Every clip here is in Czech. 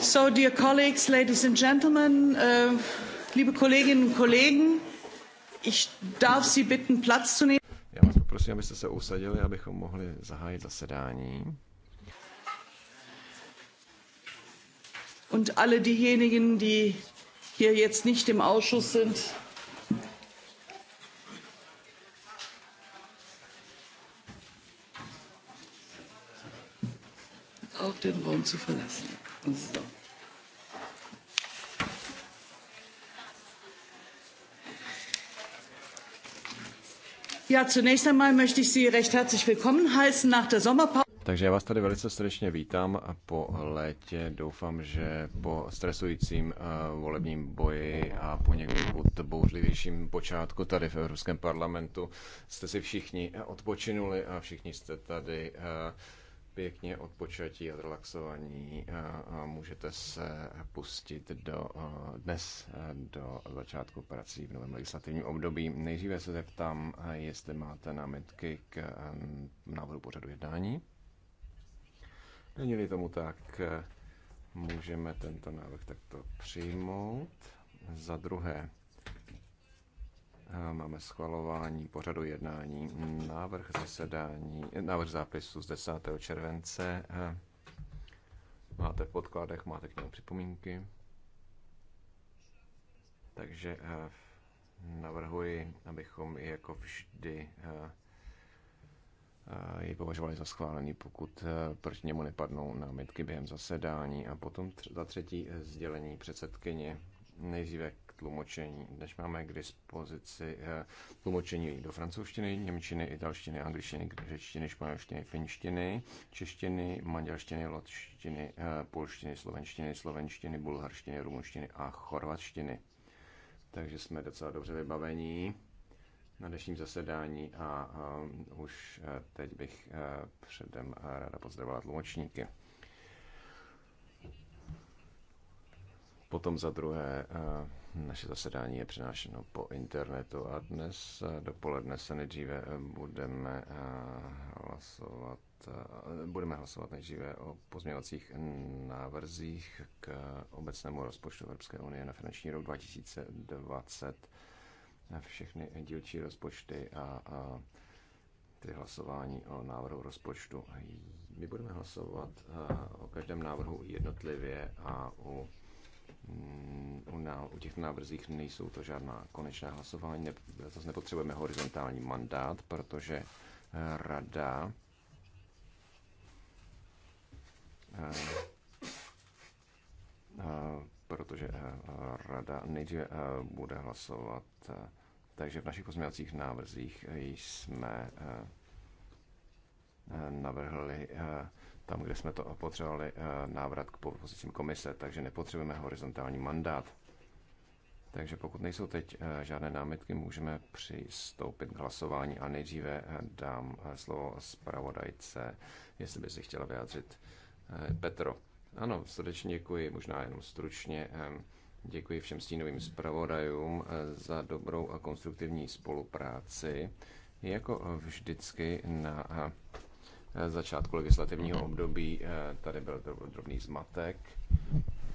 So, dear colleagues, ladies and gentlemen, äh, liebe Kolleginnen und Kollegen, ich darf Sie bitten, Platz zu nehmen. Já vás poprosím, abyste se usadili, abychom mohli zahájit zasedání. Und alle diejenigen, die hier jetzt nicht im Ausschuss sind, auch den Raum zu verlassen zunächst einmal möchte ich Sie recht herzlich willkommen heißen nach der Sommerpause. Takže já vás tady velice srdečně vítám a po létě doufám, že po stresujícím eh, volebním boji a po někud bouřlivějším počátku tady v Evropském parlamentu jste si všichni odpočinuli a všichni jste tady uh, pěkně odpočatí a relaxování eh, a můžete se pustit do eh, dnes eh, do začátku prací v novém legislativním období. Nejdříve se zeptám, jestli máte námitky k návrhu pořadu jednání. Není-li tomu tak, můžeme tento návrh takto přijmout. Za druhé, Máme schvalování pořadu jednání, návrh zasedání, návrh zápisu z 10. července. Máte v podkladech, máte k němu připomínky. Takže navrhuji, abychom i jako vždy ji považovali za schválený, pokud proti němu nepadnou námitky během zasedání. A potom za třetí e, sdělení předsedkyně nejdříve tlumočení. Než máme k dispozici eh, tlumočení do francouzštiny, němčiny, italštiny, angličtiny, řečtiny, španělštiny, finštiny, češtiny, maďarštiny, lotštiny, eh, polštiny, slovenštiny, slovenštiny, bulharštiny, rumunštiny a chorvatštiny. Takže jsme docela dobře vybavení na dnešním zasedání a, um, už teď bych uh, předem ráda pozdravila tlumočníky. Potom za druhé naše zasedání je přenášeno po internetu a dnes dopoledne se nejdříve budeme eh, hlasovat, eh, budeme hlasovat nejdříve o pozměňovacích návrzích k obecnému rozpočtu Evropské unie na finanční rok 2020 všechny dílčí rozpočty a, a tedy hlasování o návrhu rozpočtu. My budeme hlasovat eh, o každém návrhu jednotlivě a u Mm, u těch návrzích nejsou to žádná konečná hlasování, ne, zase nepotřebujeme horizontální mandát, protože eh, rada eh, eh, protože rada nejdříve bude hlasovat. Takže v našich pozměňovacích návrzích jsme navrhli tam, kde jsme to potřebovali eh, návrat k pozicím komise, takže nepotřebujeme horizontální mandát. Takže pokud nejsou teď eh, žádné námitky, můžeme přistoupit k hlasování a nejdříve eh, dám slovo zpravodajce, jestli by si chtěla vyjádřit Petro. Ano, srdečně děkuji, možná jenom stručně. Děkuji všem stínovým zpravodajům za dobrou a konstruktivní spolupráci. Jako vždycky na Eh, začátku legislativního mhm. období eh, tady byl drobný zmatek,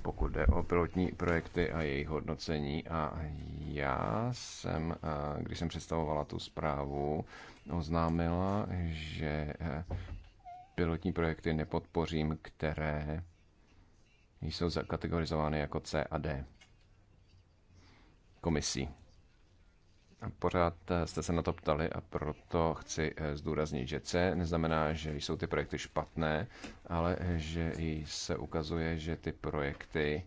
pokud jde o pilotní projekty a jejich hodnocení. A já jsem, eh, když jsem představovala tu zprávu, oznámila, že pilotní projekty nepodpořím, které jsou kategorizovány jako C a D komisí. Pořád eh, jste se na to ptali a proto chci eh, zdůraznit, že C neznamená, že jsou ty projekty špatné, ale eh, že i se ukazuje, že ty projekty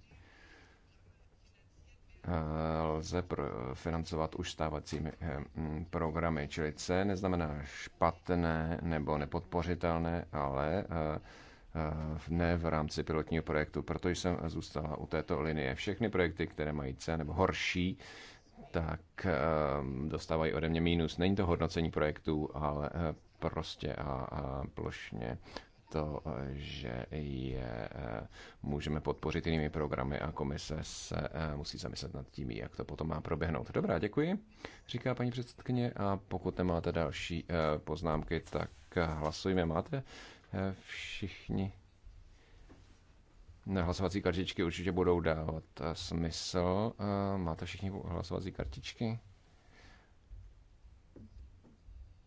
lze financovat už stávacími programy. Čili C neznamená špatné nebo nepodpořitelné, ale ne v rámci pilotního projektu, protože jsem zůstala u této linie. Všechny projekty, které mají C nebo horší, tak ehm, dostávají ode mě mínus. Není to hodnocení projektů, ale eh, prostě a, a plošně to, že je eh, můžeme podpořit jinými programy a komise se eh, musí zamyslet nad tím, jak to potom má proběhnout. Dobrá, děkuji, říká paní předsedkyně a pokud nemáte další poznámky, tak hlasujeme. Máte všichni Hlasovací kartičky určitě budou dávat eh, smysl. Eh, máte všichni hlasovací kartičky?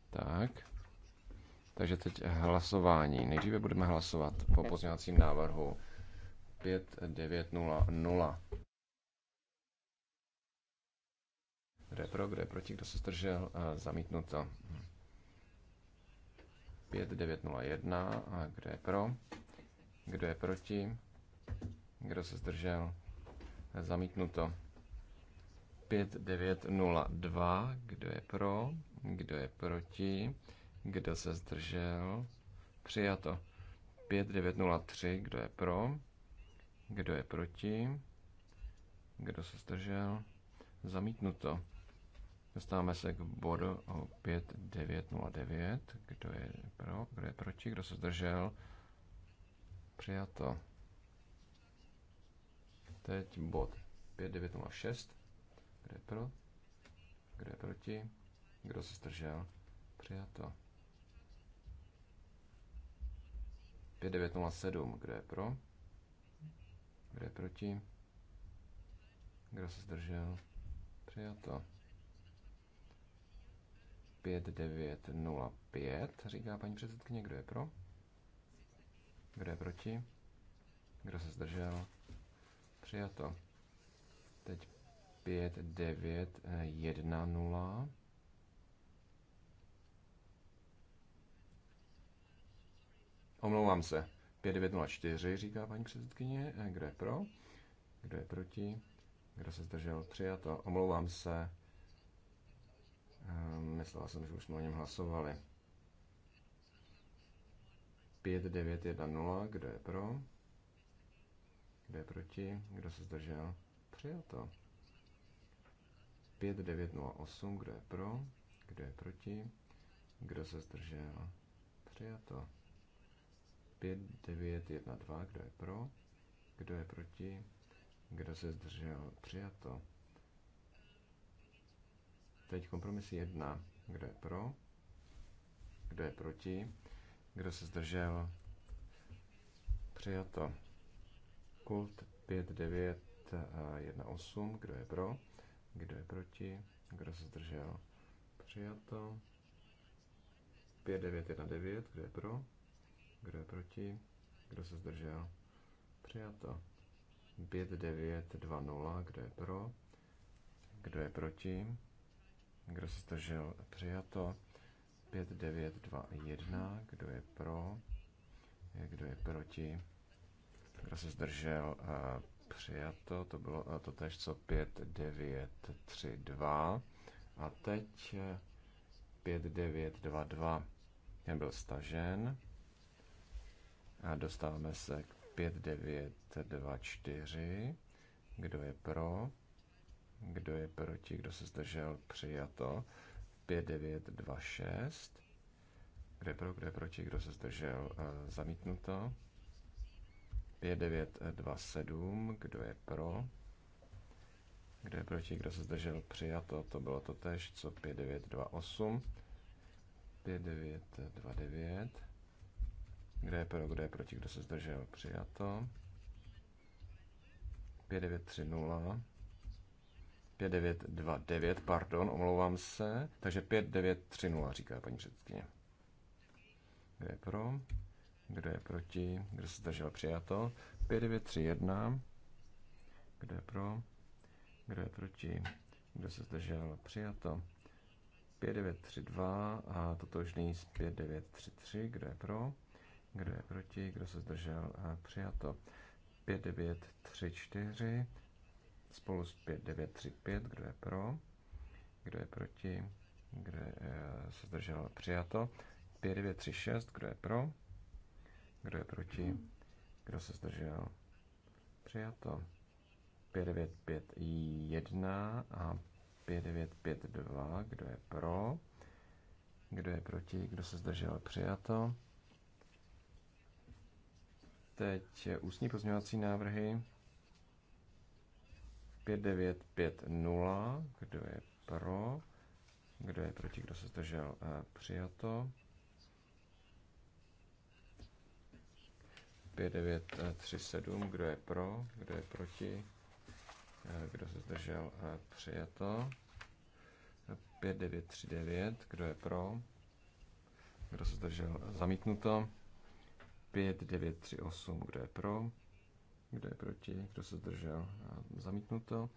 Tak. Takže teď hlasování. Nejdříve budeme hlasovat po pozměňovacím návrhu 5900. Kde je pro, kde je proti, kdo se zdržel? Eh, zamítnuto. 5901. A kde je pro? Kdo je proti? Kdo se zdržel? Zamítnuto. 5902. Kdo je pro? Kdo je proti? Kdo se zdržel? Přijato. 5903. Kdo je pro? Kdo je proti? Kdo se zdržel? Zamítnuto. Dostáváme se k bodu 5909. Kdo je pro? Kdo je proti? Kdo se zdržel? Přijato. Teď bod 5906. Kde je pro? Kde je proti? Kdo se zdržel? Přijato. 5907. Kdo je pro? Kdo je proti? Kdo se zdržel? Přijato. 5905, říká paní předsedkyně. Kdo je pro? Kdo je proti? Kdo se zdržel? Přijato. Teď 5, 9, 1, 0. Omlouvám se. 5904, říká paní předsedkyně. Eh, kdo je pro? Kdo je proti? Kdo se zdržel? Přijato. Omlouvám se. Eh, myslela jsem, že už jsme o něm hlasovali. 5910, kdo je pro? Kdo je proti? Kdo se zdržel? to. 5908. Kdo je pro? Kdo je proti? Kdo se zdržel? to. 5912. Kdo je pro? Kdo je proti? Kdo se zdržel? to. Teď kompromis 1. Kdo je pro? Kdo je proti? Kdo se zdržel? Přijato. Kult 5918, eh, kdo je pro, kdo je proti, kdo se zdržel, přijato. 5919, kdo je pro, kdo je proti, kdo se zdržel, přijato. 5920, kdo je pro, kdo je proti, kdo se zdržel, přijato. 5921, kdo je pro, kdo je proti, kdo se zdržel? Eh, přijato. To bylo eh, to tež co 5, 9, 3, 2. A teď 5, 9, 2, 2. Ten byl stažen. A dostáváme se k 5, 9, 2, 4. Kdo je pro? Kdo je proti? Kdo se zdržel? Přijato. 5, 9, 2, 6. Kdo je pro, Kdo je proti, kdo se zdržel, eh, zamítnuto. 5927, kdo je pro? Kdo je proti? Kdo se zdržel? Přijato. To bylo to tež, co 5928. 5929. Kdo je pro? Kdo je proti? Kdo se zdržel? Přijato. 5930. 5929, pardon, omlouvám se. Takže 5930, říká paní předsedkyně. Kdo je pro? Kdo je proti? Kdo se zdržel? Přijato. 1, Kdo je pro? Kdo je proti? Kdo se zdržel? Přijato. 2 a totožný 3, 3, Kdo je pro? Kdo je proti? Kdo se zdržel? 9, 3, 4 spolu s 5, Kdo je pro? Kdo je proti? Kdo je, eh, se zdržel? Přijato. 6, Kdo je pro? Kdo je proti? Kdo se zdržel? Přijato. 5951 a 5952. Kdo je pro? Kdo je proti? Kdo se zdržel? Přijato. Teď ústní pozměňovací návrhy. 5950. Kdo je pro? Kdo je proti? Kdo se zdržel? Eh, přijato. 5937, kdo je pro, kdo je proti, kdo se zdržel, přijato. 5939, kdo je pro, kdo se zdržel, zamítnuto. 5938, kdo je pro, kdo je proti, kdo se zdržel, zamítnuto.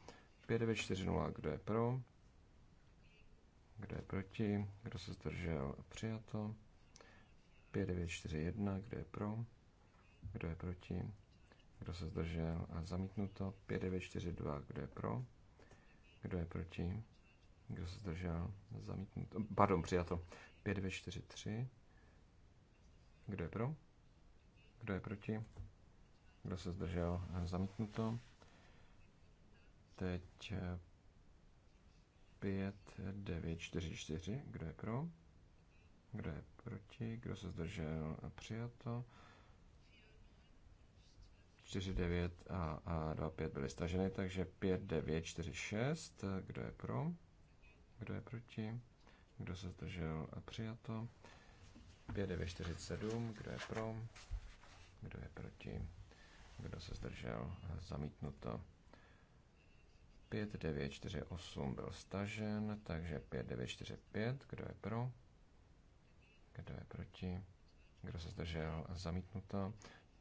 5940, kdo je pro, kdo je proti, kdo se zdržel, přijato. 5941, kdo je pro, kdo je proti? Kdo se zdržel? A zamítnuto. 5942. Kdo je pro? Kdo je proti? Kdo se zdržel? Zamítnuto. Pardon, přijato. 5943. Kdo je pro? Kdo je proti? Kdo se zdržel? Zamítnuto. Teď 5, 9, 4, 4. Kdo je pro? Kdo je proti? Kdo se zdržel? Přijato. 4, 9 a, a 2, 5 byly staženy, takže 5, 9, 4, 6. Kdo je pro? Kdo je proti? Kdo se zdržel? A přijato. 5, 9, 4, 7. Kdo je pro? Kdo je proti? Kdo se zdržel? Zamítnuto. 5, 9, 4, 8 byl stažen, takže 5, 9, 4, 5. Kdo je pro? Kdo je proti? Kdo se zdržel? Zamítnuto.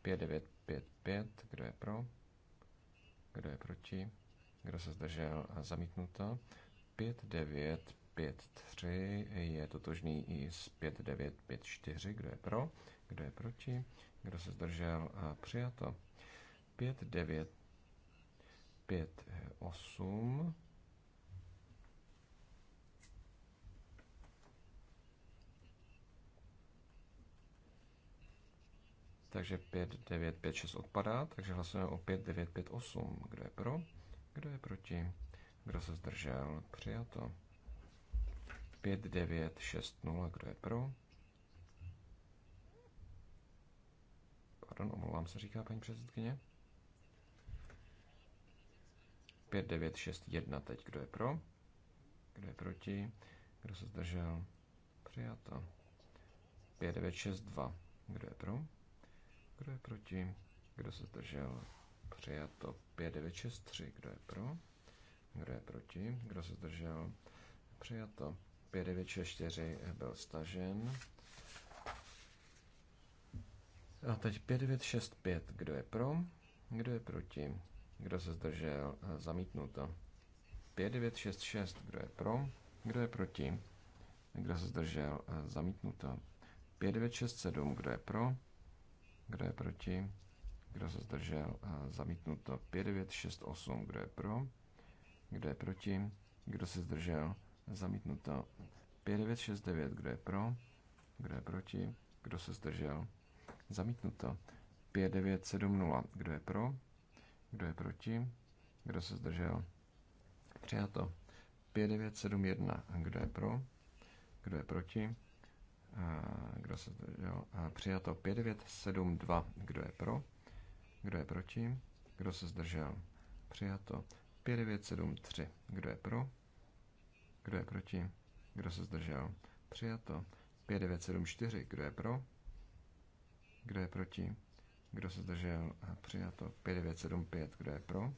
5, 9, pět Kdo je pro? Kdo je proti? Kdo se zdržel? a Zamítnuto. tři je totožný i s čtyři Kdo je pro? Kdo je proti? Kdo se zdržel? A přijato. osm Takže 5, 9, 5, 6 odpadá, takže hlasujeme o 5, 9, 5, 8. Kdo je pro? Kdo je proti? Kdo se zdržel? Přijato. 5, 9, 6, 0. Kdo je pro? Pardon, omlouvám se, říká paní předsedkyně. 5, 9, 6, 1 teď. Kdo je pro? Kdo je proti? Kdo se zdržel? Přijato. 5, 9, 6, 2. Kdo je pro? Kdo je proti? Kdo se zdržel? Přijato 3. Kdo je pro? Kdo je proti? Kdo se zdržel? Přijato 4. byl stažen. A teď 5. Kdo je pro? Kdo je proti? Kdo se zdržel? Zamítnuto. 6. Kdo je pro? Kdo je proti? Kdo se zdržel? Zamítnuto. 7. Kdo je pro? Kdo je proti? Kdo se zdržel? Zamítnuto 5968. Kdo je pro? Kdo je proti? Kdo se zdržel? Zamítnuto 5969. Kdo je pro? Kdo je proti? Kdo se zdržel? Zamítnuto 5970. Kdo je pro? Kdo je proti? Kdo se zdržel? Přijato 5971. Kdo je pro? Kdo je proti? Kdo se zdržel? Přijato 5972. Kdo je pro? Kdo je proti? Kdo se zdržel? Přijato 5973. Kdo je pro? Kdo je proti? Kdo se zdržel? Přijato 5974. Kdo je pro? Kdo je proti? Kdo se zdržel? Přijato 5975. Kdo je pro?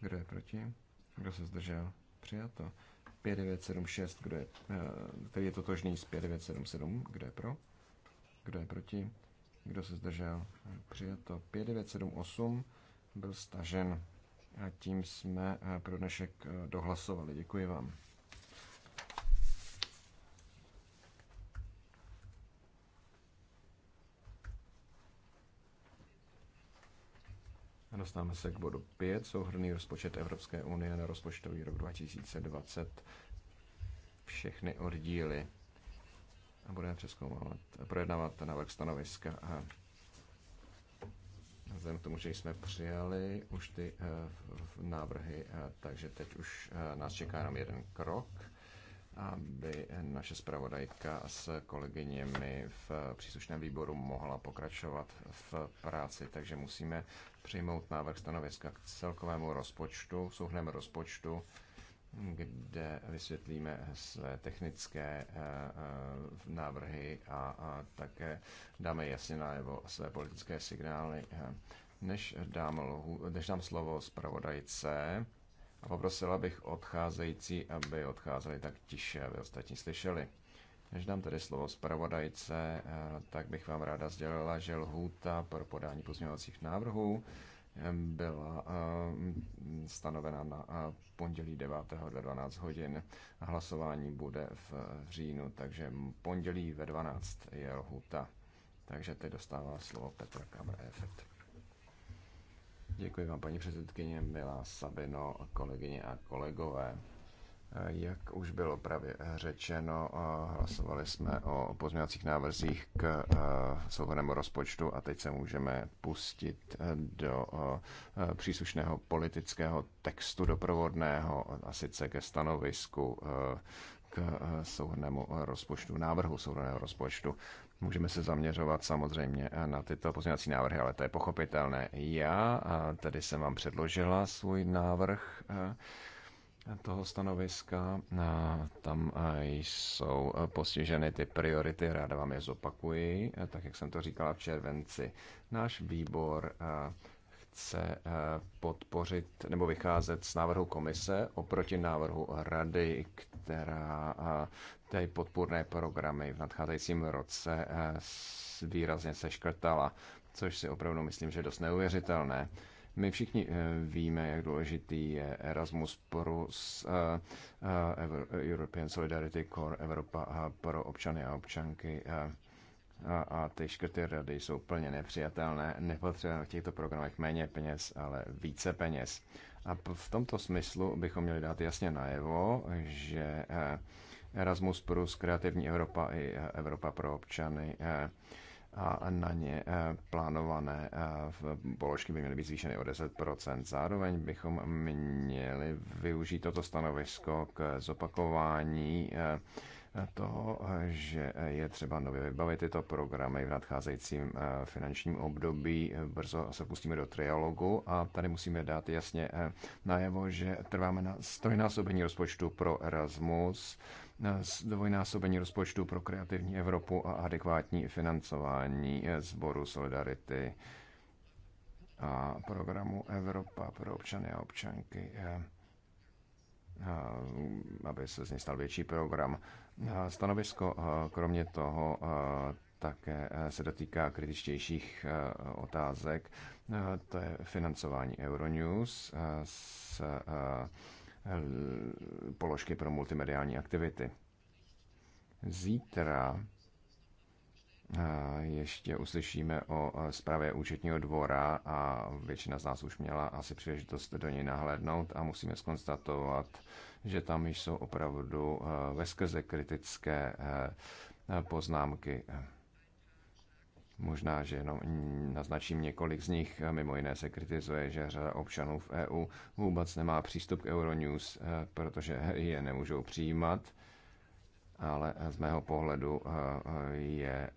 Kdo je proti? Kdo se zdržel? Přijato 5976, kdo je, eh, který je totožný s 5977, kdo je pro, kdo je proti, kdo se zdržel, přijato 5978, byl stažen a tím jsme eh, pro dnešek eh, dohlasovali. Děkuji vám. Dostáváme se k bodu 5, souhrný rozpočet Evropské unie na rozpočtový rok 2020. Všechny oddíly. A budeme přeskoumávat, projednávat návrh stanoviska. A vzhledem k tomu, že jsme přijali už ty eh, návrhy, eh, takže teď už eh, nás čeká jenom jeden krok aby naše zpravodajka s kolegyněmi v příslušném výboru mohla pokračovat v práci. Takže musíme přijmout návrh stanoviska k celkovému rozpočtu, souhnem rozpočtu, kde vysvětlíme své technické eh, eh, návrhy a také dáme jasně najevo své politické signály. Než dám, lohu, než dám slovo zpravodajce, a poprosila bych odcházející, aby odcházeli tak tiše, aby ostatní slyšeli. Než dám tedy slovo zpravodajce, eh, tak bych vám ráda sdělila, že lhůta pro podání pozměňovacích návrhů eh, byla eh, stanovena na pondělí 9. do 12 hodin. Hlasování bude v říjnu, takže pondělí ve 12 je lhůta. Takže teď dostává slovo Petra Kamer Efekt. Děkuji vám, paní předsedkyně, milá Sabino, kolegyně a kolegové. Jak už bylo právě řečeno, hlasovali jsme o pozměňovacích návrzích k eh, souhrnému rozpočtu a teď se můžeme pustit do eh, příslušného politického textu doprovodného, a sice ke stanovisku eh, k souhrnému rozpočtu, návrhu souhrného rozpočtu. Můžeme se zaměřovat samozřejmě eh, na tyto pozměňovací návrhy, ale to je pochopitelné. Já eh, tady jsem vám předložila svůj návrh eh, toho stanoviska. Tam jsou postiženy ty priority, ráda vám je zopakuji, tak jak jsem to říkala v červenci. Náš výbor chce eh, podpořit nebo vycházet z návrhu komise oproti návrhu rady, která eh, ty podpůrné programy v nadcházejícím roce eh, výrazně seškrtala, což si opravdu myslím, že je dost neuvěřitelné. My všichni víme, jak důležitý je Erasmus Plus, European Solidarity Corps, Evropa pro občany a občanky, a, a ty škrty rady jsou plně nepřijatelné. Nepotřebujeme v těchto programech méně peněz, ale více peněz. A v tomto smyslu bychom měli dát jasně najevo, že eh, Erasmus Plus, Kreativní Evropa i eh, Evropa pro občany eh, a na ně plánované položky by měly být zvýšeny o 10%. Zároveň bychom měli využít toto stanovisko k zopakování toho, že je třeba nově vybavit tyto programy v nadcházejícím eh, finančním období. Brzo se pustíme do trialogu a tady musíme dát jasně eh, najevo, že trváme na strojnásobení rozpočtu pro Erasmus, eh, dvojnásobení rozpočtu pro kreativní Evropu a adekvátní financování sboru Solidarity a programu Evropa pro občany a občanky, aby se z něj stal větší program. Eh, stanovisko eh, kromě toho eh, také se dotýká kritičtějších otázek. To je financování Euronews z položky pro multimediální aktivity. Zítra ještě uslyšíme o zprávě účetního dvora a většina z nás už měla asi příležitost do něj nahlédnout a musíme skonstatovat, že tam jsou opravdu eh, veskrze kritické eh, poznámky. Možná, že jenom naznačím několik z nich. Mimo jiné se kritizuje, že řada občanů v EU vůbec nemá přístup k Euronews, eh, protože je nemůžou přijímat. Ale z mého pohledu je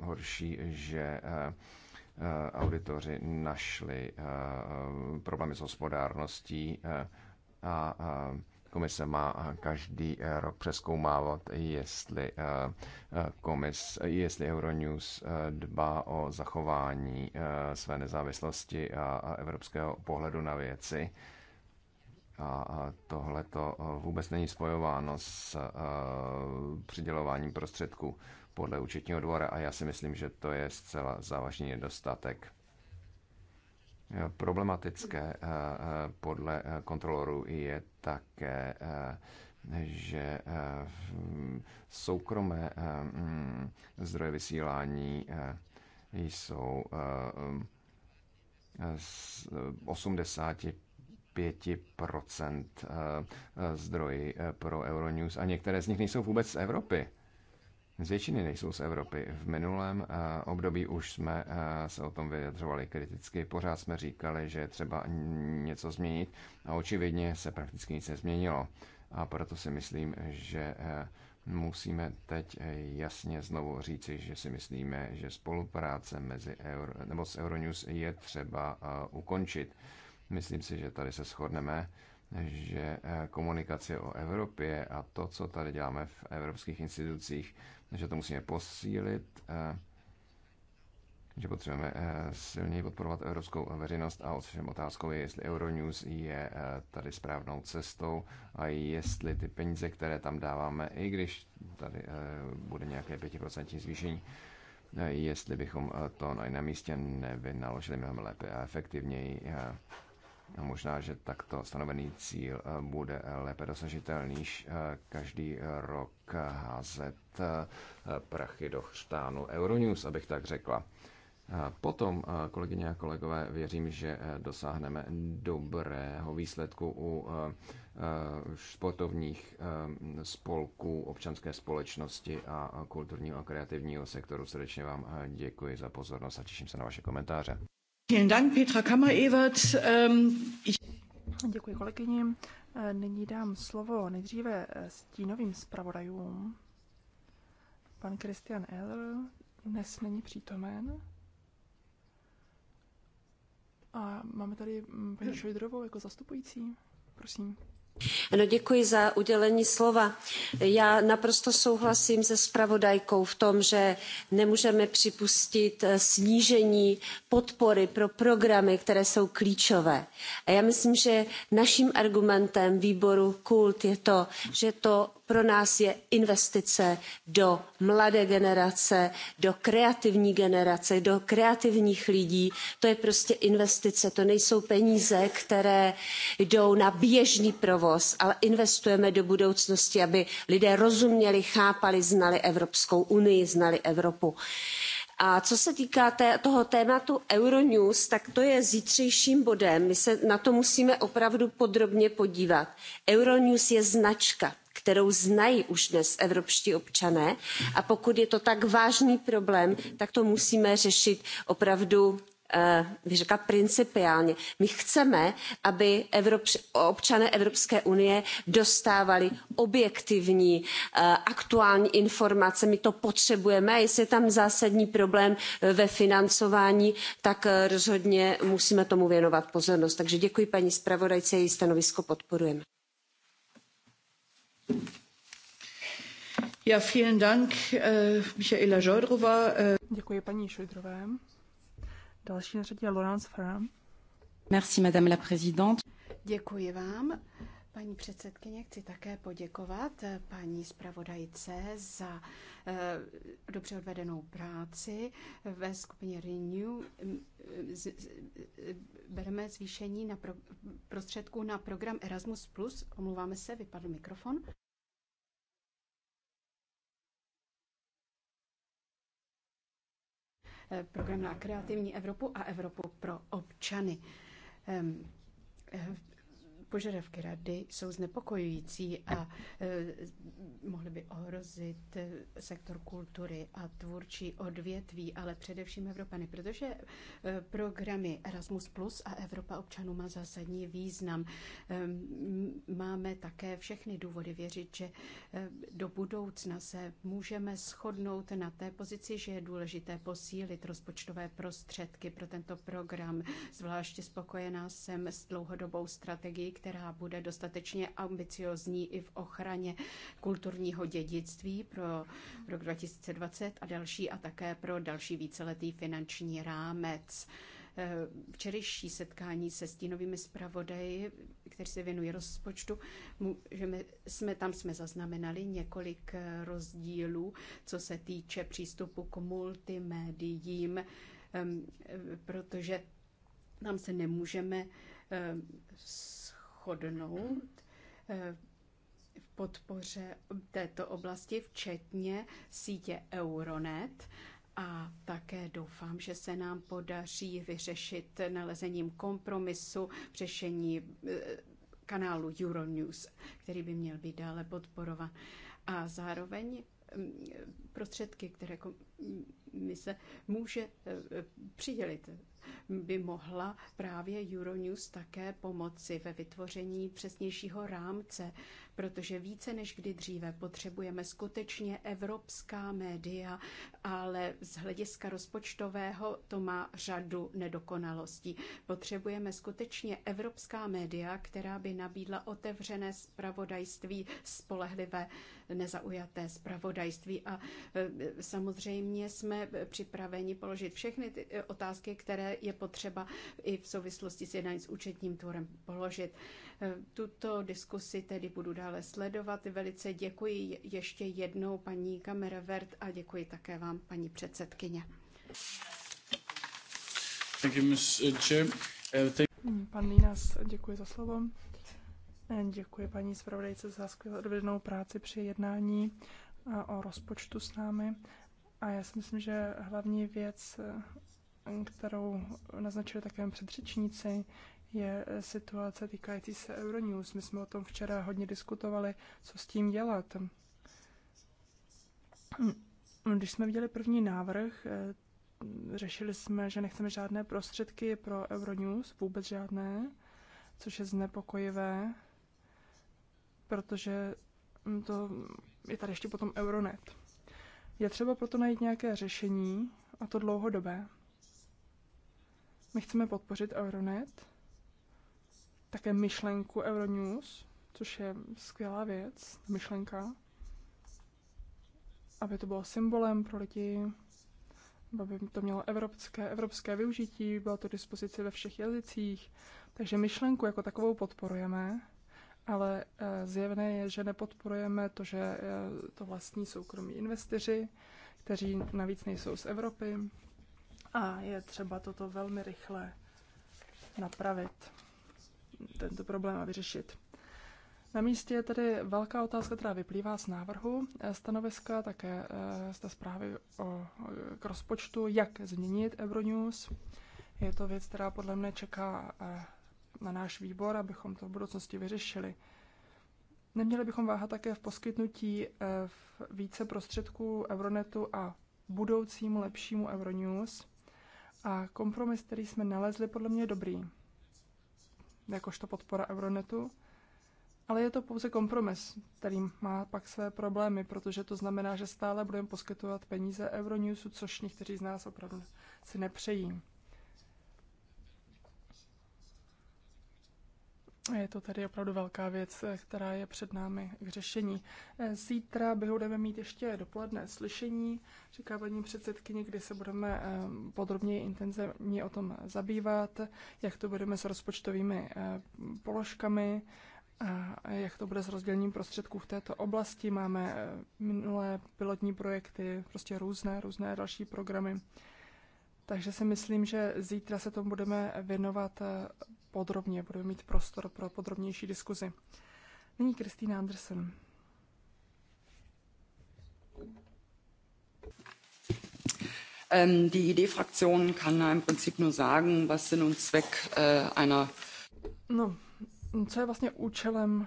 horší, že auditoři našli problémy s hospodárností a komise má každý rok přeskoumávat, jestli, komis, jestli Euronews dbá o zachování své nezávislosti a evropského pohledu na věci. A tohle to vůbec není spojováno s přidělováním prostředků podle účetního dvora a já si myslím, že to je zcela závažný nedostatek. Eh, problematické eh, eh, podle kontrolorů je také, že soukromé mm, zdroje vysílání jsou 85% zdroji pro Euronews a některé z nich nejsou vůbec z Evropy z většiny nejsou z Evropy. V minulém eh, období už jsme eh, se o tom vyjadřovali kriticky, pořád jsme říkali, že je třeba něco změnit a očividně se prakticky nic nezměnilo. A proto si myslím, že eh, musíme teď jasně znovu říci, že si myslíme, že spolupráce mezi Euro, nebo s Euronews je třeba ukončit. Myslím si, že tady se shodneme že komunikace o Evropě a to, co tady děláme v evropských institucích, že to musíme posílit, eh, že potřebujeme eh, silněji podporovat evropskou veřejnost a ovšem otázkou je, jestli Euronews je eh, tady správnou cestou a jestli ty peníze, které tam dáváme, i když tady bude nějaké 5% zvýšení, jestli bychom to na jiném místě nevynaložili mnohem lépe a efektivněji možná, že takto stanovený cíl eh, bude eh, lépe dosažitelný, eh, každý rok házet prachy do chřtánu Euronews, abych tak řekla. Potom, kolegyně a kolegové, věřím, že dosáhneme dobrého výsledku u sportovních spolků, občanské společnosti a kulturního a kreativního sektoru. Srdečně vám děkuji za pozornost a těším se na vaše komentáře. Dank, Petra kammer ähm, Děkuji kolegyni. Eh, nyní dám slovo nejdříve eh, stínovým zpravodajům. Pan Christian L. dnes není přítomen. A máme tady mm, paní Šojdrovou jako zastupující. Prosím. No, děkuji za udělení slova. Já naprosto souhlasím se zpravodajkou v tom, že nemůžeme připustit eh, snížení podpory pro programy, které jsou klíčové. A já myslím, že naším argumentem výboru KULT je to, že to pro nás je investice do mladé generace do kreativní generace do kreativních lidí to je prostě investice to nejsou peníze které jdou na běžný provoz ale investujeme do budoucnosti aby lidé rozuměli chápali znali evropskou unii znali evropu. A co se týká té, toho tématu Euronews, tak to je zítřejším bodem. My se na to musíme opravdu podrobně podívat. Euronews je značka kterou znají už dnes evropští občané a pokud je to tak vážný problém tak to musíme řešit opravdu eh, bych řekla principiálně. my chceme aby občané evropské unie dostávali objektivní eh, aktuální informace my to potřebujeme a jestli je tam zásadní problém eh, ve financování tak rozhodně musíme tomu věnovat pozornost. takže děkuji paní zpravodajce její stanovisko podporujeme. Ja, äh, äh, Děkuji paní Šojdrové. Další na řadě je Laurence Ferrand. Merci, madame la présidente. Děkuji vám. Paní předsedkyně, chci také poděkovat eh, paní zpravodajce za eh, dobře odvedenou práci. Eh, ve skupině Renew mm, bereme zvýšení na pro, prostředků na program Erasmus+. Omluváme se, vypadl mikrofon. Program na kreativní Evropu a Evropu pro občany požadavky rady jsou znepokojující a e, mohly by ohrozit e, sektor kultury a tvůrčí odvětví, ale především Evropany, protože e, programy Erasmus Plus a Evropa občanů má zásadní význam. Máme také všechny důvody věřit, že do budoucna se můžeme shodnout na té pozici, že je důležité posílit rozpočtové prostředky pro tento program. Zvláště spokojená jsem s dlouhodobou strategií, která bude dostatečně ambiciozní i v ochraně kulturního dědictví pro rok 2020 a další a také pro další víceletý finanční rámec eh, včerejší setkání se stínovými zpravodaji, kteří se věnují rozpočtu, můžeme, jsme, tam jsme zaznamenali několik eh, rozdílů, co se týče přístupu k multimédiím, ehm, eh, protože tam se nemůžeme ehm, shodnout eh, v podpoře této oblasti, včetně sítě Euronet. A také doufám, že se nám podaří vyřešit nalezením kompromisu v řešení eh, kanálu Euronews, který by měl být dále podporovan. A zároveň mm, prostředky, které mise může eh, přidělit. By mohla právě Euronews také pomoci ve vytvoření přesnějšího rámce, protože více než kdy dříve potřebujeme skutečně evropská média, ale z hlediska rozpočtového to má řadu nedokonalostí. Potřebujeme skutečně evropská média, která by nabídla otevřené spravodajství, spolehlivé, nezaujaté spravodajství a eh, samozřejmě Samozřejmě jsme připraveni položit všechny ty eh, otázky, které je potřeba i v souvislosti s jednáním s účetním tvorem položit. Eh, tuto diskusi tedy budu dále sledovat. Velice děkuji ještě jednou paní Kamerevert a děkuji také vám, paní předsedkyně. Eh, hmm, pan Línas, děkuji za slovo. Děkuji paní zpravodajce za skvělou práci při jednání o rozpočtu s námi a já si myslím, že hlavní věc, kterou naznačili také předřečníci, je situace týkající se Euronews. My jsme o tom včera hodně diskutovali, co s tím dělat. Když jsme viděli první návrh, řešili jsme, že nechceme žádné prostředky pro Euronews, vůbec žádné, což je znepokojivé, protože to je tady ještě potom Euronet. Je třeba proto najít nějaké řešení, a to dlouhodobé. My chceme podpořit Euronet, také myšlenku Euronews, což je skvělá věc, myšlenka, aby to bylo symbolem pro lidi, aby to mělo evropské, evropské využití, bylo to dispozici ve všech jazycích. Takže myšlenku jako takovou podporujeme, ale eh, zjevné je, že nepodporujeme to, že eh, to vlastní soukromí investiři, kteří navíc nejsou z Evropy a je třeba toto velmi rychle napravit, tento problém a vyřešit. Na místě je tedy velká otázka, která vyplývá z návrhu eh, stanoviska, také z té zprávy o, k rozpočtu, jak změnit Euronews. Je to věc, která podle mne čeká na náš výbor, abychom to v budoucnosti vyřešili. Neměli bychom váhat také v poskytnutí eh, v více prostředků Euronetu a budoucímu lepšímu Euronews. A kompromis, který jsme nalezli, podle mě je dobrý, jakožto podpora Euronetu. Ale je to pouze kompromis, který má pak své problémy, protože to znamená, že stále budeme poskytovat peníze Euronewsu, což někteří z nás opravdu si nepřejí. Je to tedy opravdu velká věc, která je před námi k řešení. Zítra budeme mít ještě dopoledne slyšení, říká paní předsedkyně, kdy se budeme eh, podrobněji intenzivně o tom zabývat, jak to budeme s rozpočtovými eh, položkami, a jak to bude s rozdělením prostředků v této oblasti. Máme eh, minulé pilotní projekty, prostě různé, různé další programy. Takže si myslím, že zítra se tomu budeme věnovat podrobně, budeme mít prostor pro podrobnější diskuzi. Nyní Kristýna Andersen. Ähm, die ID-Fraktion kann da im Prinzip nur sagen, was Sinn und Zweck äh, einer. No, co je vlastně účelem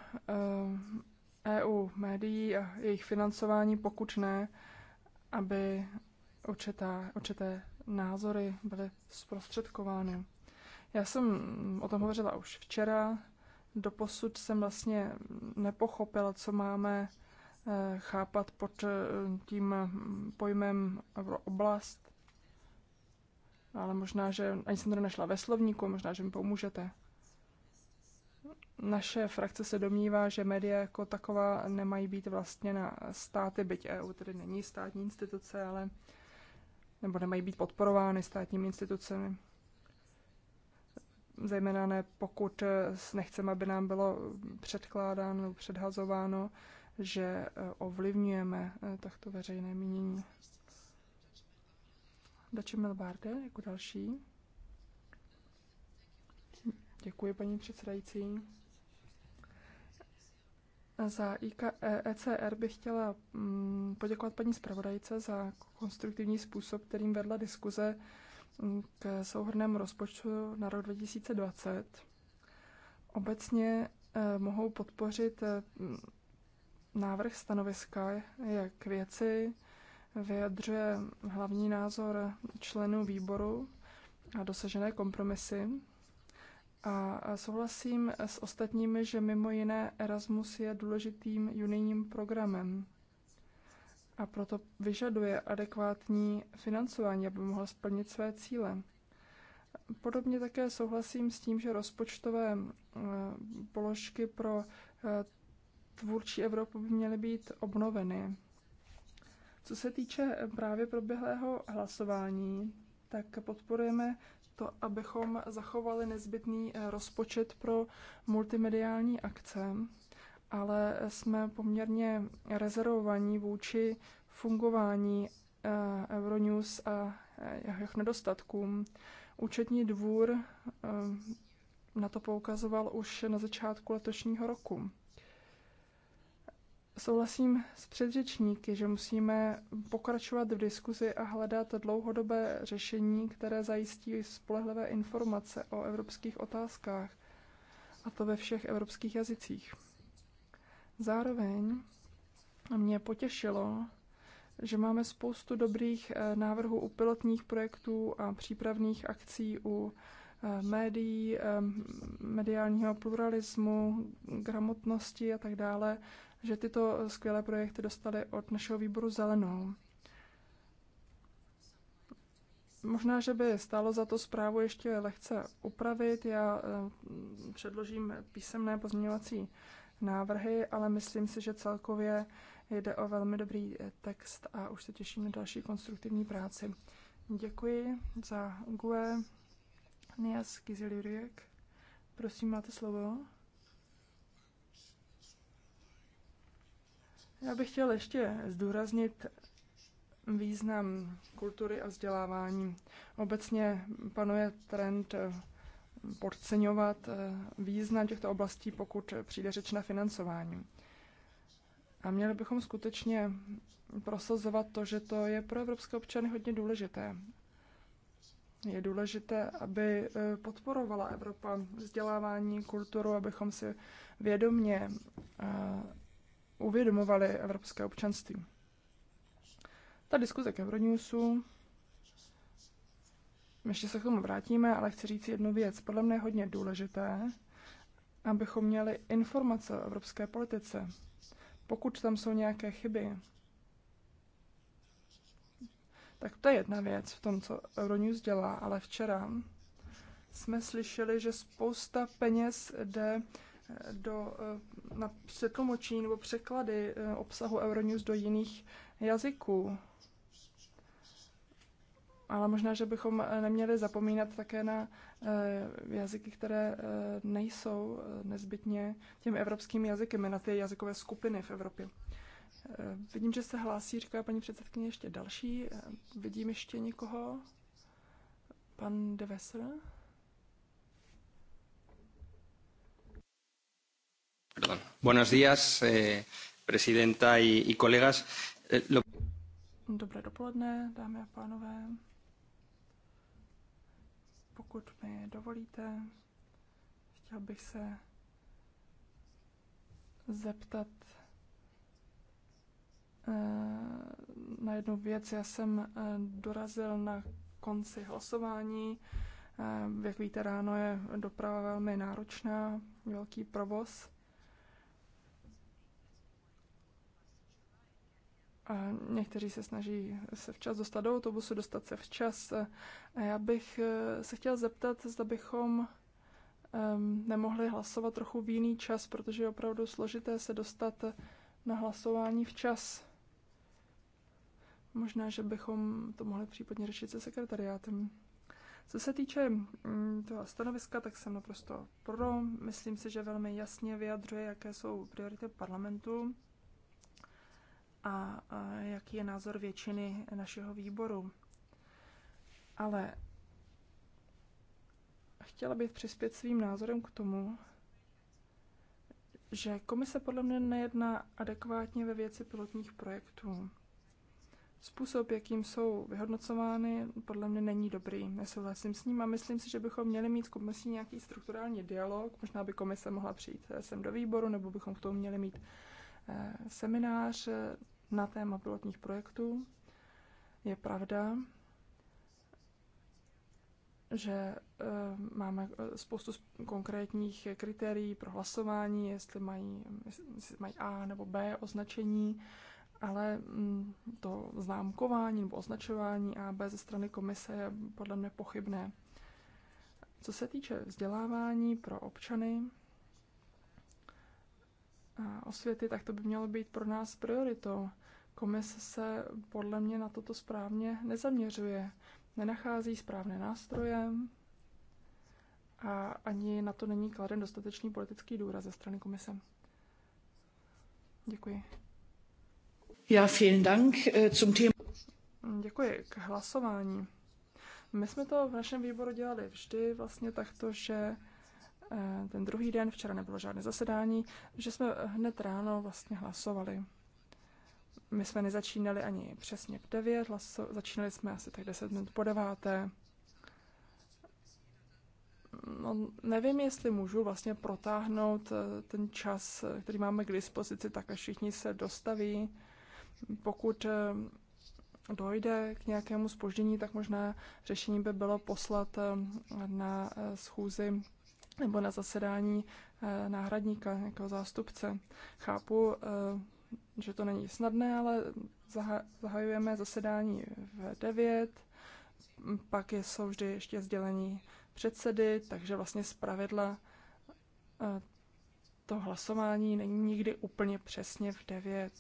äh, EU médií a jejich financování, pokud ne, aby určitá, určité názory byly zprostředkovány. Já jsem o tom hovořila už včera. Doposud jsem vlastně nepochopila, co máme eh, chápat pod eh, tím pojmem oblast. Ale možná, že ani jsem to nešla ve slovníku, možná, že mi pomůžete. Naše frakce se domnívá, že média jako taková nemají být vlastně na státy, byť EU tedy není státní instituce, ale nebo nemají být podporovány státními institucemi zejména ne pokud eh, nechceme, aby nám bylo předkládáno nebo předhazováno, že eh, ovlivňujeme eh, takto veřejné mínění. Dače Milbárde jako další. Děkuji, paní předsedající. Za IK, ECR e bych chtěla mm, poděkovat paní zpravodajce za konstruktivní způsob, kterým vedla diskuze k souhrnému rozpočtu na rok 2020 obecně eh, mohou podpořit eh, návrh stanoviska, jak věci vyjadřuje hlavní názor členů výboru a dosažené kompromisy. A souhlasím s ostatními, že mimo jiné Erasmus je důležitým unijním programem a proto vyžaduje adekvátní financování, aby mohla splnit své cíle. Podobně také souhlasím s tím, že rozpočtové eh, položky pro eh, tvůrčí Evropu by měly být obnoveny. Co se týče eh, právě proběhlého hlasování, tak podporujeme to, abychom zachovali nezbytný rozpočet pro multimediální akce ale jsme poměrně rezervovaní vůči fungování eh, Euronews a eh, jeho nedostatkům. Účetní dvůr eh, na to poukazoval už na začátku letošního roku. Souhlasím s předřečníky, že musíme pokračovat v diskuzi a hledat dlouhodobé řešení, které zajistí spolehlivé informace o evropských otázkách, a to ve všech evropských jazycích. Zároveň mě potěšilo, že máme spoustu dobrých eh, návrhů u pilotních projektů a přípravných akcí u eh, médií, eh, mediálního pluralismu, gramotnosti a tak dále, že tyto skvělé projekty dostaly od našeho výboru zelenou. Možná, že by stálo za to zprávu ještě lehce upravit. Já předložím písemné pozměňovací návrhy, ale myslím si, že celkově jde o velmi dobrý eh, text a už se těším na další konstruktivní práci. Děkuji za GUE. Nias Kiziliriek. Prosím, máte slovo. Já bych chtěl ještě zdůraznit význam kultury a vzdělávání. Obecně panuje trend eh, podceňovat eh, význam těchto oblastí, pokud přijde řeč na financování. A měli bychom skutečně prosazovat to, že to je pro evropské občany hodně důležité. Je důležité, aby eh, podporovala Evropa vzdělávání, kulturu, abychom si vědomně eh, uvědomovali evropské občanství. Ta diskuze k Euronewsu ještě se k tomu vrátíme, ale chci říct jednu věc. Podle mě je hodně důležité, abychom měli informace o evropské politice. Pokud tam jsou nějaké chyby, tak to je jedna věc v tom, co Euronews dělá, ale včera jsme slyšeli, že spousta peněz jde eh, do, eh, na přetlumočení nebo překlady eh, obsahu Euronews do jiných jazyků ale možná, že bychom eh, neměli zapomínat také na eh, jazyky, které eh, nejsou nezbytně těmi evropskými jazyky, na ty jazykové skupiny v Evropě. Vidím, že se hlásí, říká paní předsedkyně, ještě další. Vidím ještě někoho? Pan de Buenos días, eh, presidenta y, y colegas. Eh, lo... Dobré dopoledne, dámy a pánové. Pokud mi dovolíte, chtěl bych se zeptat eh, na jednu věc. Já jsem eh, dorazil na konci hlasování. Eh, jak víte, ráno je doprava velmi náročná, velký provoz. Někteří se snaží se včas dostat do autobusu, dostat se včas. A já bych eh, se chtěla zeptat, zda bychom ehm, nemohli hlasovat trochu v jiný čas, protože je opravdu složité se dostat na hlasování včas. Možná, že bychom to mohli případně řešit se sekretariátem. Co se týče mm, toho stanoviska, tak jsem naprosto pro. Myslím si, že velmi jasně vyjadřuje, jaké jsou priority parlamentu a, jaký je názor většiny našeho výboru. Ale chtěla bych přispět svým názorem k tomu, že komise podle mě nejedná adekvátně ve věci pilotních projektů. Způsob, jakým jsou vyhodnocovány, podle mě není dobrý. Nesouhlasím s ním a myslím si, že bychom měli mít s komisí nějaký strukturální dialog. Možná by komise mohla přijít sem do výboru, nebo bychom k tomu měli mít eh, seminář na téma pilotních projektů. Je pravda, že eh, máme eh, spoustu konkrétních kritérií pro hlasování, jestli mají, jestli mají A nebo B označení, ale mm, to známkování nebo označování A B ze strany komise je podle mě pochybné. Co se týče vzdělávání pro občany a osvěty, tak to by mělo být pro nás prioritou. Komise se podle mě na toto správně nezaměřuje, nenachází správné nástroje a ani na to není kladen dostatečný politický důraz ze strany komise. Děkuji. Já vielen Dank eh, zum Thema. Děkuji. K hlasování. My jsme to v našem výboru dělali vždy vlastně takto, že eh, ten druhý den, včera nebylo žádné zasedání, že jsme hned ráno vlastně hlasovali my jsme nezačínali ani přesně v 9, hlaso, začínali jsme asi tak 10 minut po 9. No, nevím, jestli můžu vlastně protáhnout eh, ten čas, eh, který máme k dispozici, tak až všichni se dostaví. Pokud eh, dojde k nějakému spoždění, tak možná řešení by bylo poslat na schůzi nebo na zasedání náhradníka, nějakého zástupce. Chápu že to není snadné, ale zahajujeme zasedání v 9. Pak jsou vždy ještě sdělení předsedy, takže vlastně z pravidla eh, to hlasování není nikdy úplně přesně v 9.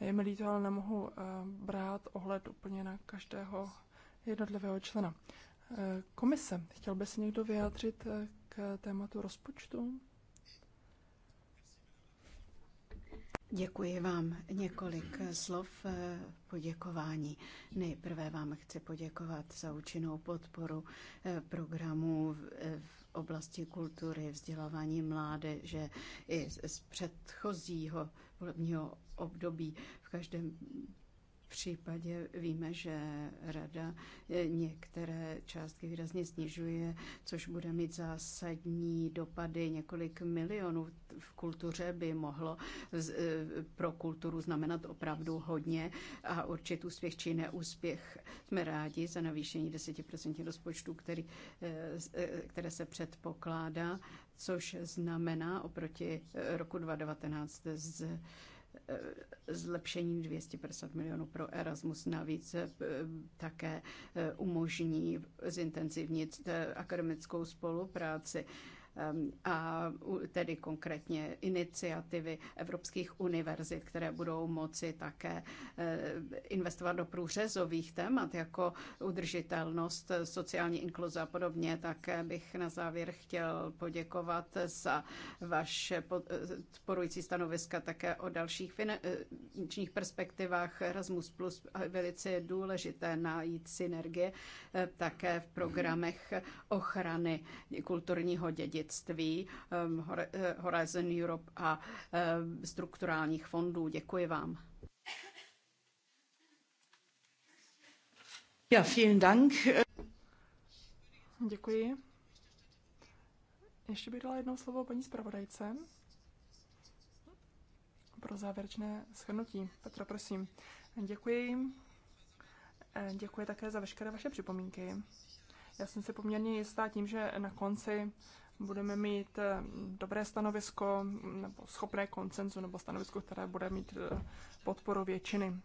Je mi líto, ale nemohu eh, brát ohled úplně na každého jednotlivého člena. Eh, komise, chtěl by se někdo vyjádřit k tématu rozpočtu? Děkuji vám několik slov eh, poděkování. Nejprve vám chci poděkovat za účinnou podporu eh, programů eh, v oblasti kultury, vzdělávání mládeže i z předchozího volebního období. V každém případě víme, že rada některé částky výrazně snižuje, což bude mít zásadní dopady. Několik milionů v kultuře by mohlo e, pro kulturu znamenat opravdu hodně a určit úspěch či neúspěch. Jsme rádi za navýšení 10% rozpočtu, který, e, e, které se předpokládá, což znamená oproti roku 2019 z E, zlepšení 250 milionů pro Erasmus. Navíc e, také e, umožní zintenzivnit akademickou spolupráci Ehm, a tedy konkrétně iniciativy evropských univerzit, které budou moci také eh, investovat do průřezových témat, jako udržitelnost, sociální inkluze a podobně. Také bych na závěr chtěl poděkovat za vaše podporující stanoviska také o dalších eh, finančních perspektivách Erasmus+. Plus velice je důležité najít synergie eh, také v programech ochrany kulturního dědictví předsednictví ehm, eh, Horizon Europe a ehm, strukturálních fondů. Děkuji vám. Ja, vielen Dank. Děkuji. Ještě bych dala jedno slovo paní zpravodajce pro závěrečné shrnutí. Petra, prosím. Děkuji. Eh, děkuji také za veškeré vaše připomínky. Já jsem si poměrně jistá tím, že na konci budeme mít eh, dobré stanovisko nebo schopné koncenzu nebo stanovisko, které bude mít eh, podporu většiny.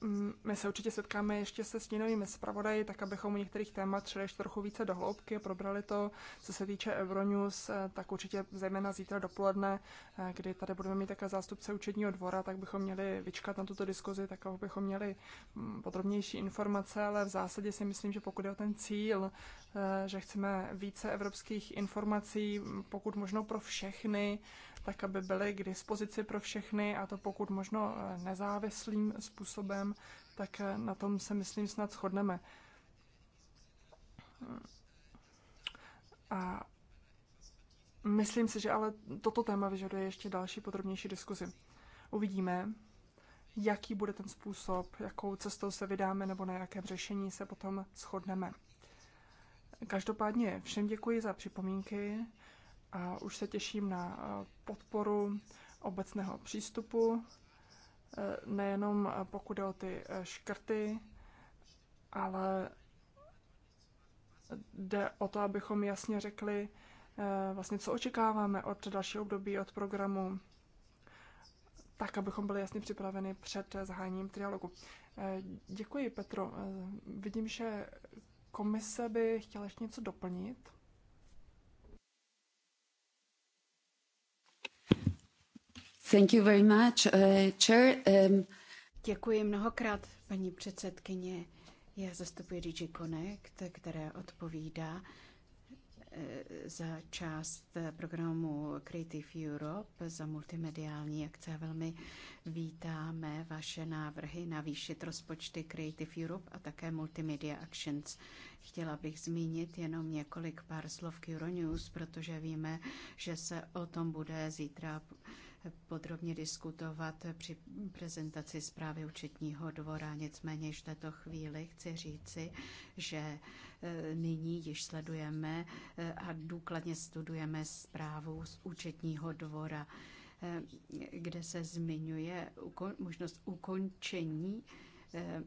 Mm, my se určitě setkáme ještě se stínovými zpravodaji, tak abychom u některých témat šli ještě trochu více do hloubky a probrali to, co se týče Euronews, eh, tak určitě zejména zítra dopoledne, eh, kdy tady budeme mít také zástupce účetního dvora, tak bychom měli vyčkat na tuto diskuzi, tak bychom měli mm, podrobnější informace, ale v zásadě si myslím, že pokud je o ten cíl, eh, že chceme více evropských informací, mm, pokud možno pro všechny, tak aby byly k dispozici pro všechny a to pokud možno eh, nezávislým způsobem, tak eh, na tom se myslím snad shodneme. A myslím si, že ale toto téma vyžaduje ještě další podrobnější diskuzi. Uvidíme, jaký bude ten způsob, jakou cestou se vydáme nebo na jakém řešení se potom shodneme. Každopádně všem děkuji za připomínky a už se těším na eh, podporu obecného přístupu, eh, nejenom eh, pokud jde o ty škrty, ale jde o to, abychom jasně řekli, vlastně co očekáváme od dalšího období, od programu, tak, abychom byli jasně připraveni před zahájením trialogu. Děkuji, Petro. Vidím, že komise by chtěla ještě něco doplnit. Thank you very much, uh, chair. Um... Děkuji mnohokrát, paní předsedkyně. Já zastupuji DG Connect, které odpovídá eh, za část programu Creative Europe, za multimediální akce. Velmi vítáme vaše návrhy navýšit rozpočty Creative Europe a také Multimedia Actions. Chtěla bych zmínit jenom několik pár slov k Euronews, protože víme, že se o tom bude zítra podrobně diskutovat při prezentaci zprávy účetního dvora. Nicméně již v této chvíli chci říci, že e, nyní již sledujeme e, a důkladně studujeme zprávu z účetního dvora, e, kde se zmiňuje možnost ukončení Eh,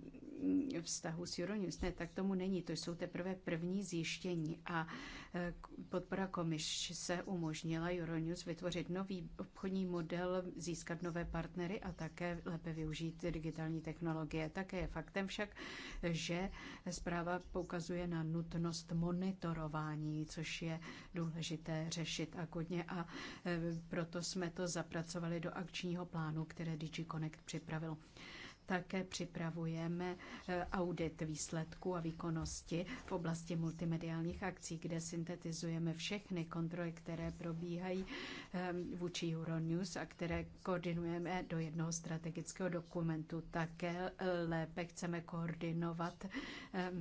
vztahu s Euronews. ne, tak tomu není. To jsou teprve první zjištění a eh, podpora komise umožnila Euronews vytvořit nový obchodní model, získat nové partnery a také lépe využít digitální technologie. Také je faktem však, že zpráva poukazuje na nutnost monitorování, což je důležité řešit akutně a eh, proto jsme to zapracovali do akčního plánu, které DigiConnect připravilo. Také připravujeme e, audit výsledků a výkonnosti v oblasti multimediálních akcí, kde syntetizujeme všechny kontroly, které probíhají vůči Euronews a které koordinujeme do jednoho strategického dokumentu. Také e, lépe chceme koordinovat e,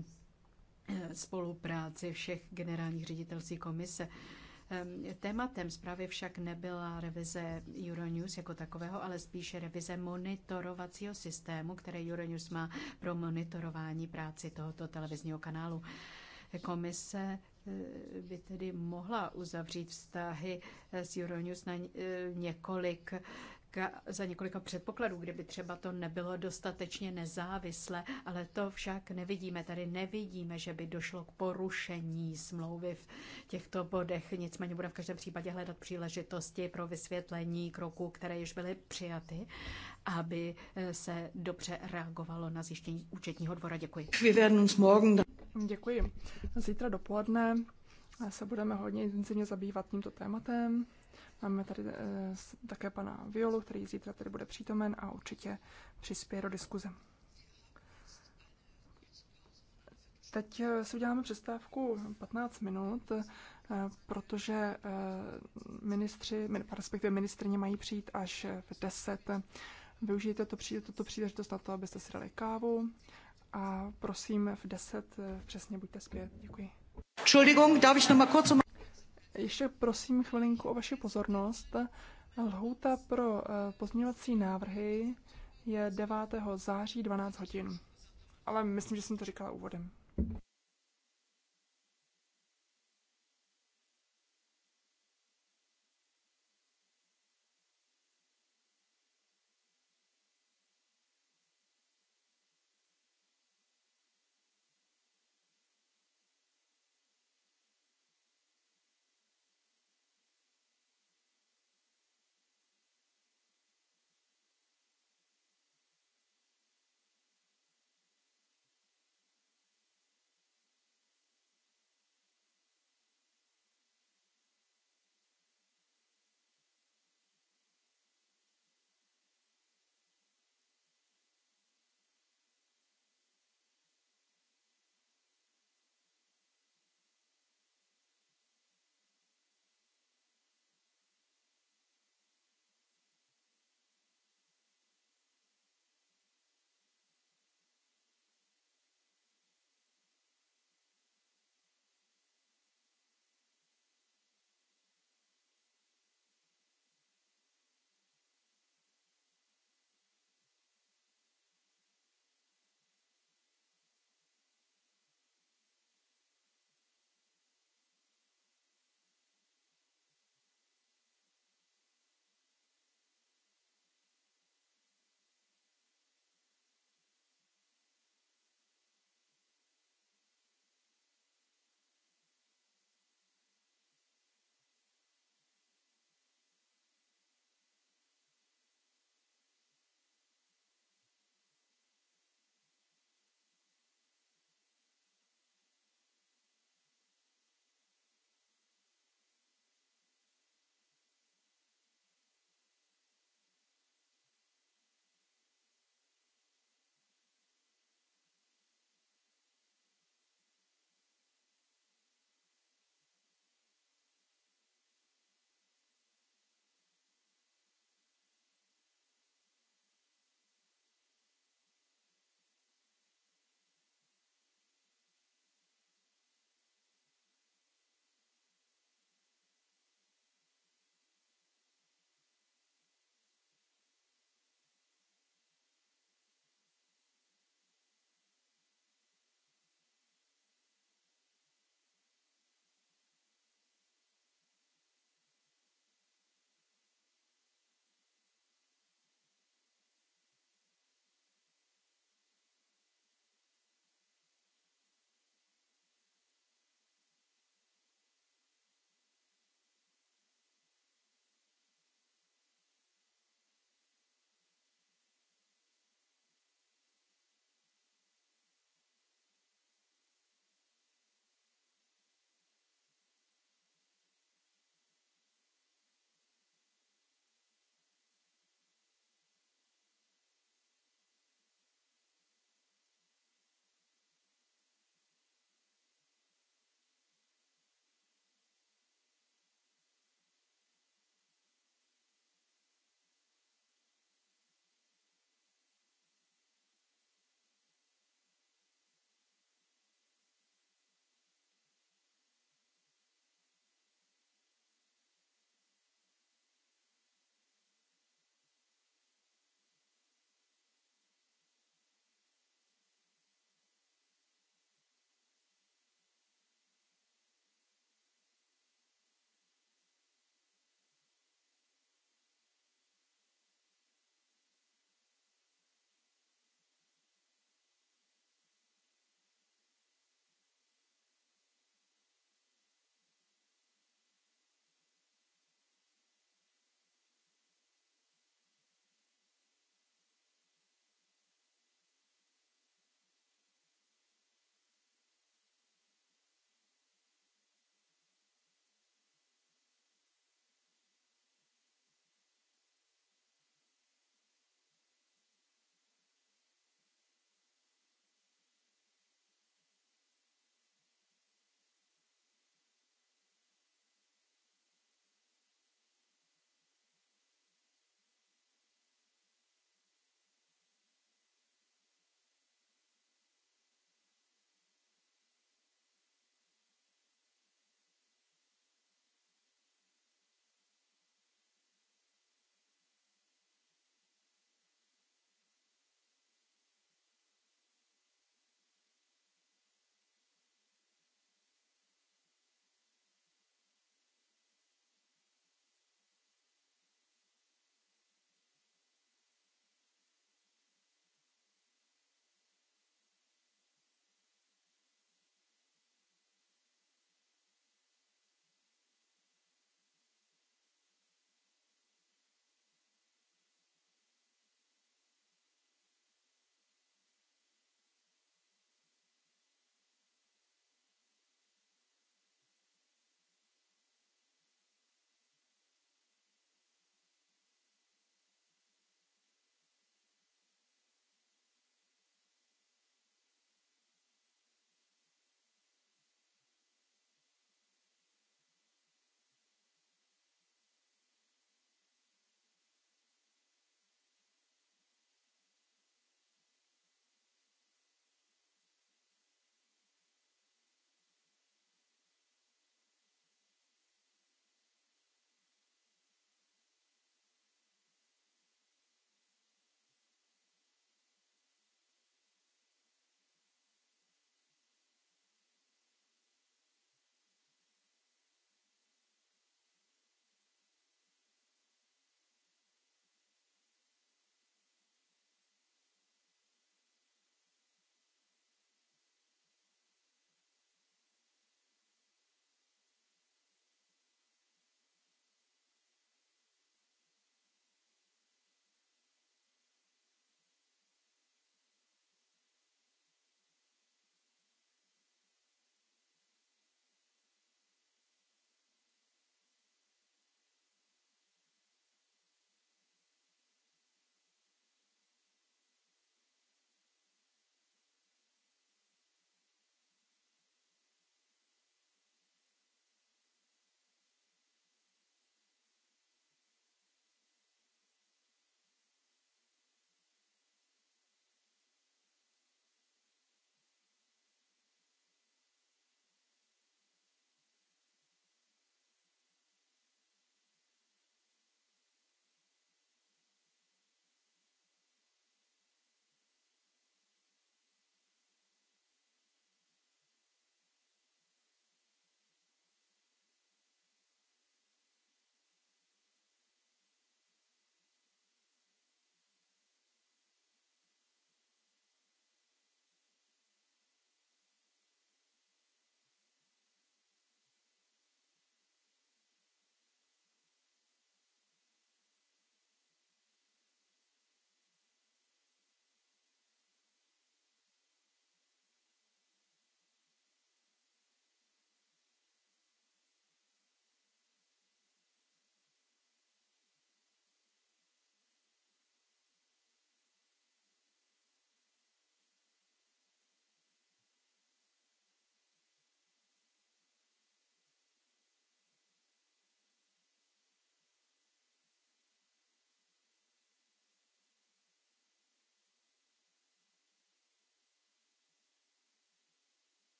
spolupráci všech generálních ředitelství komise Tématem zprávy však nebyla revize Euronews jako takového, ale spíše revize monitorovacího systému, který Euronews má pro monitorování práci tohoto televizního kanálu. Komise eh, by tedy mohla uzavřít vztahy eh, s Euronews na eh, několik za několika předpokladů, kdyby třeba to nebylo dostatečně nezávislé, ale to však nevidíme. Tady nevidíme, že by došlo k porušení smlouvy v těchto bodech. Nicméně budeme v každém případě hledat příležitosti pro vysvětlení kroků, které již byly přijaty, aby eh, se dobře reagovalo na zjištění účetního dvora. Děkuji. Děkuji. Zítra dopoledne se budeme hodně intenzivně zabývat tímto tématem. Máme tady eh, také pana Violu, který zítra tady bude přítomen a určitě přispěje do diskuze. Teď eh, si uděláme přestávku 15 minut, eh, protože ministři, respektive ministrně mají přijít až v 10. Využijte to, tuto příležitost na to, abyste si dali kávu a prosím v 10 přesně buďte zpět. Děkuji. Entschuldigung, darf ich noch mal kurz um ještě prosím chvilinku o vaši pozornost. Lhouta pro eh, pozměňovací návrhy je 9. září 12 hodin. Ale myslím, že jsem to říkala úvodem.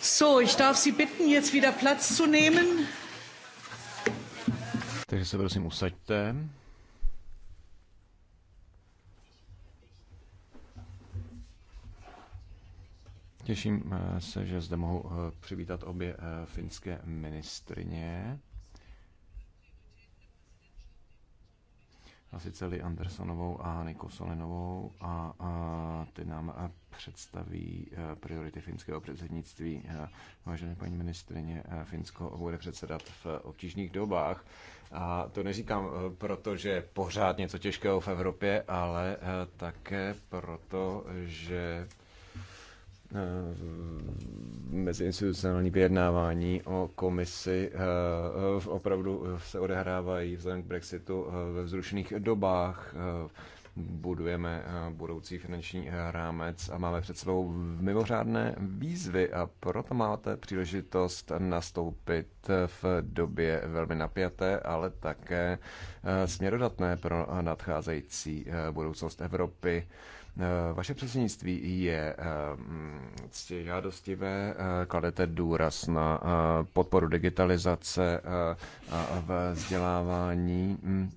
So, ich darf Sie bitten, jetzt wieder Platz zu nehmen. Takže se prosím usaďte. Těším eh, se, že zde mohu eh, přivítat obě eh, finské ministrině. a sice Lee Andersonovou a Niko Solinovou a, a ty nám představí e, priority finského předsednictví. E, vážené paní ministrině, e, Finsko bude předsedat v obtížných dobách. A to neříkám proto, že je pořád něco těžkého v Evropě, ale také proto, že Eh, meziinstitucionální vyjednávání o komisi eh, opravdu se odehrávají vzhledem k Brexitu eh, ve vzrušených dobách. Budujeme budoucí finanční rámec a máme před sebou mimořádné výzvy a proto máte příležitost nastoupit v době velmi napjaté, ale také směrodatné pro nadcházející budoucnost Evropy Eh, vaše předsednictví je eh, ctižádostivé, eh, kladete důraz na podporu digitalizace v vzdělávání mm.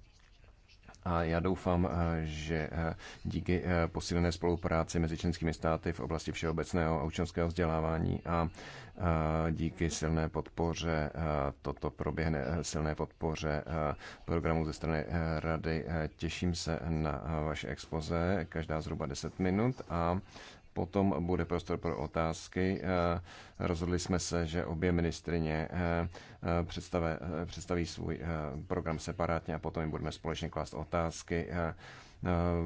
A já doufám, eh, že eh, díky eh, posílené spolupráci mezi členskými státy v oblasti všeobecného a učňovského vzdělávání a díky silné podpoře, toto proběhne silné podpoře programu ze strany Rady. Těším se na vaše expoze, každá zhruba 10 minut a Potom bude prostor pro otázky. Eh, rozhodli jsme se, že obě ministrině eh, eh, představí, představí svůj program separátně a potom jim budeme společně klást otázky.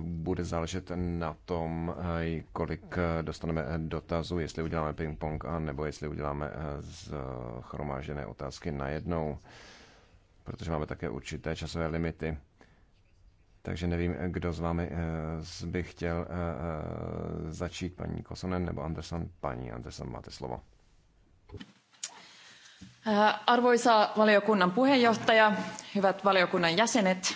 Bude záležet na tom, kolik dostaneme dotazů, jestli uděláme ping-pong, nebo jestli uděláme zhromážené otázky najednou, protože máme také určité časové limity takže nevím, kdo z vámi eh, by chtěl eh, eh, začít, paní Kosonen nebo Anderson. Paní Anderson, máte slovo. Arvoisa valiokunnan puheenjohtaja, hyvät valiokunnan jäsenet.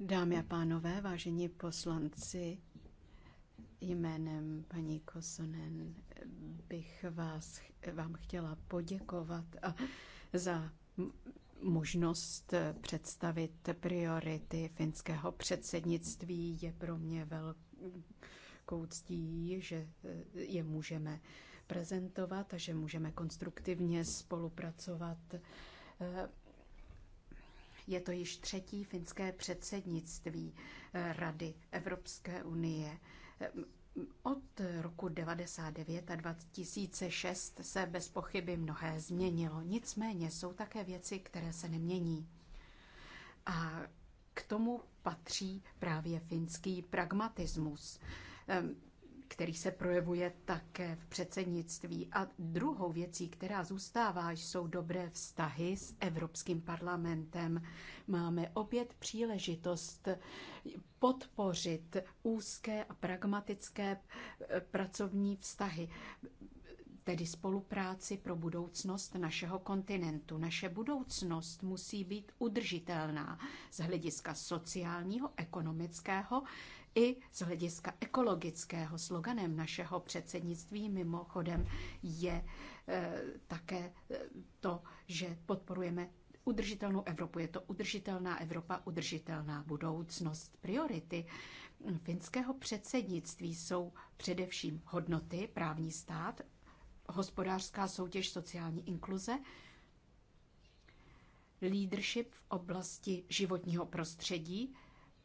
Dámy a pánové, vážení poslanci, jménem paní Kosonen bych vás, vám chtěla poděkovat za možnost eh, představit priority finského předsednictví je pro mě velkou ctí, že eh, je můžeme prezentovat a že můžeme konstruktivně spolupracovat. Eh, je to již třetí finské předsednictví Rady Evropské unie. Od roku 99 a 2006 se bez pochyby mnohé změnilo, nicméně jsou také věci, které se nemění. A k tomu patří právě finský pragmatismus. Ehm, který se projevuje také v předsednictví. A druhou věcí, která zůstává, jsou dobré vztahy s Evropským parlamentem. Máme opět příležitost podpořit úzké a pragmatické eh, pracovní vztahy tedy spolupráci pro budoucnost našeho kontinentu. Naše budoucnost musí být udržitelná z hlediska sociálního, ekonomického i z hlediska ekologického. Sloganem našeho předsednictví mimochodem je e, také eh, to, že podporujeme udržitelnou Evropu. Je to udržitelná Evropa, udržitelná budoucnost. Priority finského předsednictví jsou především hodnoty, právní stát, hospodářská soutěž, sociální inkluze, leadership v oblasti životního prostředí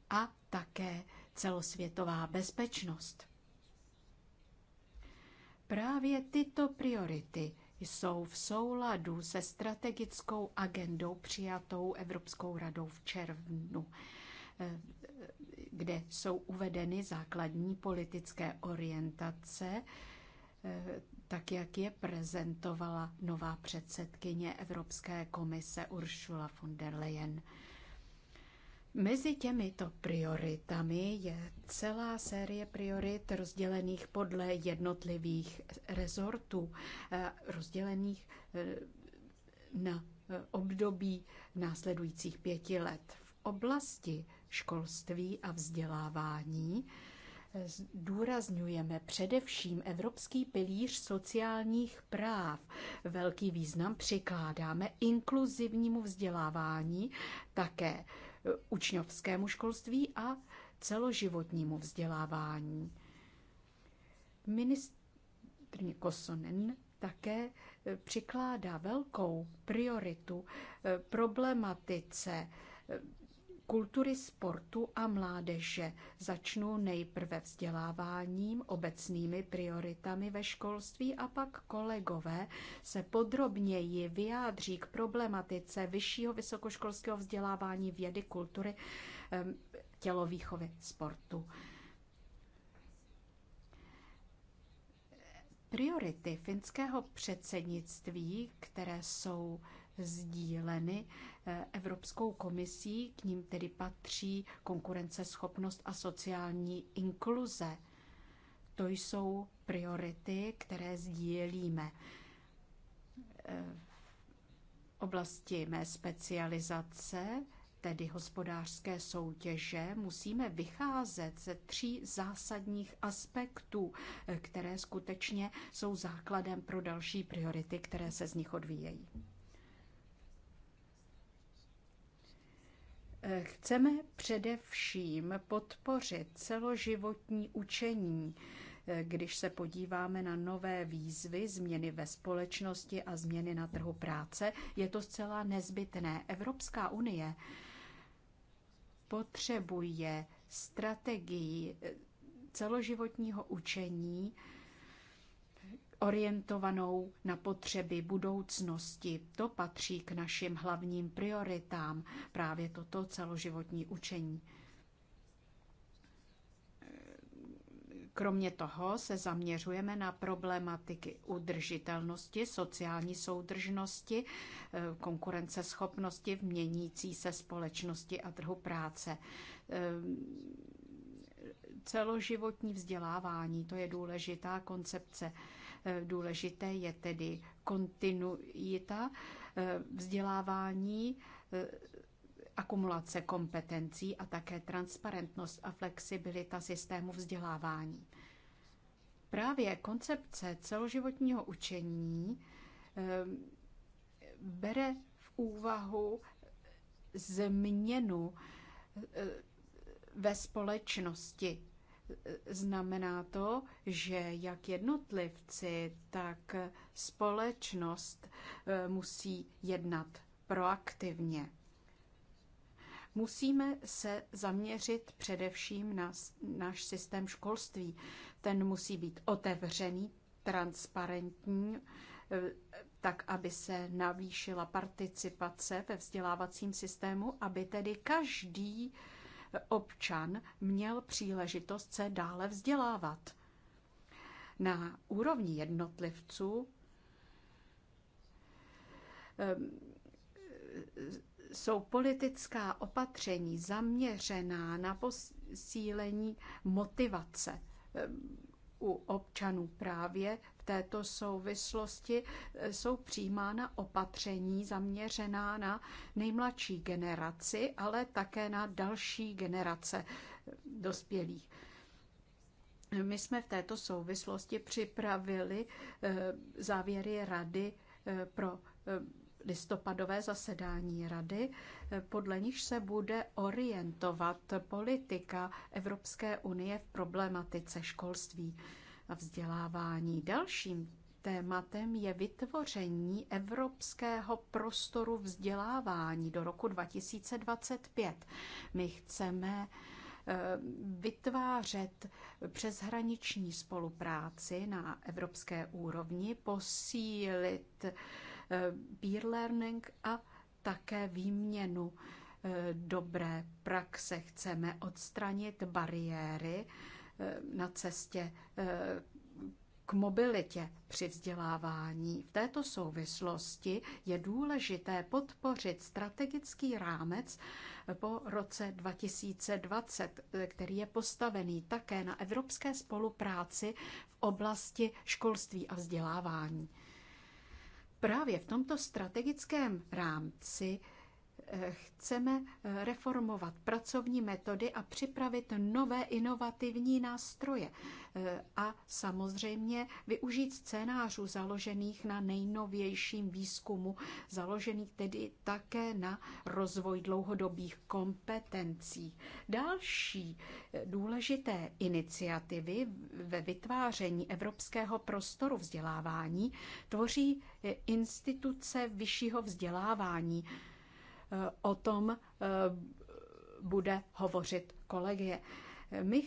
a také celosvětová bezpečnost. Právě tyto priority jsou v souladu se strategickou agendou přijatou Evropskou radou v červnu, kde jsou uvedeny základní politické orientace, tak jak je prezentovala nová předsedkyně Evropské komise Ursula von der Leyen. Mezi těmito prioritami je celá série priorit rozdělených podle jednotlivých rezortů, eh, rozdělených eh, na eh, období následujících pěti let. V oblasti školství a vzdělávání Zdůrazňujeme především Evropský pilíř sociálních práv. Velký význam přikládáme inkluzivnímu vzdělávání, také učňovskému školství a celoživotnímu vzdělávání. Ministrně Kosonen také e, přikládá velkou prioritu e, problematice e, kultury, sportu a mládeže. Začnu nejprve vzděláváním, obecnými prioritami ve školství a pak kolegové se podrobněji vyjádří k problematice vyššího vysokoškolského vzdělávání vědy, kultury, tělovýchovy, sportu. Priority finského předsednictví, které jsou sdíleny, E, Evropskou komisí, k ním tedy patří konkurenceschopnost a sociální inkluze. To jsou priority, které sdílíme. E, v oblasti mé specializace, tedy hospodářské soutěže, musíme vycházet ze tří zásadních aspektů, e, které skutečně jsou základem pro další priority, které se z nich odvíjejí. Eh, chceme především podpořit celoživotní učení, eh, když se podíváme na nové výzvy, změny ve společnosti a změny na trhu práce, je to zcela nezbytné. Evropská unie potřebuje strategii eh, celoživotního učení, orientovanou na potřeby budoucnosti. To patří k našim hlavním prioritám, právě toto celoživotní učení. Kromě toho se zaměřujeme na problematiky udržitelnosti, sociální soudržnosti, konkurenceschopnosti v měnící se společnosti a trhu práce. Celoživotní vzdělávání, to je důležitá koncepce Eh, důležité je tedy kontinuita eh, vzdělávání eh, akumulace kompetencí a také transparentnost a flexibilita systému vzdělávání. Právě koncepce celoživotního učení bere v úvahu změnu ve společnosti znamená to, že jak jednotlivci, tak společnost eh, musí jednat proaktivně. Musíme se zaměřit především na náš systém školství. Ten musí být otevřený, transparentní, eh, tak aby se navýšila participace ve vzdělávacím systému, aby tedy každý občan měl příležitost se dále vzdělávat. Na úrovni jednotlivců ehm, jsou politická opatření zaměřená na posílení motivace ehm, u občanů právě této souvislosti e, jsou přijímána opatření zaměřená na nejmladší generaci, ale také na další generace e, dospělých. My jsme v této souvislosti připravili e, závěry Rady pro listopadové zasedání Rady, podle níž se bude orientovat politika Evropské unie v problematice školství vzdělávání. Dalším tématem je vytvoření evropského prostoru vzdělávání do roku 2025. My chceme eh, vytvářet přeshraniční spolupráci na evropské úrovni, posílit eh, peer learning a také výměnu eh, dobré praxe. Chceme odstranit bariéry, Eh, na cestě eh, k mobilitě při vzdělávání. V této souvislosti je důležité podpořit strategický rámec po roce 2020, eh, který je postavený také na evropské spolupráci v oblasti školství a vzdělávání. Právě v tomto strategickém rámci Chceme eh, reformovat pracovní metody a připravit nové inovativní nástroje eh, a samozřejmě využít scénářů založených na nejnovějším výzkumu, založených tedy také na rozvoj dlouhodobých kompetencí. Další eh, důležité iniciativy ve vytváření evropského prostoru vzdělávání tvoří instituce vyššího vzdělávání, Eh, o tom eh, bude hovořit kolegie. My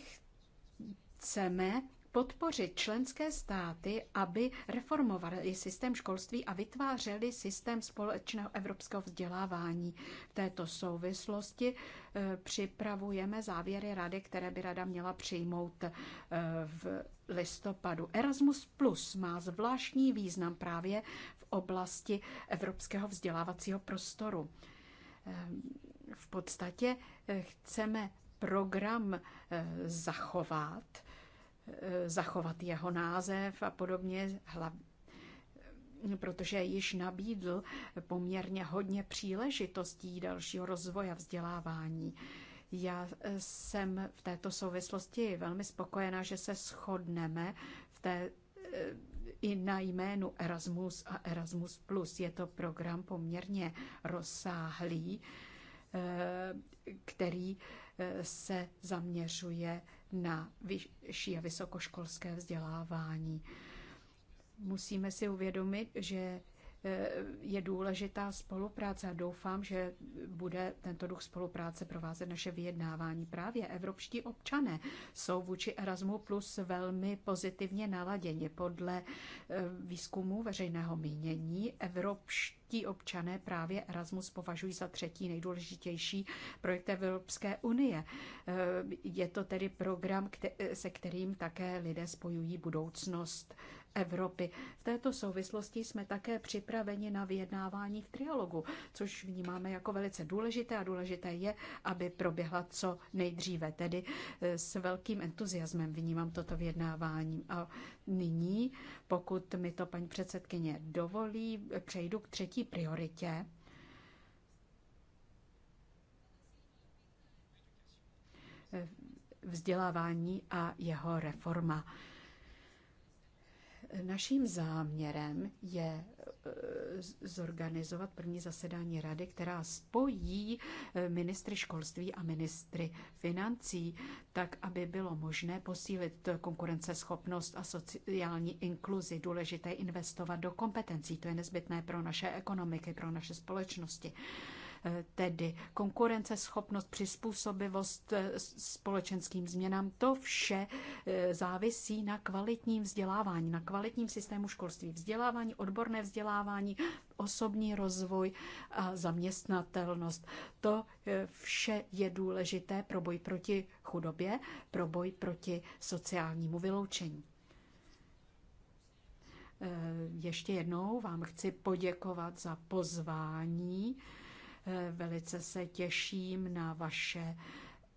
chceme podpořit členské státy, aby reformovali systém školství a vytvářeli systém společného evropského vzdělávání. V této souvislosti eh, připravujeme závěry rady, které by rada měla přijmout v listopadu. Erasmus Plus má zvláštní význam právě v oblasti evropského vzdělávacího prostoru. V podstatě eh, chceme program eh, zachovat, eh, zachovat jeho název a podobně, protože již nabídl poměrně hodně příležitostí dalšího rozvoje vzdělávání. Já jsem v této souvislosti velmi spokojená, že se shodneme v té i na jménu Erasmus a Erasmus+. Plus Je to program poměrně rozsáhlý, eh, který eh, se zaměřuje na vyšší a vysokoškolské vzdělávání. Musíme si uvědomit, že je důležitá spolupráce a doufám, že bude tento duch spolupráce provázet naše vyjednávání. Právě evropští občané jsou vůči Erasmu Plus velmi pozitivně naladěni. Podle eh, výzkumu veřejného mínění evropští občané právě Erasmus považují za třetí nejdůležitější projekt Evropské unie. Eh, je to tedy program, se kterým také lidé spojují budoucnost Evropy. V této souvislosti jsme také připraveni na vyjednávání v trialogu, což vnímáme jako velice důležité a důležité je, aby proběhla co nejdříve. Tedy eh, s velkým entuziasmem vnímám toto vyjednávání. A nyní, pokud mi to paní předsedkyně dovolí, přejdu k třetí prioritě. Eh, vzdělávání a jeho reforma. Naším záměrem je eh, zorganizovat první zasedání rady, která spojí eh, ministry školství a ministry financí, tak aby bylo možné posílit konkurenceschopnost a sociální inkluzi. Důležité investovat do kompetencí, to je nezbytné pro naše ekonomiky, pro naše společnosti tedy konkurenceschopnost, přizpůsobivost eh, společenským změnám. To vše eh, závisí na kvalitním vzdělávání, na kvalitním systému školství. Vzdělávání, odborné vzdělávání, osobní rozvoj a zaměstnatelnost. To eh, vše je důležité pro boj proti chudobě, pro boj proti sociálnímu vyloučení. Ještě jednou vám chci poděkovat za pozvání. Eh, velice se těším na vaše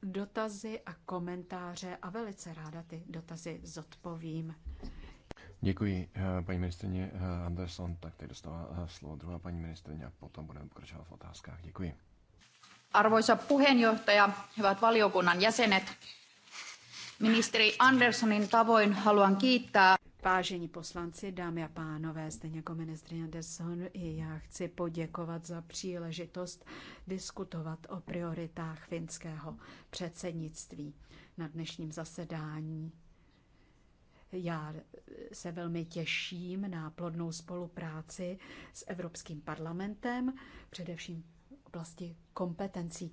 dotazy a komentáře a velice ráda ty dotazy zodpovím. Děkuji, eh, paní ministrině eh, Anderson. Tak teď dostává slovo druhá paní ministrině a potom budeme pokračovat v otázkách. Děkuji. Arvoisa puheenjohtaja, hyvät valiokunnan jäsenet, ministeri Anderssonin tavoin haluan kiittää. Vážení poslanci, dámy a pánové, stejně jako ministrině Desson, i já chci poděkovat za příležitost diskutovat o prioritách finského předsednictví na dnešním zasedání. Já se velmi těším na plodnou spolupráci s Evropským parlamentem, především v oblasti kompetencí.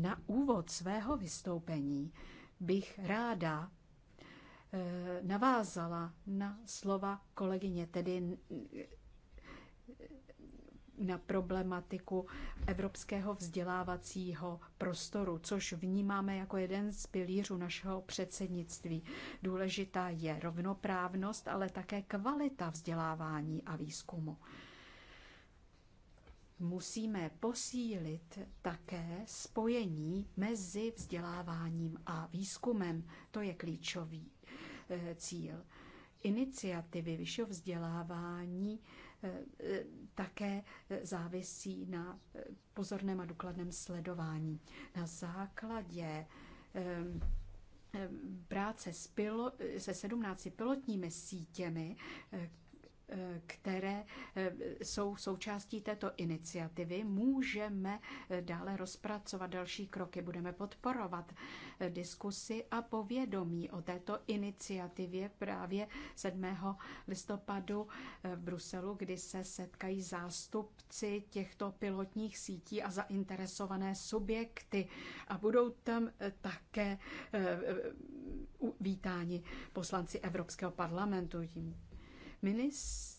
Na úvod svého vystoupení bych ráda Eh, navázala na slova kolegyně, tedy na problematiku evropského vzdělávacího prostoru, což vnímáme jako jeden z pilířů našeho předsednictví. Důležitá je rovnoprávnost, ale také kvalita vzdělávání a výzkumu. Musíme posílit také spojení mezi vzděláváním a výzkumem. To je klíčový Eh, cíl. Iniciativy vyššího vzdělávání eh, eh, také závisí na pozorném a důkladném sledování. Na základě práce se 17 pilotními sítěmi, které eh, jsou součástí této iniciativy, můžeme eh, dále rozpracovat další kroky. Budeme podporovat eh, diskusy a povědomí o této iniciativě právě 7. listopadu v Bruselu, kdy se setkají zástupci těchto pilotních sítí a zainteresované subjekty a budou tam také vítáni poslanci Evropského parlamentu. Tím Ministr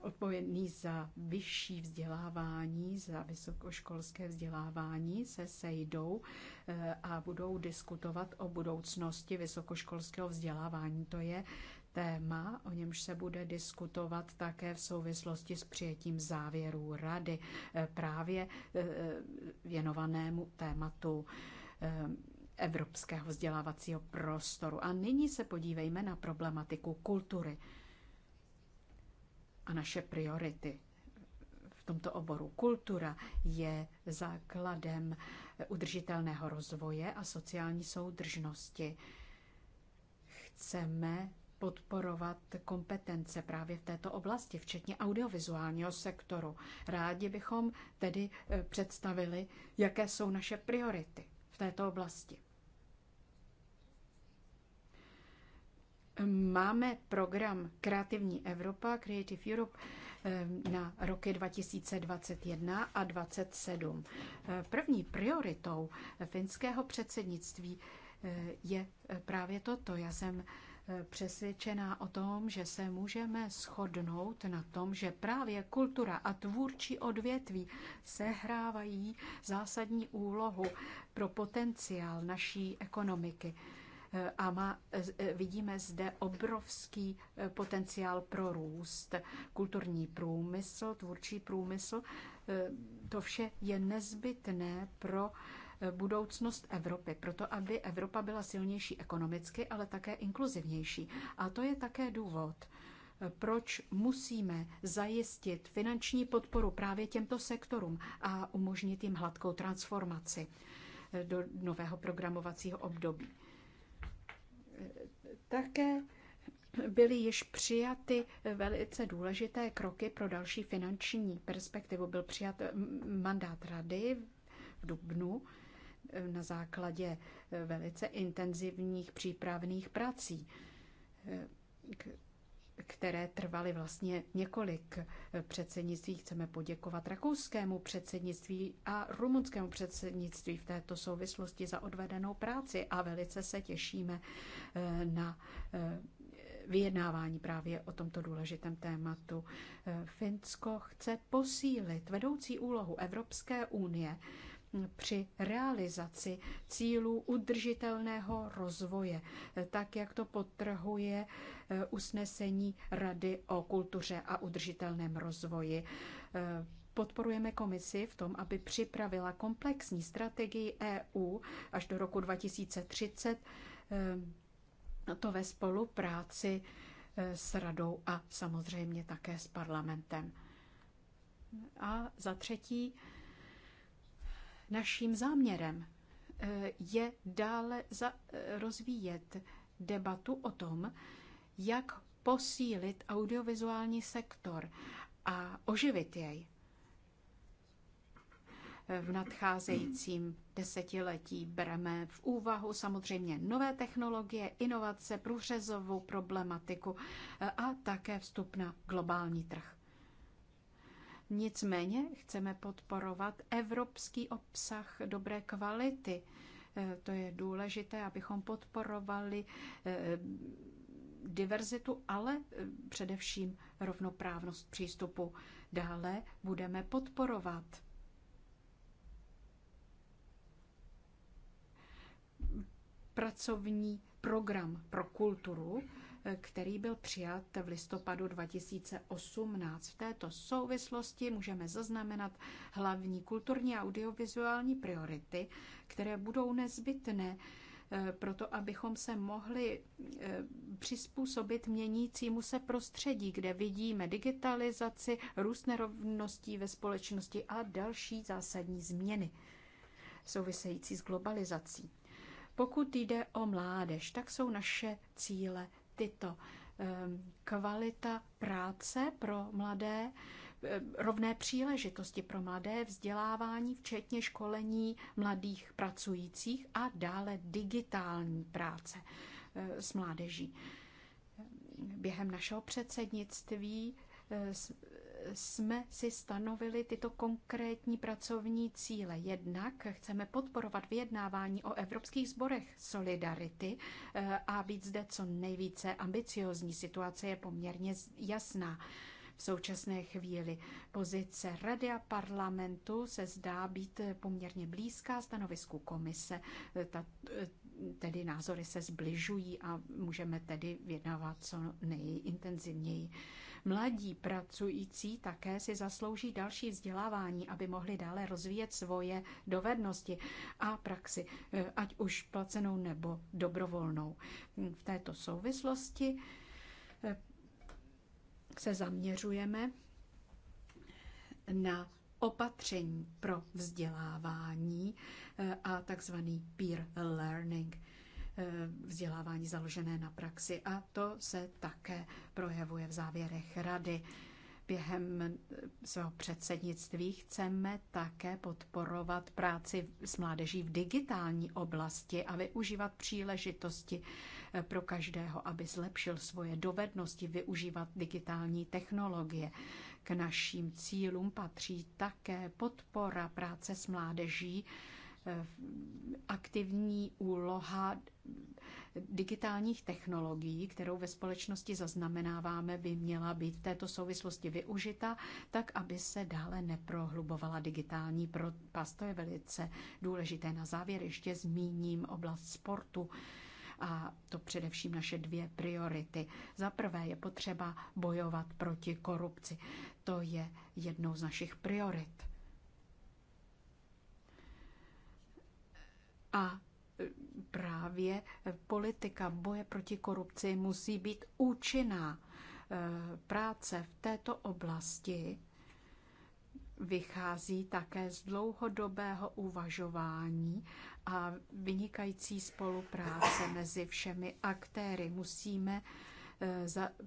odpovědný za vyšší vzdělávání, za vysokoškolské vzdělávání, se sejdou eh, a budou diskutovat o budoucnosti vysokoškolského vzdělávání. To je téma, o němž se bude diskutovat také v souvislosti s přijetím závěrů rady eh, právě eh, věnovanému tématu evropského vzdělávacího prostoru. A nyní se podívejme na problematiku kultury a naše priority v tomto oboru. Kultura je základem udržitelného rozvoje a sociální soudržnosti. Chceme podporovat kompetence právě v této oblasti, včetně audiovizuálního sektoru. Rádi bychom tedy eh, představili, jaké jsou naše priority v této oblasti. Máme program Kreativní Evropa, Creative Europe, na roky 2021 a 2027. Eh, první prioritou finského předsednictví eh, je eh, právě toto. Já jsem přesvědčená o tom, že se můžeme shodnout na tom, že právě kultura a tvůrčí odvětví sehrávají zásadní úlohu pro potenciál naší ekonomiky a má, e, vidíme zde obrovský e, potenciál pro růst. Kulturní průmysl, tvůrčí průmysl, e, to vše je nezbytné pro budoucnost Evropy, proto aby Evropa byla silnější ekonomicky, ale také inkluzivnější. A to je také důvod, proč musíme zajistit finanční podporu právě těmto sektorům a umožnit jim hladkou transformaci do nového programovacího období. Také byly již přijaty velice důležité kroky pro další finanční perspektivu. Byl přijat mandát rady v Dubnu na základě velice intenzivních přípravných prací které trvaly vlastně několik eh, předsednictví. Chceme poděkovat rakouskému předsednictví a rumunskému předsednictví v této souvislosti za odvedenou práci a velice se těšíme eh, na eh, vyjednávání právě o tomto důležitém tématu. Finsko chce posílit vedoucí úlohu Evropské unie při realizaci cílů udržitelného rozvoje, tak jak to potrhuje eh, usnesení Rady o kultuře a udržitelném rozvoji. Eh, podporujeme komisi v tom, aby připravila komplexní strategii EU až do roku 2030, eh, to ve spolupráci s radou a samozřejmě také s parlamentem. A za třetí, Naším záměrem eh, je dále eh, rozvíjet debatu o tom, jak posílit audiovizuální sektor a oživit jej eh, v nadcházejícím desetiletí bereme v úvahu samozřejmě nové technologie, inovace, průřezovou problematiku a také vstup na globální trh. Nicméně chceme podporovat evropský obsah dobré kvality. E, to je důležité, abychom podporovali e, diverzitu, ale e, především rovnoprávnost přístupu. Dále budeme podporovat pracovní program pro kulturu, který byl přijat v listopadu 2018. V této souvislosti můžeme zaznamenat hlavní kulturní a audiovizuální priority, které budou nezbytné eh, proto abychom se mohli eh, přizpůsobit měnícímu se prostředí, kde vidíme digitalizaci, růst nerovností ve společnosti a další zásadní změny související s globalizací. Pokud jde o mládež, tak jsou naše cíle tyto. Ehm, kvalita práce pro mladé, ehm, rovné příležitosti pro mladé, vzdělávání, včetně školení mladých pracujících a dále digitální práce eh, s mládeží. Ehm, během našeho předsednictví eh, jsme si stanovili tyto konkrétní pracovní cíle. Jednak chceme podporovat vyjednávání o evropských zborech solidarity eh, a být zde co nejvíce ambiciozní. Situace je poměrně jasná. V současné chvíli pozice Rady a parlamentu se zdá být poměrně blízká stanovisku komise. Eh, ta, eh, tedy názory se zbližují a můžeme tedy vyjednávat co nejintenzivněji. Mladí pracující také si zaslouží další vzdělávání, aby mohli dále rozvíjet svoje dovednosti a praxi, eh, ať už placenou nebo dobrovolnou. V této souvislosti eh, se zaměřujeme na opatření pro vzdělávání eh, a takzvaný peer learning. Eh, vzdělávání založené na praxi. A to se také projevuje v závěrech rady. Během eh, svého předsednictví chceme také podporovat práci s mládeží v digitální oblasti a využívat příležitosti eh, pro každého, aby zlepšil svoje dovednosti využívat digitální technologie. K našim cílům patří také podpora práce s mládeží Eh, aktivní úloha digitálních technologií, kterou ve společnosti zaznamenáváme, by měla být v této souvislosti využita, tak aby se dále neprohlubovala digitální propast. To je velice důležité. Na závěr ještě zmíním oblast sportu a to především naše dvě priority. Za prvé je potřeba bojovat proti korupci. To je jednou z našich priorit. A e, právě e, politika boje proti korupci musí být účinná. E, práce v této oblasti vychází také z dlouhodobého uvažování a vynikající spolupráce mezi všemi aktéry. Musíme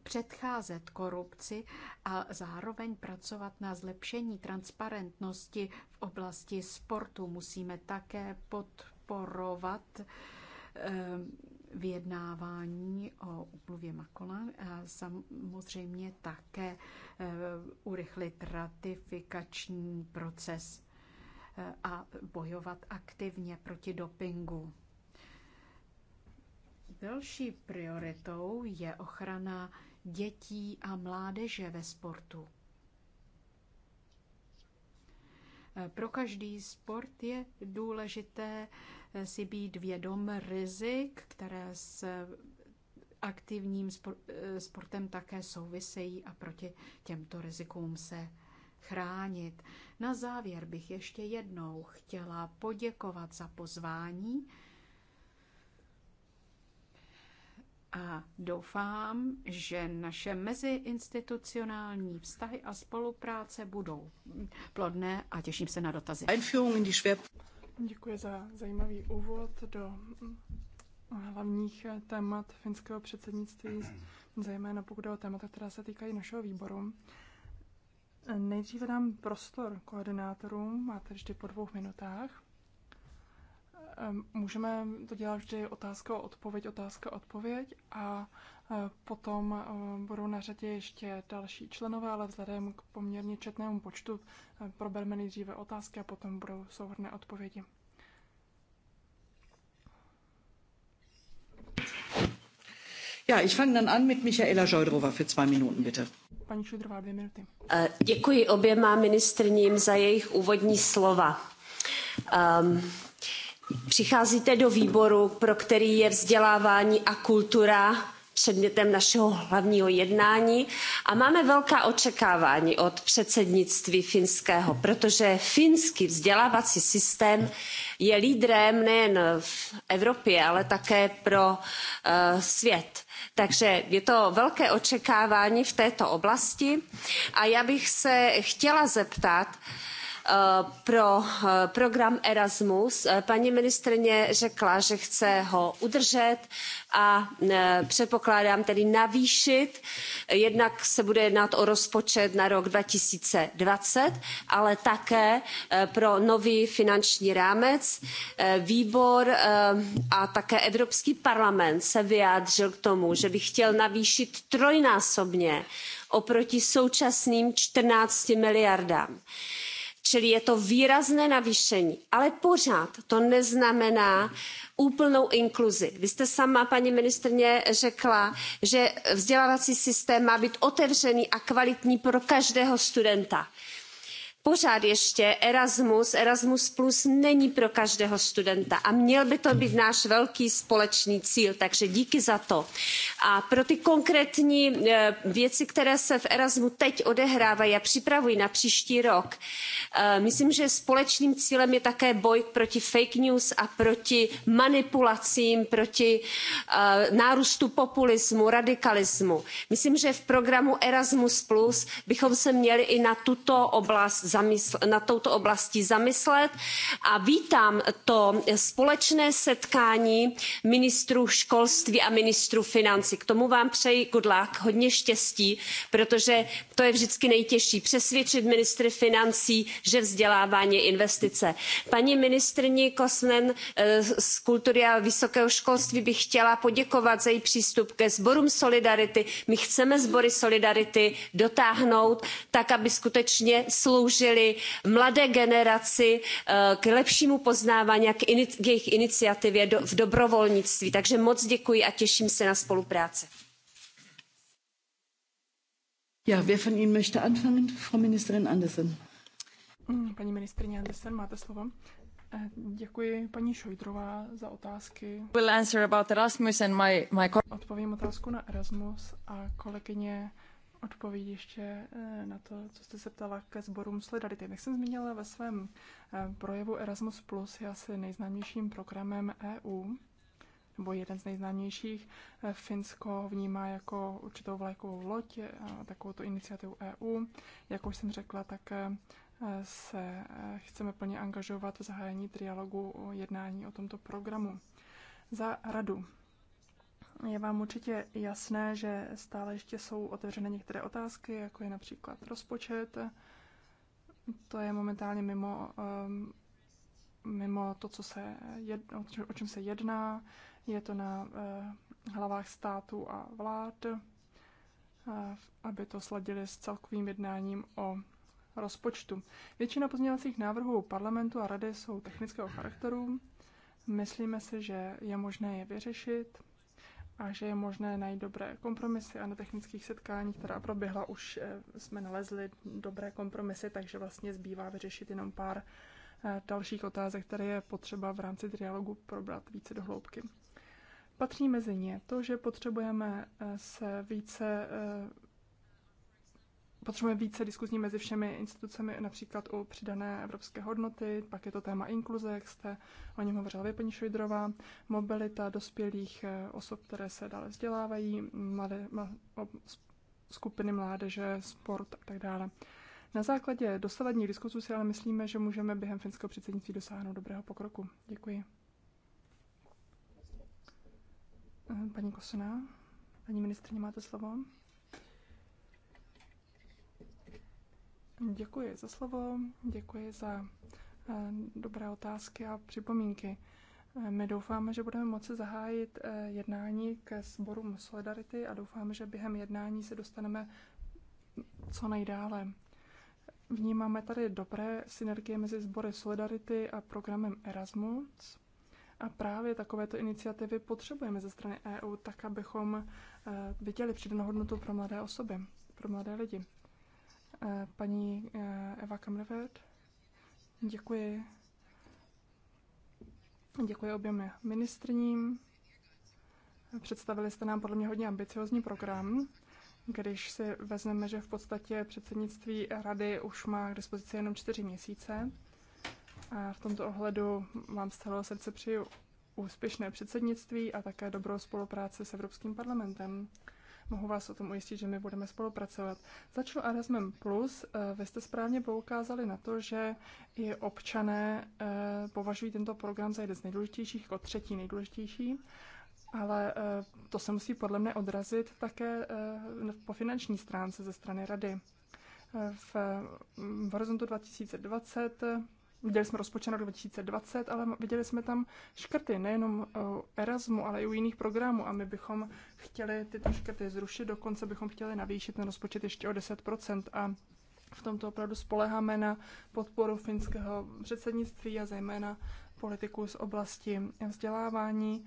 předcházet korupci a zároveň pracovat na zlepšení transparentnosti v oblasti sportu. Musíme také pod podporovat ehm, vyjednávání o úmluvě Makola a samozřejmě také ehm, urychlit ratifikační proces eh, a bojovat aktivně proti dopingu. Další prioritou je ochrana dětí a mládeže ve sportu. Pro každý sport je důležité eh, si být vědom rizik, které s aktivním eh, sportem také souvisejí a proti těmto rizikům se chránit. Na závěr bych ještě jednou chtěla poděkovat za pozvání a doufám, že naše meziinstitucionální vztahy a spolupráce budou plodné a těším se na dotazy. Děkuji za zajímavý úvod do hlavních témat finského předsednictví, zejména pokud je o témata, která se týkají našeho výboru. Nejdříve dám prostor koordinátorům, máte vždy po dvou minutách můžeme to dělat vždy otázka odpověď, otázka odpověď a e, potom e, budou na řadě ještě další členové, ale vzhledem k poměrně četnému počtu e, probereme nejdříve otázky a potom budou souhrné odpovědi. Ja, ich fange dann an mit Michaela Scheudrova für zwei Minuten, bitte. Pani Šojdrová, dvě minuty. Děkuji oběma ministrním za jejich úvodní slova. Um, přicházíte do výboru pro který je vzdělávání a kultura předmětem našeho hlavního jednání a máme velká očekávání od předsednictví finského protože finský vzdělávací systém je lídrem nejen v evropě ale také pro uh, svět. takže je to velké očekávání v této oblasti a já bych se chtěla zeptat uh, Eh, pro eh, program erasmus eh, paní ministryně řekla že chce ho udržet a předpokládám tedy navýšit jednak se bude jednat o rozpočet na rok two thousand and twenty ale také pro nový finanční rámec. výbor a také evropský parlament se vyjádřil k tomu že by chtěl navýšit trojnásobně oproti současným fourteen miliardám eur čili je to výrazné navýšení ale pořád to neznamená úplnou inkluzi. vy jste sama paní ministryně řekla že vzdělávací systém má být otevřený a kvalitní pro každého studenta pořád ještě Erasmus, Erasmus Plus není pro každého studenta a měl by to být náš velký společný cíl, takže díky za to. A pro ty konkrétní eh, věci, které se v Erasmu teď odehrávají a připravují na příští rok, eh, myslím, že společným cílem je také boj proti fake news a proti manipulacím, proti eh, nárůstu populismu, radikalismu. Myslím, že v programu Erasmus Plus bychom se měli i na tuto oblast zamysl- nad touto oblastí zamyslet a vítám to společné setkání ministrů školství a ministrů financí. k tomu vám přeji good luck hodně štěstí protože to je vždycky nejtěžší přesvědčit ministry financí že vzdělávání je investice. paní ministryni cosmiové eh, z kultury a vysokého školství bych chtěla poděkovat za její přístup ke sborům solidarity. my chceme sbory solidarity dotáhnout tak aby skutečně sloužily šířili mladé generaci eh, k lepšímu poznávání a k, jejich iniciativě v dobrovolnictví. Takže moc děkuji a těším se na spolupráci. Ja, wer von Ihnen möchte anfangen? Frau Ministerin Andersen. Mm, paní ministrině Andersen, máte slovo. Eh, děkuji paní Šojdrová za otázky. Will answer about Erasmus and my, my... Odpovím otázku na Erasmus a kolegyně odpovědi ještě eh, na to, co jste se ptala ke sborům Solidarity. Jak jsem zmínila ve svém eh, projevu Erasmus Plus je asi nejznámějším programem EU, nebo jeden z nejznámějších. Eh, Finsko vnímá jako určitou vlajkovou loď, takovou to iniciativu EU. Jak už jsem řekla, tak se chceme plně angažovat v zahájení trialogu o jednání o tomto programu. Za radu je vám určitě jasné, že stále ještě jsou otevřené některé otázky, jako je například rozpočet. To je momentálně mimo, ehm, mimo to, co se jed, o čem se jedná. Je to na eh, hlavách států a vlád, eh, aby to sladili s celkovým jednáním o rozpočtu. Většina pozměňovacích návrhů parlamentu a rady jsou technického charakteru. Myslíme si, že je možné je vyřešit a že je možné najít dobré kompromisy a na technických setkáních, která proběhla, už eh, jsme nalezli dobré kompromisy, takže vlastně zbývá vyřešit jenom pár eh, dalších otázek, které je potřeba v rámci dialogu probrat více do hloubky. Patří mezi ně to, že potřebujeme eh, se více potřebujeme více diskuzní mezi všemi institucemi, například u přidané evropské hodnoty, pak je to téma inkluze, jak jste o něm hovořila vy, paní Šojdrová, mobilita dospělých eh, osob, které se dále vzdělávají, mladé, skupiny mládeže, sport a tak dále. Na základě dosavadních diskusů si ale myslíme, že můžeme během finského předsednictví dosáhnout dobrého pokroku. Děkuji. Eh, paní Kosuná, paní ministrině, máte slovo. Děkuji za slovo, děkuji za eh, dobré otázky a připomínky. Eh, my doufáme, že budeme moci zahájit eh, jednání ke sborům Solidarity a doufáme, že během jednání se dostaneme co nejdále. Vnímáme tady dobré synergie mezi sbory Solidarity a programem Erasmus. A právě takovéto iniciativy potřebujeme ze strany EU, tak abychom viděli přidanou hodnotu pro mladé osoby, pro mladé lidi. Eh, paní eh, Eva Kamrevert, děkuji. Děkuji oběma ministrním. Představili jste nám podle mě hodně ambiciozní program. Když si vezmeme, že v podstatě předsednictví rady už má k dispozici jenom čtyři měsíce, a v tomto ohledu vám z celého srdce přeju úspěšné předsednictví a také dobrou spolupráci s Evropským parlamentem. Mohu vás o tom ujistit, že my budeme spolupracovat. Začnu Arasmem Plus. Eh, vy jste správně poukázali na to, že i občané eh, považují tento program za jeden z nejdůležitějších, jako třetí nejdůležitější. Ale eh, to se musí podle mne odrazit také po finanční stránce ze strany Rady. V, mm, v horizontu 2020 viděli jsme rozpočet na 2020, ale viděli jsme tam škrty nejenom eh, Erasmu, ale i u jiných programů a my bychom chtěli tyto škrty zrušit, dokonce bychom chtěli navýšit ten rozpočet ještě o 10% a v tomto opravdu spoleháme na podporu finského předsednictví a zejména politiku z oblasti vzdělávání.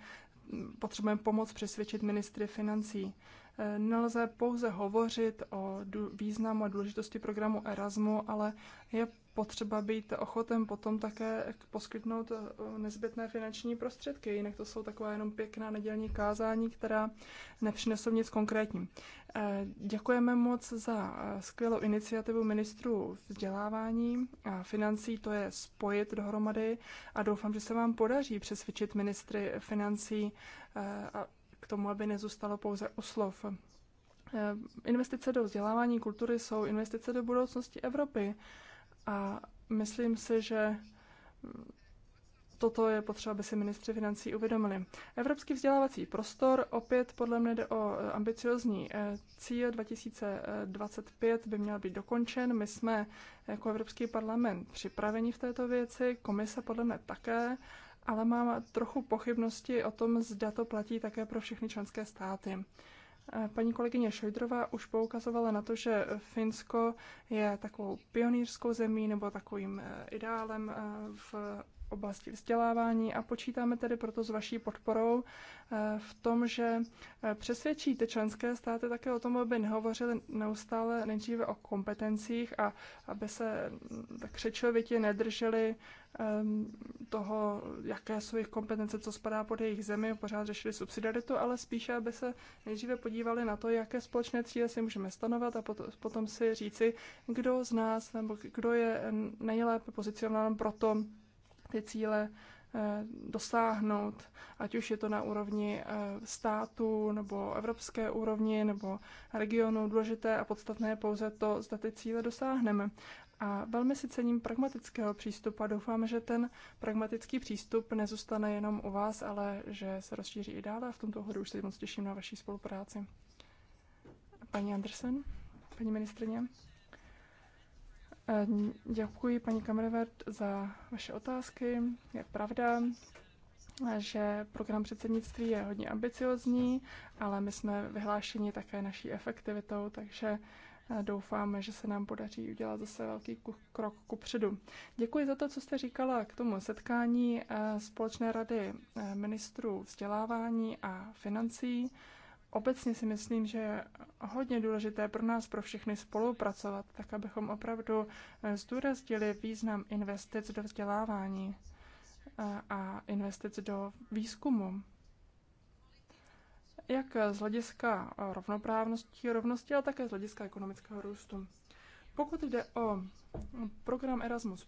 Potřebujeme pomoc přesvědčit ministry financí. Eh, nelze pouze hovořit o významu a důležitosti programu Erasmu, ale je potřeba být ochoten potom také poskytnout eh, nezbytné finanční prostředky, jinak to jsou taková jenom pěkná nedělní kázání, která nepřinesou nic konkrétní. Eh, děkujeme moc za eh, skvělou iniciativu ministrů vzdělávání a financí, to je spojit dohromady a doufám, že se vám podaří přesvědčit ministry financí k tomu, aby nezůstalo pouze u slov. Investice do vzdělávání kultury jsou investice do budoucnosti Evropy. A myslím si, že toto je potřeba, aby si ministři financí uvědomili. Evropský vzdělávací prostor, opět podle mě jde o e, ambiciozní e, cíl 2025 by měl být dokončen. My jsme jako Evropský parlament připraveni v této věci, komise podle mě také, ale mám trochu pochybnosti o tom, zda to platí také pro všechny členské státy. Paní kolegyně Šojdrová už poukazovala na to, že Finsko je takovou pionýrskou zemí nebo takovým eh, ideálem eh, v oblasti vzdělávání a počítáme tedy proto s vaší podporou eh, v tom, že eh, přesvědčíte členské státy také o tom, aby nehovořili neustále nejdříve o kompetencích a aby se mm, tak řečovitě nedrželi ehm, toho, jaké jsou jejich kompetence, co spadá pod jejich zemi, pořád řešili subsidiaritu, ale spíše, aby se nejdříve podívali na to, jaké společné cíle si můžeme stanovat a potom si říci, kdo z nás nebo kdo je nejlépe pozicionován pro to, ty cíle eh, dosáhnout, ať už je to na úrovni eh, státu nebo evropské úrovni nebo regionu. Důležité a podstatné je pouze to, zda ty cíle dosáhneme. A velmi si cením pragmatického přístupu a doufám, že ten pragmatický přístup nezůstane jenom u vás, ale že se rozšíří i dále. A v tomto hodu už se moc těším na vaší spolupráci. Paní Andersen, paní ministrině. Eh, děkuji, paní Kamrevert, za vaše otázky. Je pravda, že program předsednictví je hodně ambiciozní, ale my jsme vyhlášeni také naší efektivitou, takže eh, doufáme, že se nám podaří udělat zase velký krok ku předu. Děkuji za to, co jste říkala k tomu setkání eh, Společné rady ministrů vzdělávání a financí obecně si myslím, že je hodně důležité pro nás, pro všechny spolupracovat, tak abychom opravdu eh, zdůraznili význam investic do vzdělávání eh, a investic do výzkumu. Jak z hlediska rovnoprávnosti, rovnosti, ale také z hlediska ekonomického růstu. Pokud jde o program Erasmus+,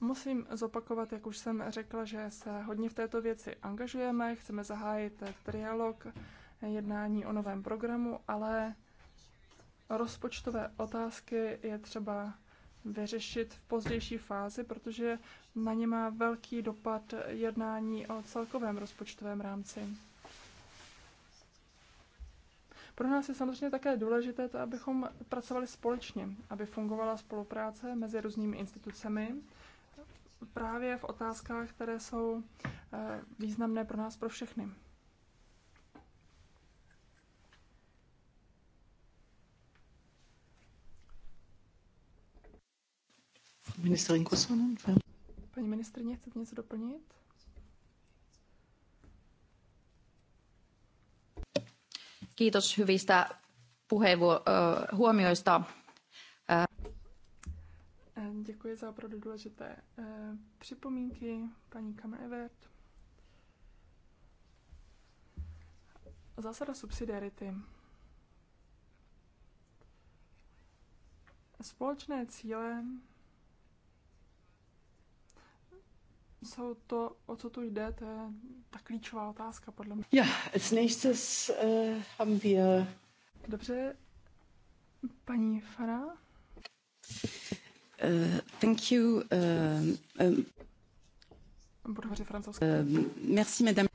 Musím zopakovat, jak už jsem řekla, že se hodně v této věci angažujeme, chceme zahájit trialog, jednání o novém programu, ale rozpočtové otázky je třeba vyřešit v pozdější fázi, protože na ně má velký dopad jednání o celkovém rozpočtovém rámci. Pro nás je samozřejmě také důležité to, abychom pracovali společně, aby fungovala spolupráce mezi různými institucemi, právě v otázkách, které jsou eh, významné pro nás, pro všechny. Paní ministrině, chcete něco doplnit? Kiitos hyvistä puheenvuo- eh, huomioista. Eh, Děkuji za opravdu důležité eh, připomínky, paní Kamerevert. Zásada subsidiarity. Společné cíle jsou to, o co tu jde, to je ta klíčová otázka, podle mě. Ja, als nächstes äh, eh, haben wir... Dobře, paní Fara. Uh, thank you. Uh, um, uh, merci, madame.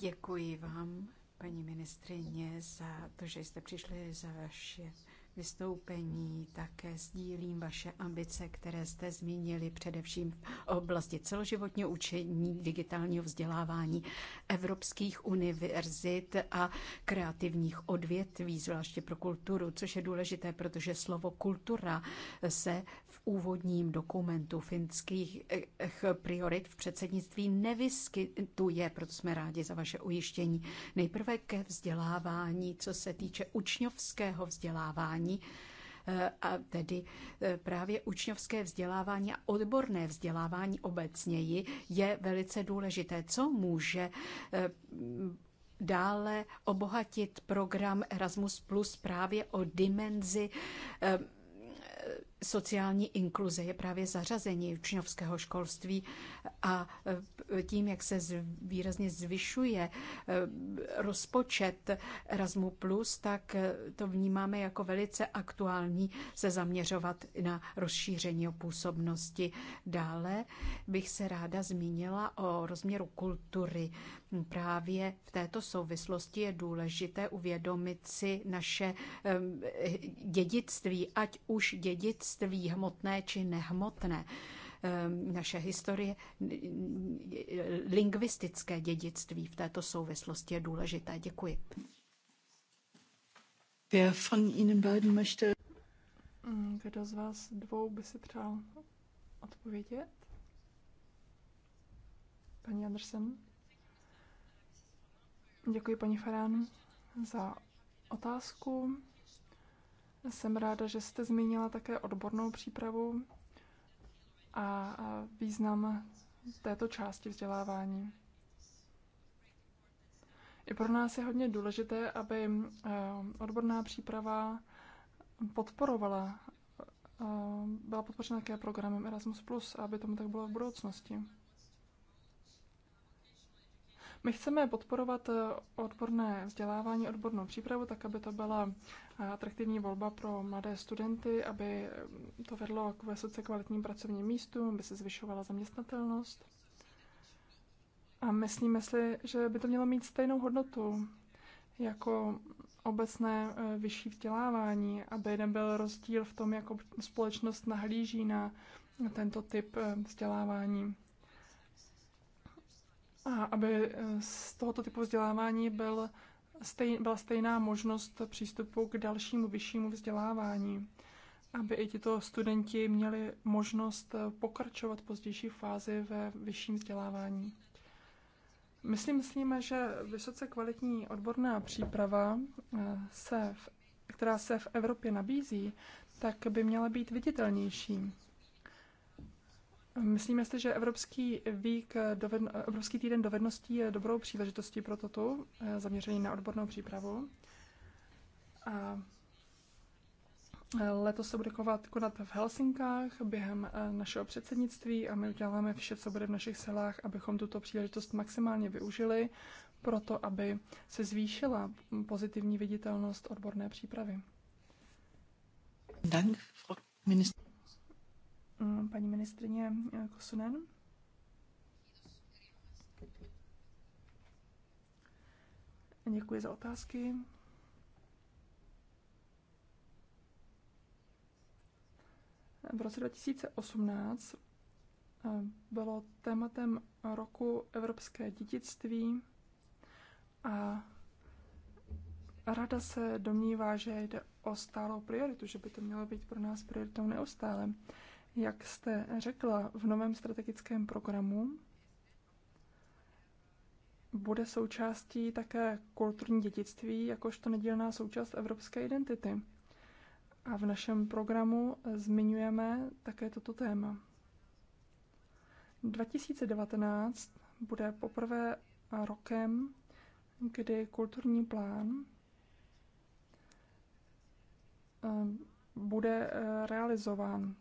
Děkuji vám, paní ministrině, za to, že jste přišli, za vaše vystoupení. Také sdílím vaše ambice, které jste zmínili především v oblasti celoživotního učení, digitálního vzdělávání evropských univerzit a kreativních odvětví, zvláště pro kulturu, což je důležité, protože slovo kultura se v úvodním dokumentu finských eh, eh, priorit v předsednictví nevyskytuje, proto jsme rádi za vaše ujištění. Nejprve ke vzdělávání, co se týče učňovského vzdělávání, eh, a tedy právě učňovské vzdělávání a odborné vzdělávání obecněji je velice důležité. Co může dále obohatit program Erasmus Plus právě o dimenzi sociální inkluze je právě zařazení učňovského školství a e, tím, jak se výrazně zvyšuje e, rozpočet Erasmu+, tak e, to vnímáme jako velice aktuální se zaměřovat na rozšíření o působnosti. Dále bych se ráda zmínila o rozměru kultury Právě v této souvislosti je důležité uvědomit si naše dědictví, ať už dědictví hmotné či nehmotné naše historie, lingvistické dědictví v této souvislosti je důležité. Děkuji. Mm, kdo z vás dvou by si přál odpovědět? Paní Andersen? Děkuji paní Farán za otázku. Jsem ráda, že jste zmínila také odbornou přípravu a význam této části vzdělávání. I pro nás je hodně důležité, aby eh, odborná příprava podporovala, eh, byla podpořena také programem Erasmus, aby tomu tak bylo v budoucnosti. My chceme podporovat eh, odborné vzdělávání, odbornou přípravu, tak aby to byla eh, atraktivní volba pro mladé studenty, aby eh, to vedlo k vysoce kvalitním pracovním místům, aby se zvyšovala zaměstnatelnost. A myslíme si, že by to mělo mít stejnou hodnotu jako obecné vyšší vzdělávání, aby nebyl rozdíl v tom, jak společnost nahlíží na tento typ vzdělávání a aby eh, z tohoto typu vzdělávání byl stej, byla stejná možnost přístupu k dalšímu vyššímu vzdělávání, aby i tito studenti měli možnost eh, pokračovat v pozdější fázi ve vyšším vzdělávání. My si myslíme, že vysoce kvalitní odborná příprava, eh, se v, která se v Evropě nabízí, tak by měla být viditelnější. Myslíme si, že Evropský, vík doved... Evropský týden dovedností je dobrou příležitostí pro toto eh, zaměření na odbornou přípravu. A eh, letos se bude kovat, konat v Helsinkách během eh, našeho předsednictví a my uděláme vše, co bude v našich silách, abychom tuto příležitost maximálně využili, proto aby se zvýšila pozitivní viditelnost odborné přípravy. Dank, Minister. Eh, paní ministrině eh, Kosunen. Děkuji za otázky. V roce 2018 eh, bylo tématem roku Evropské dědictví a Rada se domnívá, že jde o stálou prioritu, že by to mělo být pro nás prioritou neustále. Jak jste řekla, v novém strategickém programu bude součástí také kulturní dědictví, jakožto nedílná součást evropské identity. A v našem programu zmiňujeme také toto téma. 2019 bude poprvé rokem, kdy kulturní plán eh, bude eh, realizován.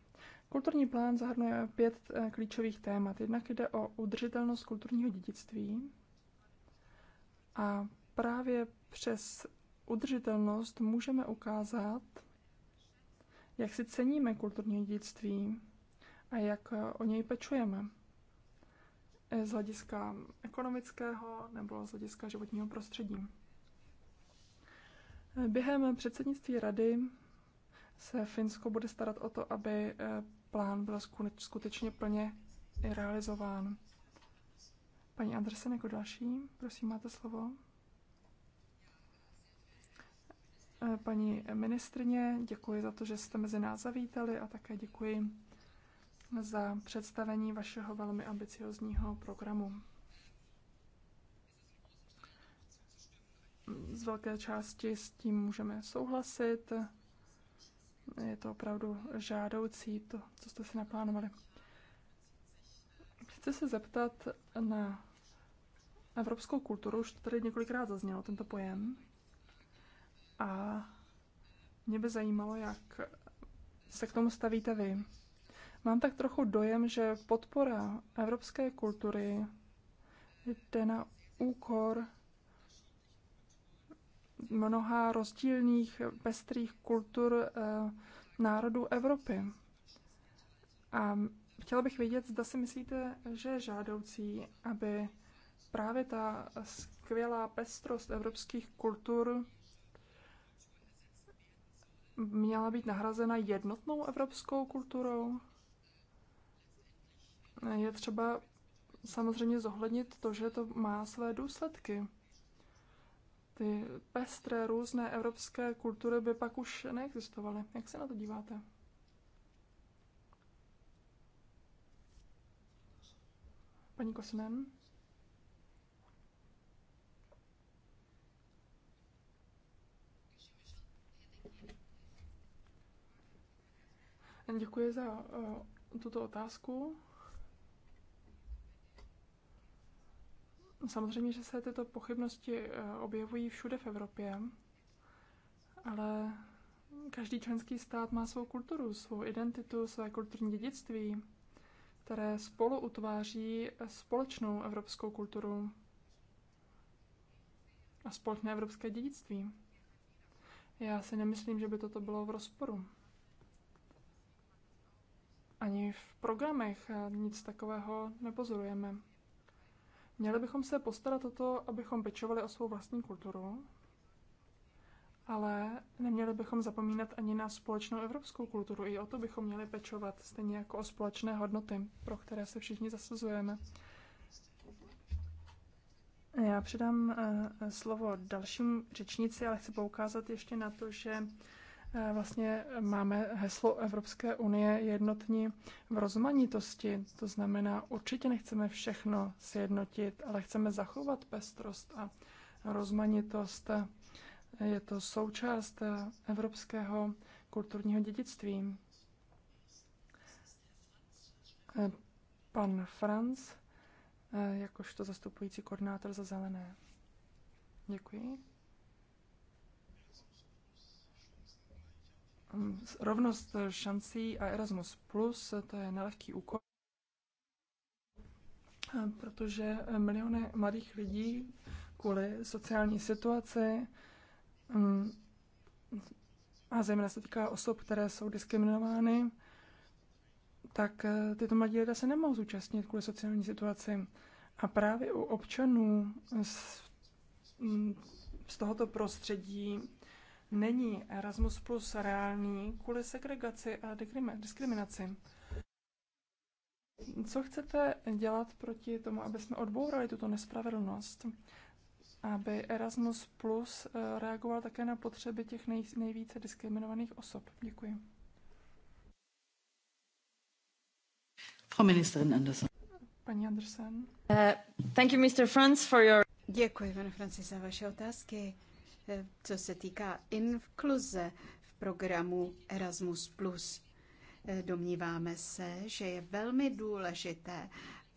Kulturní plán zahrnuje pět eh, klíčových témat. Jednak jde o udržitelnost kulturního dědictví a právě přes udržitelnost můžeme ukázat, jak si ceníme kulturní dědictví a jak eh, o něj pečujeme. Eh, z hlediska ekonomického nebo z hlediska životního prostředí. Během předsednictví rady se Finsko bude starat o to, aby plán byl skutečně plně realizován. Paní Andersen jako další, prosím, máte slovo. E, paní ministrně, děkuji za to, že jste mezi nás zavítali a také děkuji za představení vašeho velmi ambiciozního programu. Z velké části s tím můžeme souhlasit. Je to opravdu žádoucí, to, co jste si naplánovali. Chci se zeptat na evropskou kulturu, už tady několikrát zaznělo tento pojem. A mě by zajímalo, jak se k tomu stavíte vy. Mám tak trochu dojem, že podpora evropské kultury jde na úkor mnoha rozdílných, pestrých kultur eh, národů Evropy. A chtěla bych vědět, zda si myslíte, že je žádoucí, aby právě ta skvělá pestrost evropských kultur měla být nahrazena jednotnou evropskou kulturou. Je třeba samozřejmě zohlednit to, že to má své důsledky ty pestré různé evropské kultury by pak už neexistovaly. Jak se na to díváte? Paní Kosinen? Děkuji za uh, tuto otázku. Samozřejmě, že se tyto pochybnosti eh, objevují všude v Evropě, ale každý členský stát má svou kulturu, svou identitu, své kulturní dědictví, které spolu utváří společnou evropskou kulturu a společné evropské dědictví. Já si nemyslím, že by toto bylo v rozporu. Ani v programech eh, nic takového nepozorujeme. Měli bychom se postarat o to, abychom pečovali o svou vlastní kulturu, ale neměli bychom zapomínat ani na společnou evropskou kulturu. I o to bychom měli pečovat, stejně jako o společné hodnoty, pro které se všichni zasazujeme. Já předám eh, slovo dalším řečníci, ale chci poukázat ještě na to, že vlastně máme heslo Evropské unie jednotní v rozmanitosti. To znamená, určitě nechceme všechno sjednotit, ale chceme zachovat pestrost a rozmanitost. Je to součást evropského kulturního dědictví. Pan Franz, jakožto zastupující koordinátor za zelené. Děkuji. rovnost šancí a Erasmus+, Plus, to je nelehký úkol, protože miliony mladých lidí kvůli sociální situaci mm, a zejména se týká osob, které jsou diskriminovány, tak eh, tyto mladí lidé se nemohou zúčastnit kvůli sociální situaci. A právě u občanů z, mm, z tohoto prostředí není Erasmus Plus reálný kvůli segregaci a diskriminaci. Co chcete dělat proti tomu, aby jsme odbourali tuto nespravedlnost? Aby Erasmus Plus eh, reagoval také na potřeby těch nej, nejvíce diskriminovaných osob. Děkuji. Frau Ministerin Anderson. Paní Anderson. Uh, eh, thank you, Mr. Franz, for your... Děkuji, pane Franci, za vaše otázky co se týká inkluze v programu Erasmus+. Domníváme se, že je velmi důležité,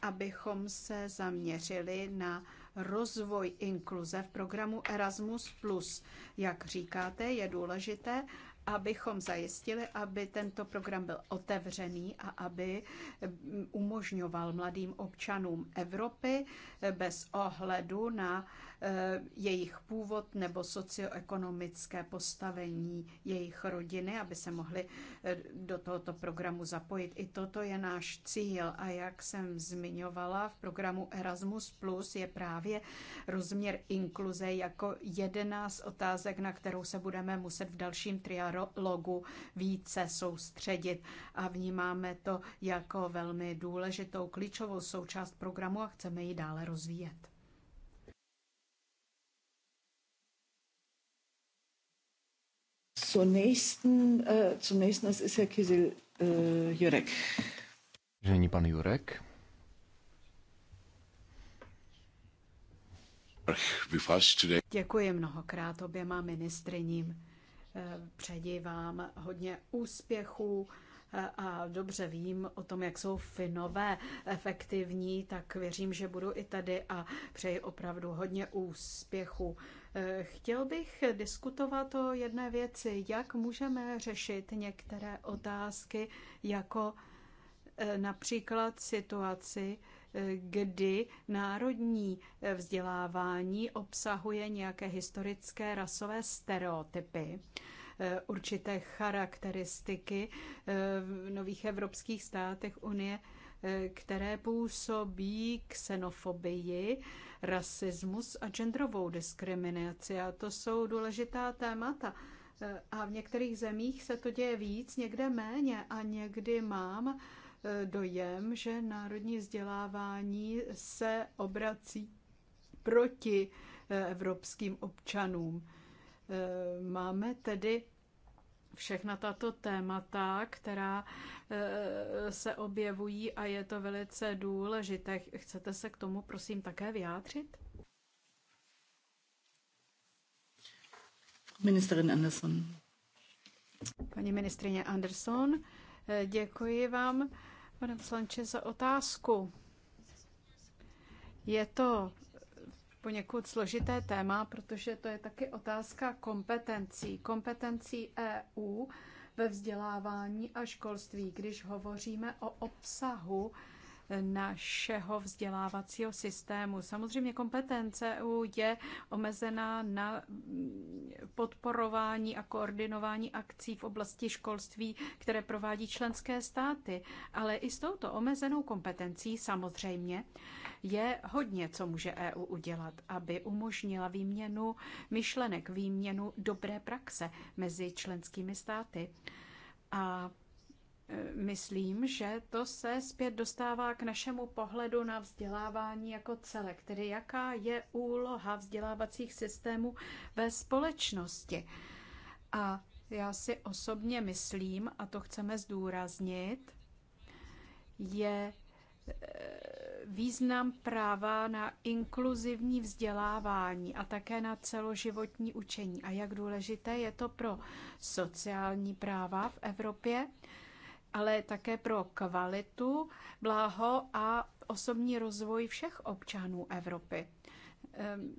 abychom se zaměřili na rozvoj inkluze v programu Erasmus+. Jak říkáte, je důležité, abychom zajistili, aby tento program byl otevřený a aby mm, umožňoval mladým občanům Evropy eh, bez ohledu na Eh, jejich původ nebo socioekonomické postavení jejich rodiny, aby se mohli eh, do tohoto programu zapojit. I toto je náš cíl a jak jsem zmiňovala, v programu Erasmus Plus je právě rozměr inkluze jako jedna z otázek, na kterou se budeme muset v dalším trialogu více soustředit a vnímáme to jako velmi důležitou klíčovou součást programu a chceme ji dále rozvíjet. Zur nächsten, äh, zum nächsten, das ist Herr Kisil äh, Jurek. Žení pan Jurek. Děkuji mnohokrát oběma ministriním. Přeji vám hodně úspěchů a dobře vím o tom, jak jsou Finové efektivní, tak věřím, že budu i tady a přeji opravdu hodně úspěchu. Eh, chtěl bych diskutovat o jedné věci, jak můžeme řešit některé otázky, jako eh, například situaci, eh, kdy národní vzdělávání obsahuje nějaké historické rasové stereotypy. Eh, určité charakteristiky eh, v nových evropských státech Unie, eh, které působí ksenofobii, rasismus a genderovou diskriminaci. A to jsou důležitá témata. A v některých zemích se to děje víc, někde méně. A někdy mám dojem, že národní vzdělávání se obrací proti evropským občanům. E, máme tedy všechna tato témata, která e, se objevují a je to velice důležité. Chcete se k tomu, prosím, také vyjádřit? Ministerin Anderson. Paní ministrině Anderson, e, děkuji vám, pane poslanče, za otázku. Je to poněkud složité téma, protože to je taky otázka kompetencí. Kompetencí EU ve vzdělávání a školství, když hovoříme o obsahu našeho vzdělávacího systému. Samozřejmě kompetence EU je omezená na podporování a koordinování akcí v oblasti školství, které provádí členské státy, ale i s touto omezenou kompetencí samozřejmě je hodně, co může EU udělat, aby umožnila výměnu myšlenek, výměnu dobré praxe mezi členskými státy. A e, myslím, že to se zpět dostává k našemu pohledu na vzdělávání jako celek, tedy jaká je úloha vzdělávacích systémů ve společnosti. A já si osobně myslím, a to chceme zdůraznit, je e, význam práva na inkluzivní vzdělávání a také na celoživotní učení a jak důležité je to pro sociální práva v Evropě, ale také pro kvalitu, bláho a osobní rozvoj všech občanů Evropy. Ehm,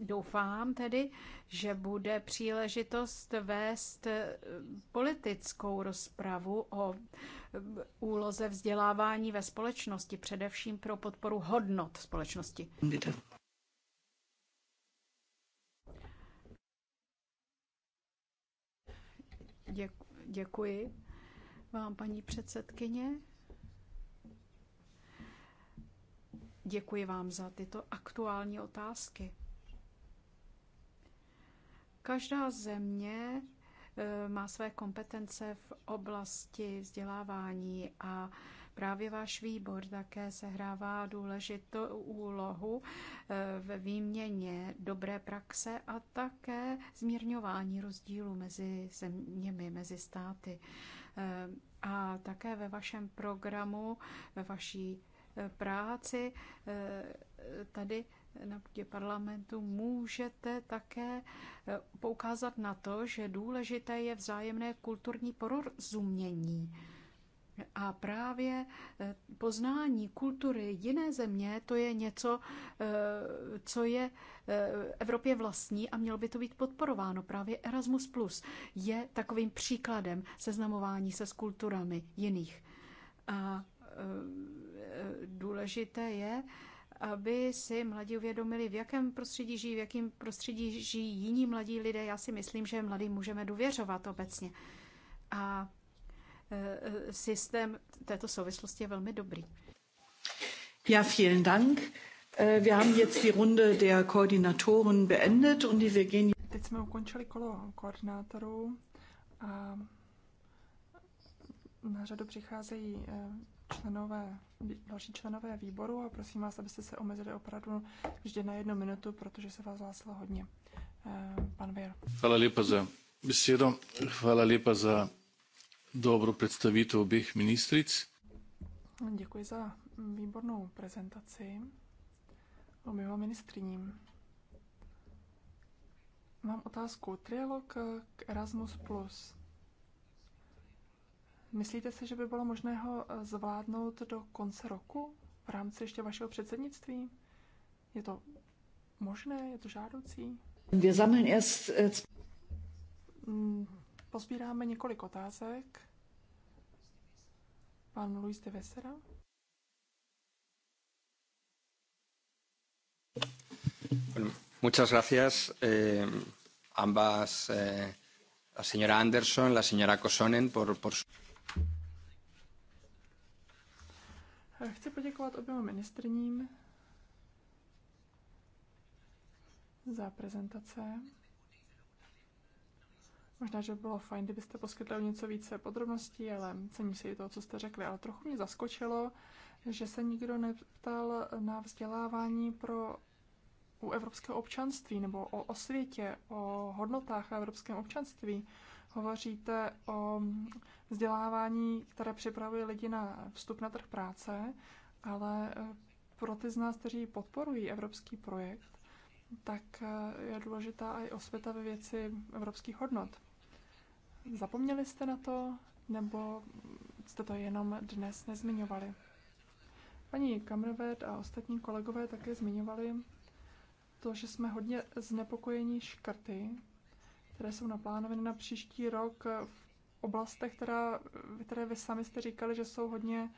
doufám tedy, že bude příležitost vést eh, politickou rozpravu o eh, úloze vzdělávání ve společnosti, především pro podporu hodnot společnosti. Děkuji vám, paní předsedkyně. Děkuji vám za tyto aktuální otázky. Každá země eh, má své kompetence v oblasti vzdělávání a právě váš výbor také sehrává důležitou úlohu eh, ve výměně dobré praxe a také zmírňování rozdílů mezi zeměmi, mezi státy. Eh, a také ve vašem programu, ve vaší práci tady na půdě parlamentu můžete také eh, poukázat na to, že důležité je vzájemné kulturní porozumění. A právě eh, poznání kultury jiné země, to je něco, eh, co je Evropě vlastní a mělo by to být podporováno. Právě Erasmus Plus je takovým příkladem seznamování se s kulturami jiných. A důležité je, aby si mladí uvědomili, v jakém prostředí žijí, v jakém prostředí žijí jiní mladí lidé. Já si myslím, že mladým můžeme důvěřovat obecně. A e, e, systém této souvislosti je velmi dobrý. Ja, vielen Dank. Äh, wir haben jetzt die Runde der Koordinatoren beendet und wir gehen. Teď jsme ukončili kolo koordinátorů a na řadu přicházejí členové, další členové výboru a prosím vás, abyste se omezili opravdu vždy na jednu minutu, protože se vás hlásilo hodně. Eh, pan Věr. Hvala lepa za besedo. Hvala lepa za dobrou představitu oběch ministric. Děkuji za výbornou prezentaci oběma ministriním. Mám otázku. Trialog k Erasmus+. Myslíte si, že by bylo možné ho eh, zvládnout do konce roku v rámci ještě vašeho předsednictví? Je to možné? Je to žádoucí? Äh, mm, pozbíráme několik otázek. Pan Luis de Vesera. muchas gracias. Eh, ambas, eh, la señora Anderson, la señora Kosonen, por, por su... Eh, chci poděkovat oběma ministrním za prezentace. Možná, že bylo fajn, kdybyste poskytli něco více podrobností, ale cením si i toho, co jste řekli. Ale trochu mě zaskočilo, že se nikdo neptal na vzdělávání pro u evropského občanství nebo o osvětě, o hodnotách a evropském občanství. Hovoříte o vzdělávání, které připravuje lidi na vstup na trh práce, ale eh, pro ty z nás, kteří podporují evropský projekt, tak eh, je důležitá i osvěta ve věci evropských hodnot. Zapomněli jste na to, nebo jste to jenom dnes nezmiňovali? Paní Kamrvet a ostatní kolegové také zmiňovali to, že jsme hodně znepokojení škrty, které jsou naplánovány na příští rok v oblastech, která, které vy sami jste říkali, že jsou hodně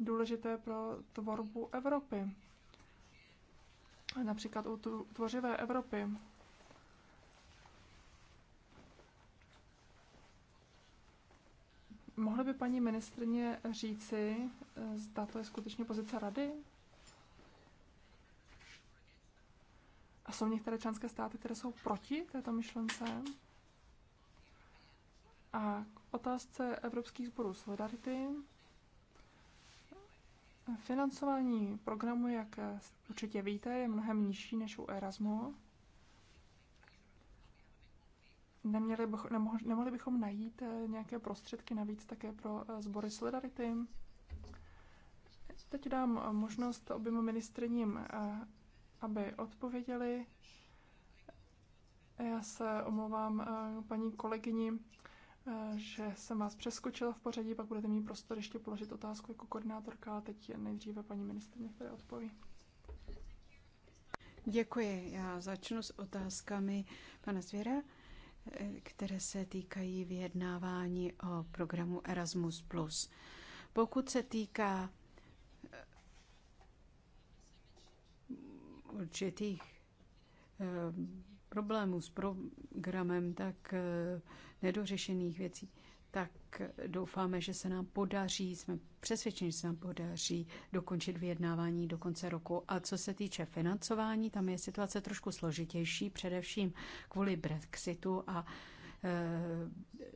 důležité pro tvorbu Evropy. Například u tvořivé Evropy. Mohla by paní ministrně říci, eh, zda to je skutečně pozice rady? A jsou některé členské státy, které jsou proti této myšlence? A k otázce Evropských sborů Solidarity. Financování programu, jak určitě víte, je mnohem nižší než u Erasmu. Neměli bych, nemohli bychom najít eh, nějaké prostředky navíc také pro eh, sbory Solidarity. Teď dám možnost oběma ministrním, eh, aby odpověděli. Já se omlouvám paní kolegyni Eh, že jsem vás přeskočila v pořadí, pak budete mít prostor ještě položit otázku jako koordinátorka, ale teď nejdříve paní ministrně, která odpoví. Děkuji. Já začnu s otázkami pana Zvěra, eh, které se týkají vyjednávání o programu Erasmus+. Pokud se týká eh, určitých problémů s programem, tak eh, nedořešených věcí, tak doufáme, že se nám podaří, jsme přesvědčeni, že se nám podaří dokončit vyjednávání do konce roku. A co se týče financování, tam je situace trošku složitější, především kvůli Brexitu a eh,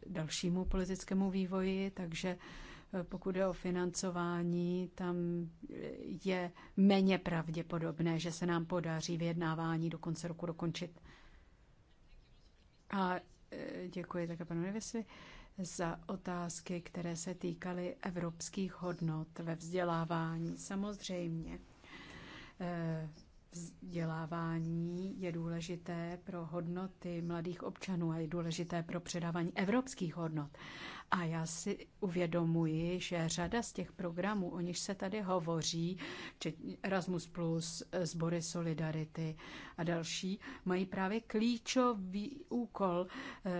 dalšímu politickému vývoji, takže eh, pokud je o financování, tam je méně pravděpodobné, že se nám podaří vyjednávání do konce roku dokončit. A e, děkuji také panu Nevesovi za otázky, které se týkaly evropských hodnot ve vzdělávání. Samozřejmě e, vzdělávání je důležité pro hodnoty mladých občanů a je důležité pro předávání evropských hodnot. A já si uvědomuji, že řada z těch programů, o nich se tady hovoří, Erasmus+, sbory Solidarity a další, mají právě klíčový úkol eh,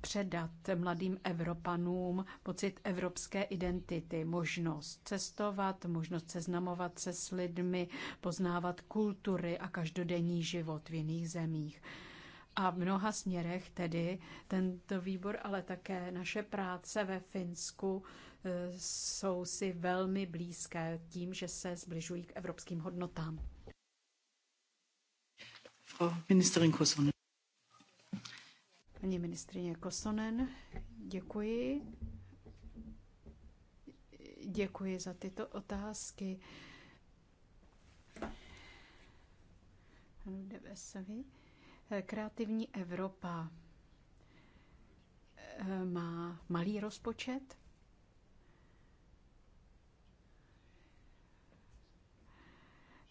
předat mladým Evropanům pocit evropské identity, možnost cestovat, možnost seznamovat se s lidmi, poznávat kultury a každodenní život v jiných zemích. A v mnoha směrech tedy tento výbor, ale také naše práce ve Finsku e, jsou si velmi blízké tím, že se zbližují k evropským hodnotám. Frau Ministerin Kosonen. Paní ministrině Kosonen, děkuji. Děkuji za tyto otázky. Panu Devesovi. Kreativní Evropa eh, má malý rozpočet.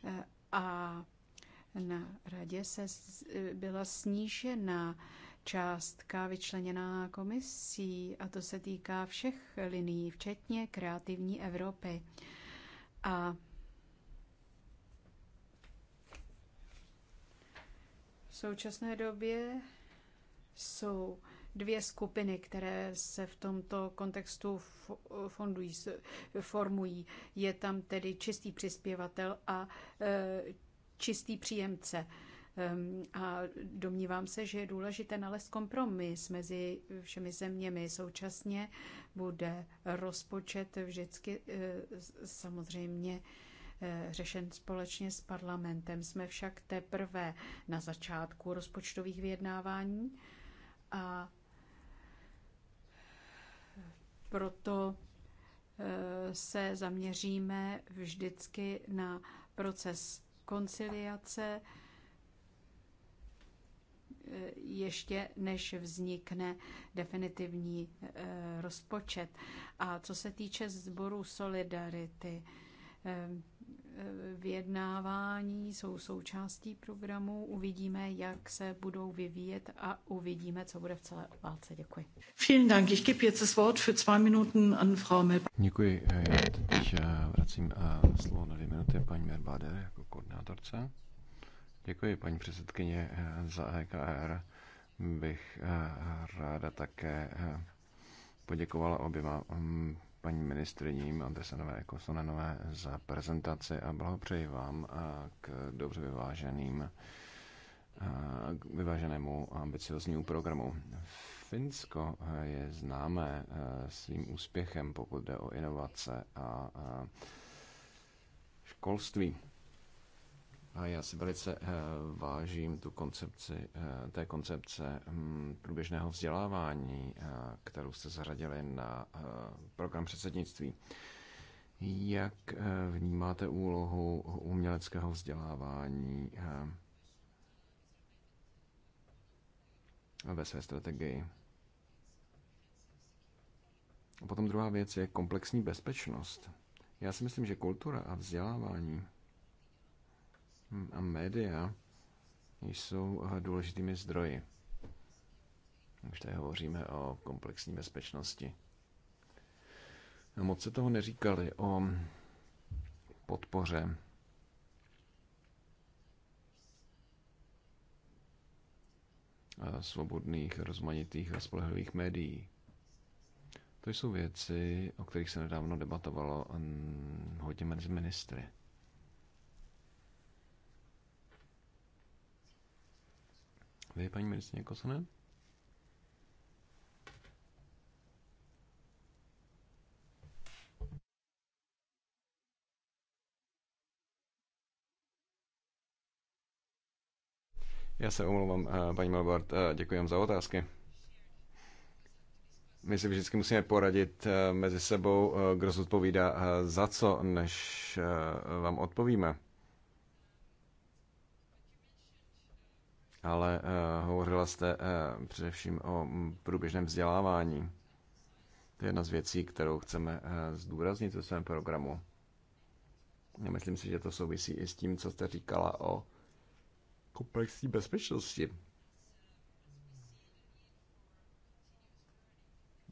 Eh, a na radě se byla snížena částka vyčleněná komisí, a to se týká všech liní, včetně kreativní Evropy. A V současné době jsou dvě skupiny, které se v tomto kontextu fondují, formují. Je tam tedy čistý přispěvatel a e, čistý příjemce. Ehm, a domnívám se, že je důležité nalézt kompromis mezi všemi zeměmi. Současně bude rozpočet vždycky e, samozřejmě Eh, řešen společně s parlamentem. Jsme však teprve na začátku rozpočtových vyjednávání a proto eh, se zaměříme vždycky na proces konciliace, eh, ještě než vznikne definitivní rozpočet. A co se týče sboru Solidarity, vyjednávání jsou součástí programu. Uvidíme, jak se budou vyvíjet a uvidíme, co bude v celé válce. Děkuji. Vielen Dank. Ich gebe jetzt das Wort für zwei Minuten an Frau Melbader. Děkuji. Já teď eh, vracím eh, slovo na dvě minuty paní Melbader jako koordinátorce. Děkuji, paní předsedkyně, eh, za EKR. Bych ráda také poděkovala oběma mm, paní ministriní Antesanové Kosonenové za prezentaci a blahopřeji vám k dobře vyváženým k vyváženému ambicioznímu programu. Finsko je známé e, svým úspěchem, pokud jde o inovace a školství. A já si velice eh, vážím tu koncepci, eh, té koncepce hm, průběžného vzdělávání, eh, kterou jste zařadili na program předsednictví. Jak vnímáte úlohu uměleckého vzdělávání ve své strategii? A potom druhá věc je komplexní bezpečnost. Já si myslím, že kultura a vzdělávání a média jsou eh, důležitými zdroji. Už tady hovoříme o komplexní bezpečnosti. A moc se toho neříkali o podpoře svobodných, rozmanitých a spolehlivých médií. To jsou věci, o kterých se nedávno debatovalo hodně mezi ministry. Vy, paní ministrině Kosonen? Já se omlouvám, eh, paní Melbart, eh, děkuji vám za otázky. My si vždycky musíme poradit eh, mezi sebou, kdo zodpovídá za co, než vám odpovíme. ale eh, hovořila jste eh, především o mm, průběžném vzdělávání. To je jedna z věcí, kterou chceme eh, zdůraznit ve svém programu. Myslím si, že to souvisí i s tím, co jste říkala o komplexní bezpečnosti.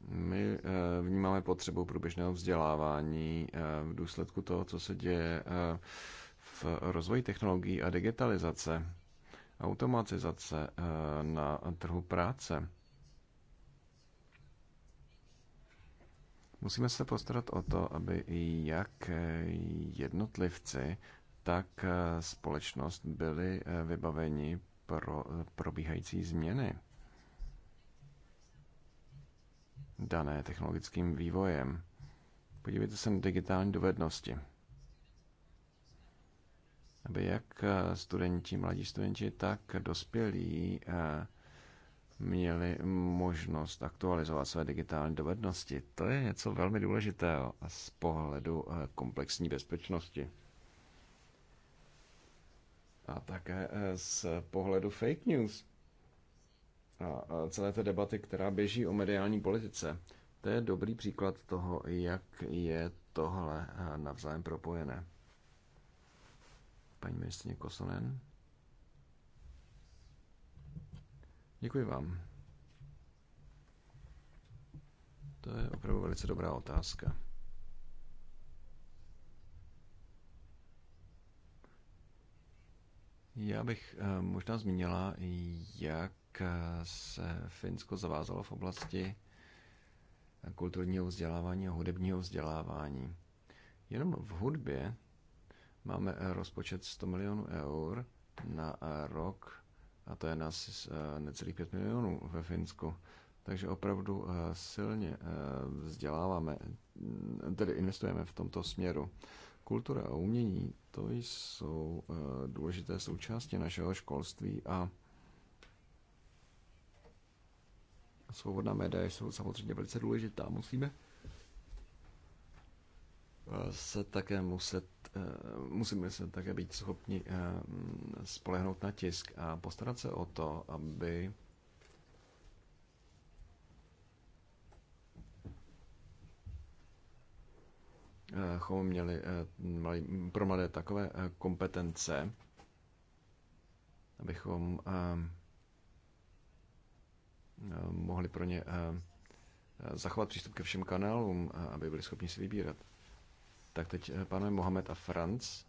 My vnímáme potřebu průběžného vzdělávání v důsledku toho, co se děje v rozvoji technologií a digitalizace automatizace eh, na trhu práce. Musíme se postarat o to, aby jak eh, jednotlivci, tak eh, společnost byli vybaveni pro probíhající změny dané technologickým vývojem. Podívejte se na digitální dovednosti aby jak eh, studenti, mladí studenti, tak dospělí eh, měli možnost aktualizovat své digitální dovednosti. To je něco velmi důležitého z pohledu eh, komplexní bezpečnosti. A také z pohledu fake news a celé té debaty, která běží o mediální politice. To je dobrý příklad toho, jak je tohle navzájem propojené paní ministrině Kosonen. Děkuji vám. To je opravdu velice dobrá otázka. Já bych eh, možná zmínila, jak se Finsko zavázalo v oblasti kulturního vzdělávání a hudebního vzdělávání. Jenom v hudbě Máme eh, rozpočet 100 milionů eur na eh, rok a to je nás eh, necelých 5 milionů ve Finsku. Takže opravdu silně vzděláváme, mm, tedy investujeme v tomto směru. Kultura a umění, to jsou důležité součásti našeho školství a svobodná média jsou samozřejmě velice důležitá. Musíme se také muset, eh, musíme se také být schopni eh, spolehnout na tisk a postarat se o to, aby chom měli eh, pro mladé takové kompetence, abychom mohli pro ně zachovat přístup ke všem kanálům, aby byli schopni si vybírat. Tak teď eh, pánové Mohamed a Franc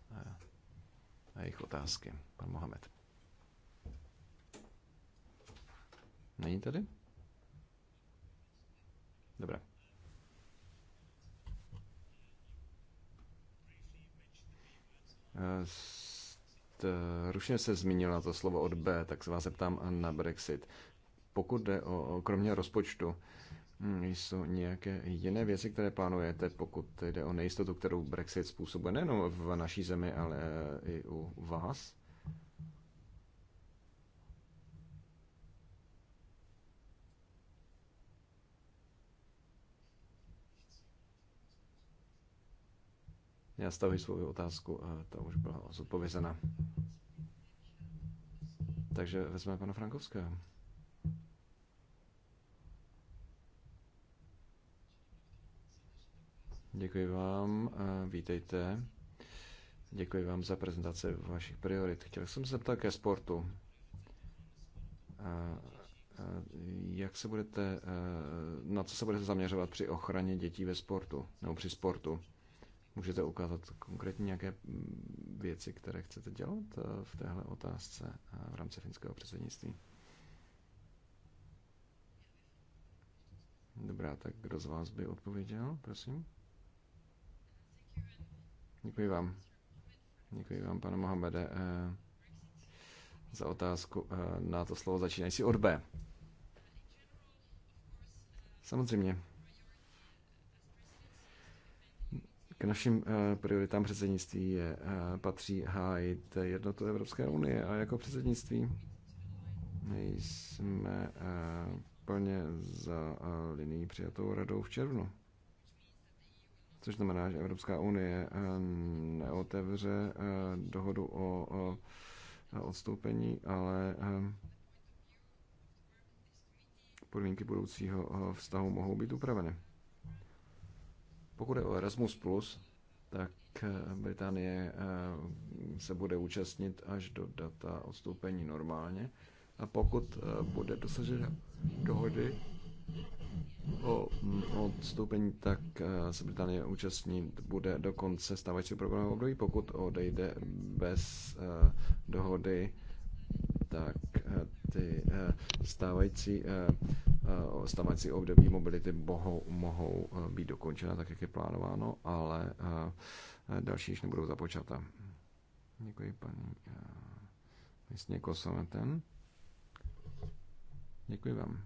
a jejich otázky. Pan Mohamed. Není tady? Dobrá. Eh, rušně se zmínila to slovo od B, tak se vás zeptám na Brexit. Pokud jde o, kromě rozpočtu, Hmm, jsou nějaké jiné věci, které plánujete, pokud jde o nejistotu, kterou Brexit způsobuje nejenom v naší zemi, ale eh, i u vás? Já stavuji svou otázku a ta už byla zodpovězena. Takže vezmeme pana Frankovského. Děkuji vám, eh, vítejte. Děkuji vám za prezentaci vašich priorit. Chtěl jsem se zeptat ke sportu. Eh, eh, jak se budete, na co se budete zaměřovat při ochraně dětí ve sportu nebo při sportu? Můžete ukázat konkrétně nějaké mm, věci, které chcete dělat v téhle otázce v rámci finského předsednictví? Dobrá, tak kdo z vás by odpověděl, prosím? Děkuji vám. Děkuji vám, pane Mohamede, eh, za otázku eh, na to slovo začínající od B. Samozřejmě. K našim eh, prioritám předsednictví je, patří hájit jednotu Evropské unie a jako předsednictví jsme plně za linií přijatou radou v červnu což znamená, že Evropská unie eh, neotevře eh, dohodu o odstoupení, ale eh, podmínky budoucího vztahu mohou být upraveny. Pokud je o Erasmus+, tak Británie se bude účastnit až do data odstoupení normálně. A pokud bude dosažena dohody o mm, odstoupení, tak eh, se Británie účastnit bude do konce stávajícího programu období. Pokud odejde bez eh, dohody, tak eh, ty stávající, stávající období mobility mohou, mohou být dokončena tak, jak je plánováno, ale další již nebudou započata. Děkuji paní místně Kosometen. Děkuji vám.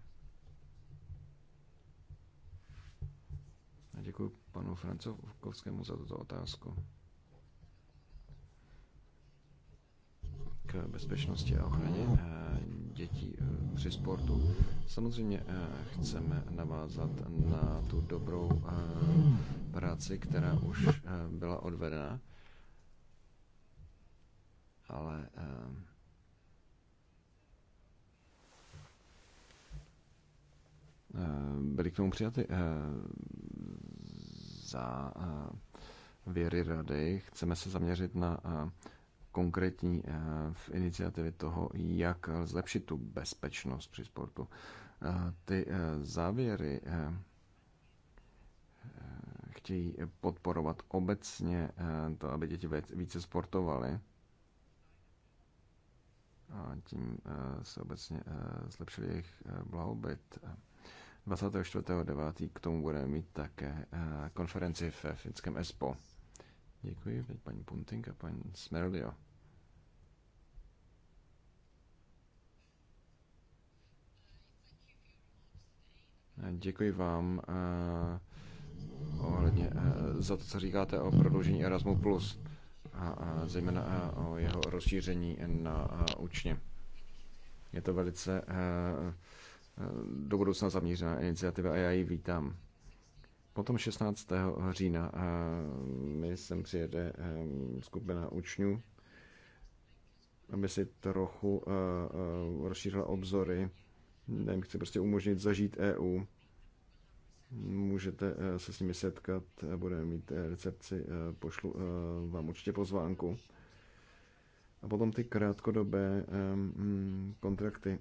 A děkuji panu Francovkovskému za tuto otázku. K bezpečnosti a ochraně eh, dětí eh, při sportu. Samozřejmě eh, chceme navázat na tu dobrou práci, která už byla odvedena, ale byly k tomu přijaty za eh, věry rady. Chceme se zaměřit na eh, konkrétní eh, v iniciativy toho, jak zlepšit tu bezpečnost při sportu. Ty závěry chtějí podporovat obecně to, aby děti více sportovaly. A tím se obecně zlepšili jejich blahobyt. 24.9. k tomu budeme mít také eh, konferenci v eh, finském ESPO. Děkuji, teď paní Punting a paní Smerlio. Eh, děkuji vám uh, ohledně uh, za to, co říkáte o prodloužení Erasmus+. Plus a, a zejména uh, o jeho rozšíření na uh, učně. Je to velice do budoucna zaměřená iniciativa a já ji vítám. Potom 16. října eh, mi sem přijede eh, skupina učňů, aby si trochu eh, rozšířila obzory. Nevím, chci prostě umožnit zažít EU. Můžete se s nimi setkat, budeme mít recepci, pošlu vám určitě pozvánku. A potom ty krátkodobé mm, kontrakty.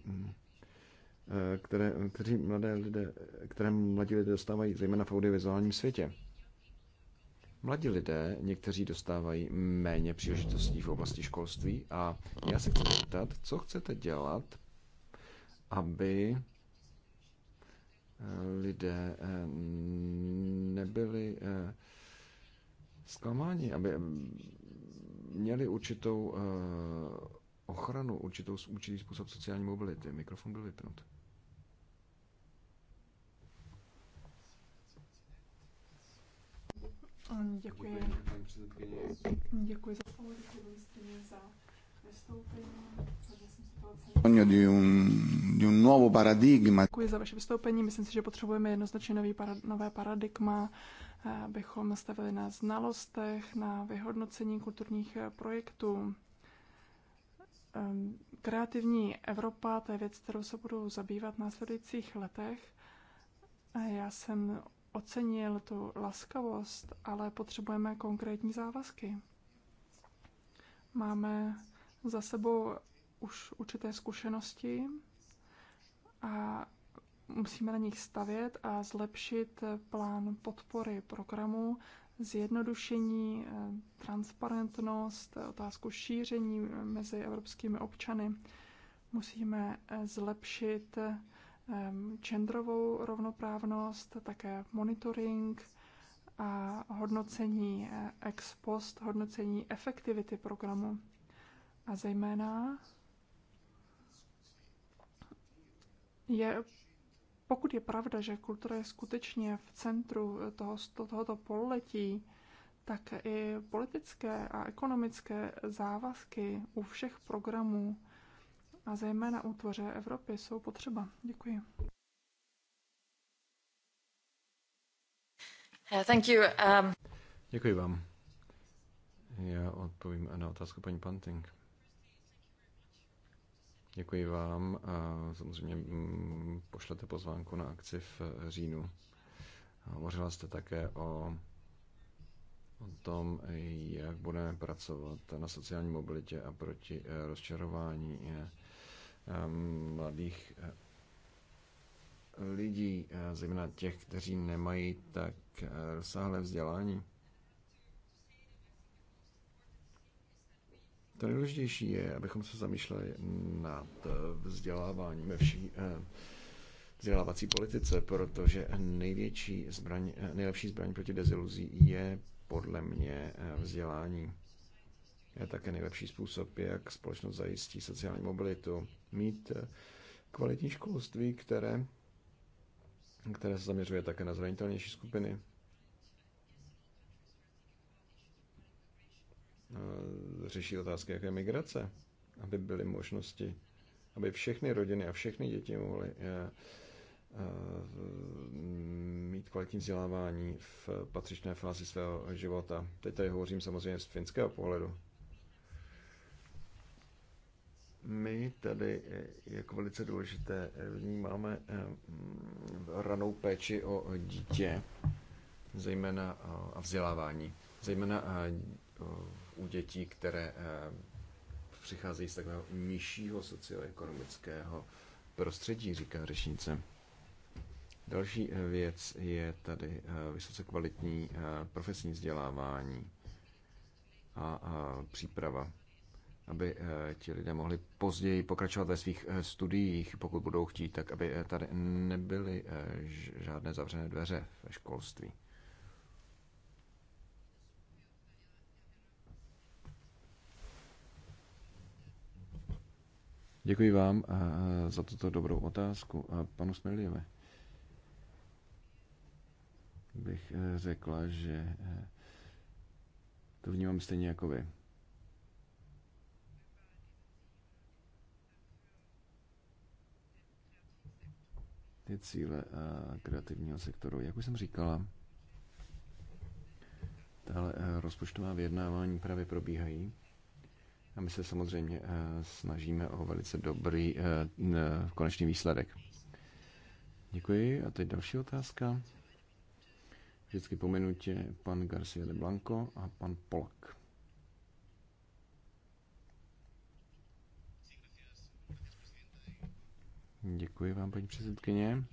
Eh, které, kteří mladé lidé, které mladí lidé dostávají, zejména v audiovizuálním světě. Mladí lidé, někteří dostávají méně příležitostí v oblasti školství a já se chci zeptat, co chcete dělat, aby eh, lidé eh, nebyli zklamáni, aby měli určitou ochranu, určitou, určitý způsob sociální mobility. Mikrofon byl vypnut. Děkuji. Děkuji za slovo, děkuji za vystoupení. Děkuji za vaše vystoupení. Myslím si, že potřebujeme jednoznačně nový para, nové paradigma, eh, abychom stavili na znalostech, na vyhodnocení kulturních eh, projektů. Ehm, kreativní Evropa, to je věc, kterou se budu zabývat v následujících letech. Já jsem ocenil tu laskavost, ale potřebujeme konkrétní závazky. Máme za sebou už určité zkušenosti a musíme na nich stavět a zlepšit plán podpory programu, zjednodušení, transparentnost, otázku šíření mezi evropskými občany. Musíme zlepšit genderovou rovnoprávnost, také monitoring a hodnocení eh, ex post, hodnocení efektivity programu. A zejména je, pokud je pravda, že kultura je skutečně v centru eh, toho, tohoto pololetí, tak i politické a ekonomické závazky u všech programů a zejména u tvoře Evropy jsou potřeba. Děkuji. Eh, thank you. Um... Děkuji vám. Já odpovím na otázku paní Panting. Děkuji vám a samozřejmě mm, pošlete pozvánku na akci v eh, říjnu. Hovořila jste také o, o tom, jak budeme pracovat na sociální mobilitě a proti eh, rozčarování. Je Eh, mladých eh, lidí, eh, zejména těch, kteří nemají tak rozsáhlé vzdělání. To nejdůležitější je, abychom se zamýšleli nad vzděláváním ve vší vzdělávací politice, protože největší zbraň, nejlepší zbraň proti deziluzí je podle mě vzdělání je také nejlepší způsob, jak společnost zajistí sociální mobilitu. Mít eh, kvalitní školství, které, které se zaměřuje také na zranitelnější skupiny. Eh, řeší otázky, jaké migrace, aby byly možnosti, aby všechny rodiny a všechny děti mohly eh, mít kvalitní vzdělávání v patřičné fázi svého života. Teď tady hovořím samozřejmě z finského pohledu. My tady eh, jako velice důležité eh, vnímáme eh, mm, ranou péči o dítě, zejména a vzdělávání, zejména u dětí, které přicházejí z takového nižšího socioekonomického prostředí, říká řešnice. Další věc je tady vysoce kvalitní profesní vzdělávání a příprava aby eh, ti lidé mohli později pokračovat ve svých eh, studiích, pokud budou chtít, tak aby eh, tady nebyly žádné zavřené dveře ve školství. Děkuji vám za tuto dobrou otázku. A panu Smerliovi bych řekla, že to vnímám stejně jako vy. ty cíle eh, kreativního sektoru. Jak už jsem říkala, tahle eh, rozpočtová vyjednávání právě probíhají. A my se samozřejmě eh, snažíme o velice dobrý konečný výsledek. Děkuji. A teď další otázka. Vždycky pomenutě pan Garcia de Blanco a pan Polak. Děkuji vám, paní předsedkyně.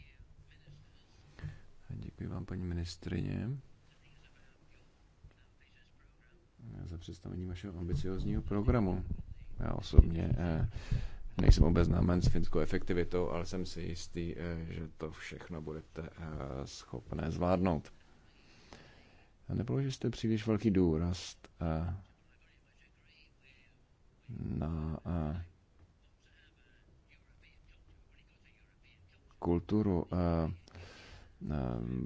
Děkuji vám, paní ministrině, za představení vašeho ambiciozního programu. Já osobně eh, nejsem obeznámen s finskou efektivitou, ale jsem si jistý, eh, že to všechno budete eh, schopné zvládnout. Nepoložili jste příliš velký důraz na kulturu.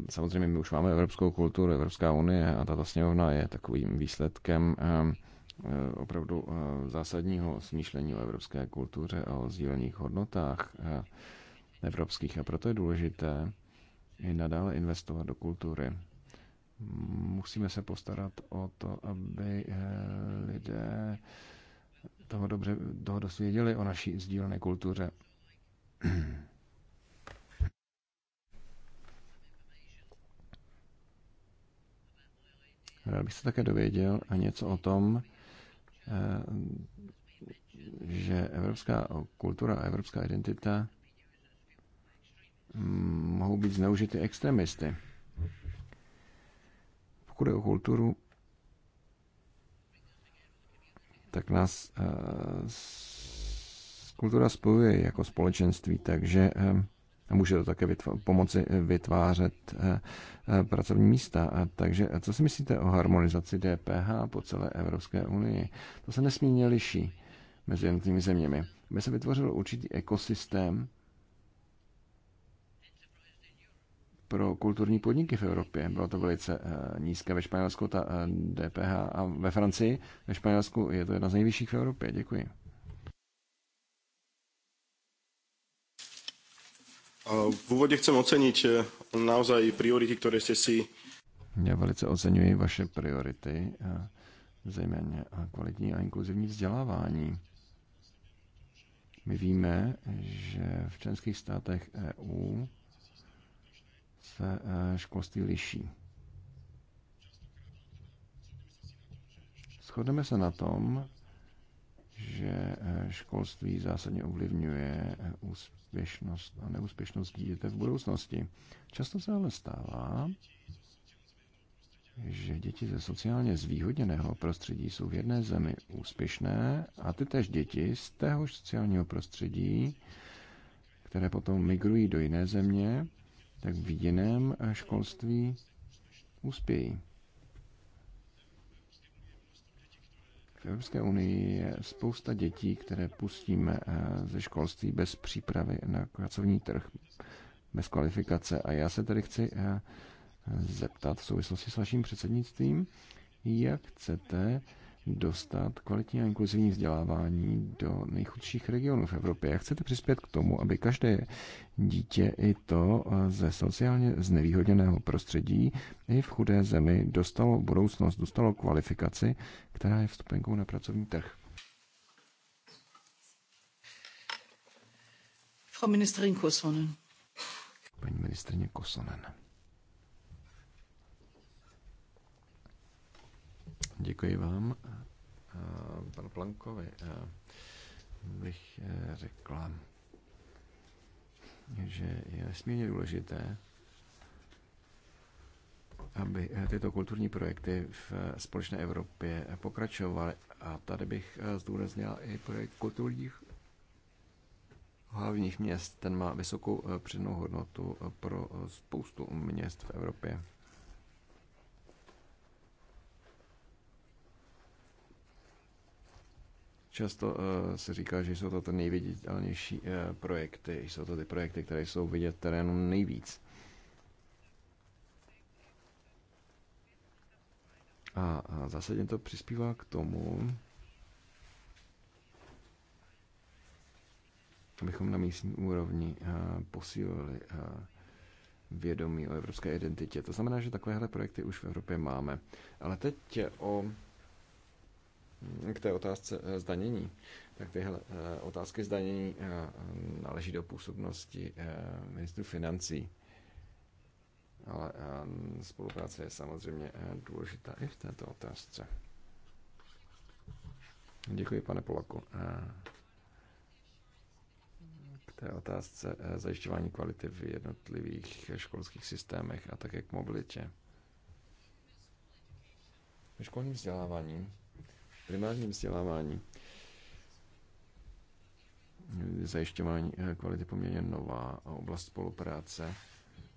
Samozřejmě my už máme evropskou kulturu, Evropská unie a tato sněmovna je takovým výsledkem opravdu zásadního smýšlení o evropské kultuře a o sdílených hodnotách evropských. A proto je důležité i nadále investovat do kultury. Musíme se postarat o to, aby e, lidé toho dobře toho dosvěděli o naší sdílené kultuře. Rád eh, bych se také dověděl něco o tom, eh, že evropská kultura a evropská identita mm, mohou být zneužity extremisty. Pokud je o kulturu, tak nás eh, kultura spojuje jako společenství, takže může to také vytv- pomoci eh, vytvářet eh, eh, pracovní místa. a Takže co si myslíte o harmonizaci DPH po celé Evropské unii? To se nesmírně liší mezi jednotlivými zeměmi. By se vytvořil určitý ekosystém pro kulturní podniky v Evropě. Bylo to velice nízké ve Španělsku, ta DPH a ve Francii. Ve Španělsku je to jedna z nejvyšších v Evropě. Děkuji. V úvodě chcem ocenit naozaj priority, které jste si... Já velice oceňuji vaše priority, zejména kvalitní a inkluzivní vzdělávání. My víme, že v členských státech EU se e, školství liší. Shodneme se na tom, že eh, školství zásadně ovlivňuje eh, úspěšnost a neúspěšnost dítěte v budoucnosti. Často se ale stává, že děti ze sociálně zvýhodněného prostředí jsou v jedné zemi úspěšné a ty tež děti z téhož sociálního prostředí, které potom migrují do jiné země, tak v jiném eh, školství uspějí. Evropské unii je spousta dětí, které pustíme eh, ze školství bez přípravy na pracovní trh, bez kvalifikace. A já se tedy chci eh, zeptat v souvislosti s vaším předsednictvím, jak chcete dostat kvalitní a inkluzivní vzdělávání do nejchudších regionů v Evropě. Jak chcete přispět k tomu, aby každé dítě i to eh, ze sociálně znevýhodněného prostředí i v chudé zemi dostalo budoucnost, dostalo kvalifikaci, která je vstupenkou na pracovní trh? Frau Ministerin Kosonen. Paní ministrině Kosonen. Děkuji vám, eh, panu Plankovi. Eh, bych eh, řekla, že je nesmírně důležité, aby tyto kulturní projekty v společné Evropě pokračovaly. A tady bych zdůraznil i projekt kulturních hlavních měst. Ten má vysokou přednou hodnotu pro spoustu měst v Evropě. Často eh, se říká, že jsou to ty nejviditelnější eh, projekty, jsou to ty projekty, které jsou vidět terénu nejvíc. A, a zásadně to přispívá k tomu, abychom na místní úrovni eh, posílili vědomí o evropské identitě. To znamená, že takovéhle projekty už v Evropě máme. Ale teď o k té otázce eh, zdanění, tak tyhle eh, otázky zdanění eh, náleží do působnosti ministru financí. Ale spolupráce je samozřejmě důležitá i v této otázce. Děkuji, pane Polaku. K té otázce zajišťování kvality v jednotlivých školských systémech a také k mobilitě. Ve školním vzdělávání primárním vzdělávání zajišťování eh, kvality poměrně nová oblast spolupráce.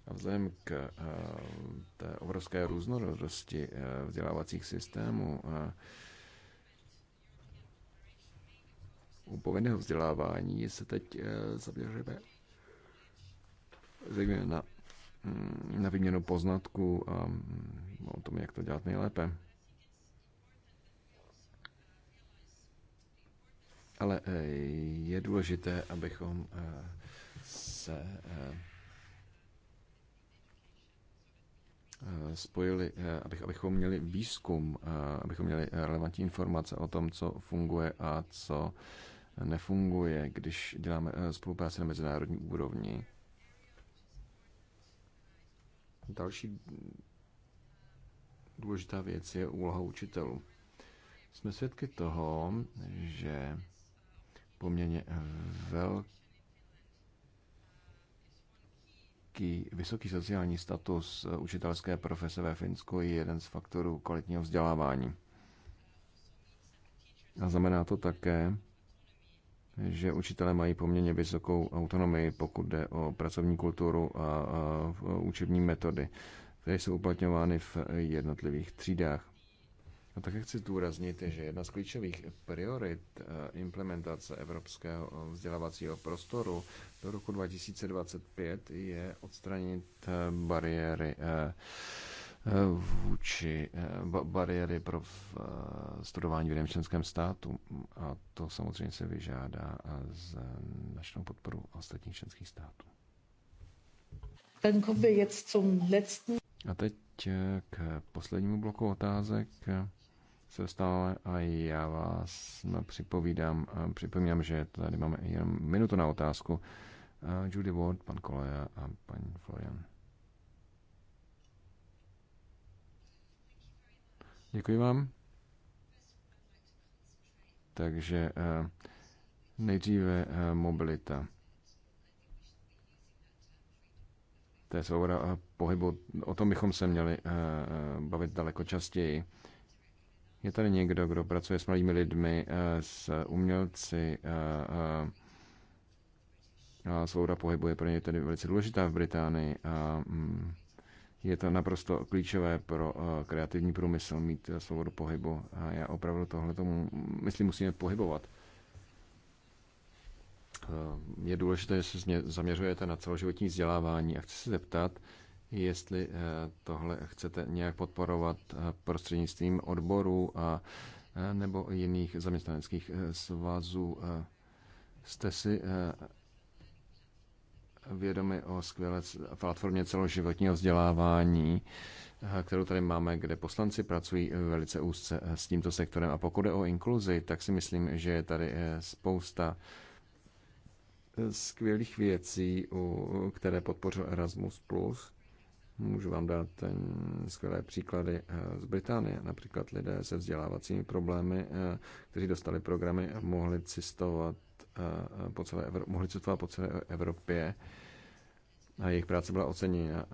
A vzhledem k eh, té obrovské různorodosti eh, vzdělávacích systémů, u povinného vzdělávání se teď zaměřujeme zejména mm, na výměnu poznatků a mm, o tom, jak to dělat nejlépe. Ale eh, je důležité, abychom eh, se eh, spojili, abychom měli výzkum, abychom měli relevantní informace o tom, co funguje a co nefunguje, když děláme spolupráci na mezinárodní úrovni. Další důležitá věc je úloha učitelů. Jsme svědky toho, že poměrně velký, vysoký sociální status učitelské profese ve Finsku je jeden z faktorů kvalitního vzdělávání. A znamená to také, že učitelé mají poměrně vysokou autonomii, pokud jde o pracovní kulturu a, a, a učební metody, které jsou uplatňovány v jednotlivých třídách. A no, také chci zdůraznit, že jedna z klíčových priorit eh, implementace evropského eh, vzdělávacího prostoru do roku 2025 je odstranit eh, bariéry vůči bariéry pro studování v jiném členském státu. A to samozřejmě se vyžádá z značnou podporu ostatních členských států. A teď k poslednímu bloku otázek se dostáváme a já vás připovídám, připomínám, že tady máme jenom minutu na otázku. Judy Ward, pan Koleja a paní Florian. Děkuji vám. Takže e, nejdříve e, mobilita. To je svoboda e, pohybu. O tom bychom se měli bavit daleko častěji. Je tady někdo, kdo pracuje s mladými lidmi, eh, s umělci, eh, eh, a svoboda pohybu je pro ně tedy velice důležitá v Británii a mm, je to naprosto klíčové pro kreativní průmysl mít svobodu pohybu a já opravdu tohle tomu, myslím, musíme pohybovat. Je důležité, že se zaměřujete na celoživotní vzdělávání a chci se zeptat, jestli eh, tohle chcete nějak podporovat eh, prostřednictvím odborů a eh, nebo jiných zaměstnaneckých svazů. Jste si vědomi o skvělé platformě celoživotního vzdělávání, kterou tady máme, kde poslanci pracují velice úzce s tímto sektorem. A pokud je o inkluzi, tak si myslím, že je tady spousta skvělých věcí, které podpořil Erasmus+. Můžu vám dát skvělé příklady eh, z Británie. Například lidé se vzdělávacími problémy, eh, kteří dostali programy, mohli cestovat eh, po celé, Evropě, mohli cestovat po celé Evropě a jejich práce byla oceněna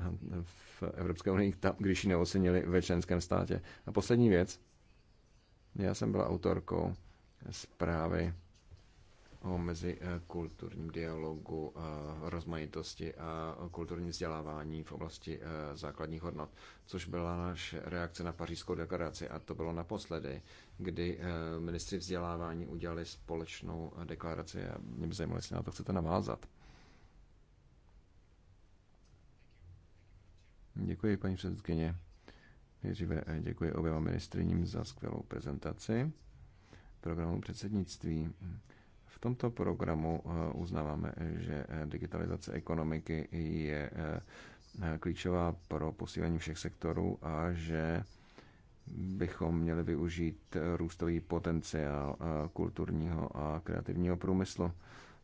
v Evropské unii, tam, když ji neocenili ve členském státě. A poslední věc. Já jsem byla autorkou zprávy o mezikulturním eh, dialogu, eh, rozmanitosti a kulturní vzdělávání v oblasti eh, základních hodnot, což byla naše reakce na pařížskou deklaraci a to bylo naposledy, kdy ministři vzdělávání udělali společnou deklaraci a mě by zajímalo, jestli na to chcete navázat. Děkuji, paní předsedkyně. Nejdříve děkuji oběma ministriním za skvělou prezentaci programu předsednictví. V tomto programu eh, uznáváme, že eh, digitalizace ekonomiky je eh, klíčová pro posílení všech sektorů a že bychom měli využít růstový potenciál kulturního a kreativního průmyslu.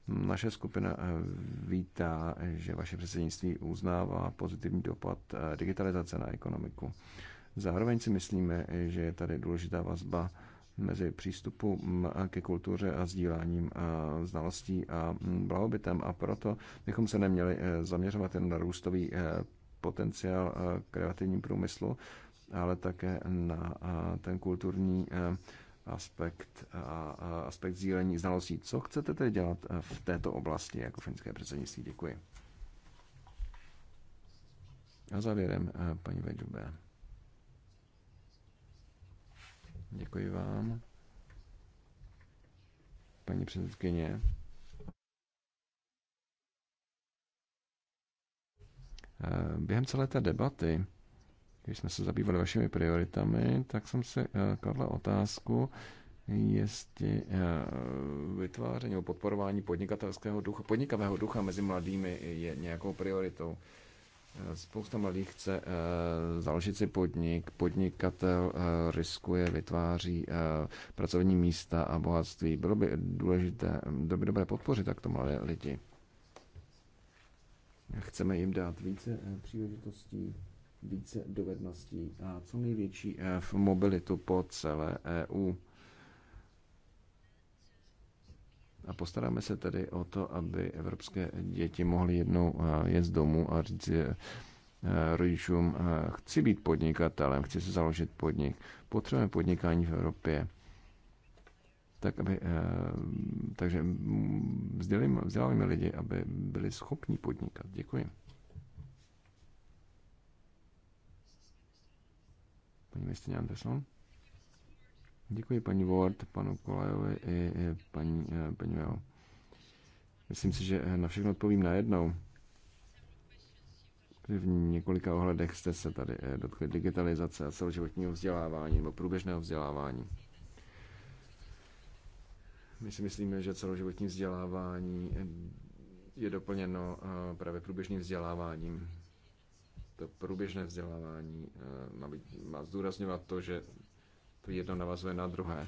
Naše skupina vítá, že vaše předsednictví uznává pozitivní dopad digitalizace na ekonomiku. Zároveň si myslíme, že je tady důležitá vazba mezi přístupu ke kultuře a sdíláním znalostí a blahobytem. A proto bychom se neměli eh, zaměřovat jen na růstový eh, potenciál eh, kreativní průmyslu, ale také na ten kulturní aspekt, aspekt sdílení znalostí. Co chcete tedy dělat v této oblasti jako finské předsednictví? Děkuji. A závěrem paní Vejdubé. Děkuji vám. Paní předsedkyně. Eh, během celé té debaty, když jsme se zabývali vašimi prioritami, tak jsem si eh, kladla otázku, jestli eh, vytváření nebo podporování podnikatelského ducha, podnikavého ducha mezi mladými je nějakou prioritou. Spousta mladých chce eh, založit si podnik, podnikatel eh, riskuje, vytváří eh, pracovní místa a bohatství. Bylo by důležité, bylo by dobré podpořit takto mladé lidi. Chceme jim dát více příležitostí, více dovedností a co největší v mobilitu po celé EU. A postaráme se tedy o to, aby evropské děti mohly jednou eh, jet z domu a říct eh, rodičům, eh, chci být podnikatelem, chci se založit podnik, potřebujeme podnikání v Evropě. Tak, aby, takže vzděláváme lidi, aby byli schopni podnikat. Děkuji. Paní ministrině Anderson. Děkuji paní Ward, panu Kolajovi i paní eh, Peňveo. Myslím si, že eh, na všechno odpovím najednou. V několika ohledech jste se tady eh, dotkli digitalizace a celoživotního vzdělávání nebo průběžného vzdělávání. My si myslíme, že celoživotní vzdělávání je doplněno právě průběžným vzděláváním. To průběžné vzdělávání má, být, má zdůrazňovat to, že jedno navazuje na druhé.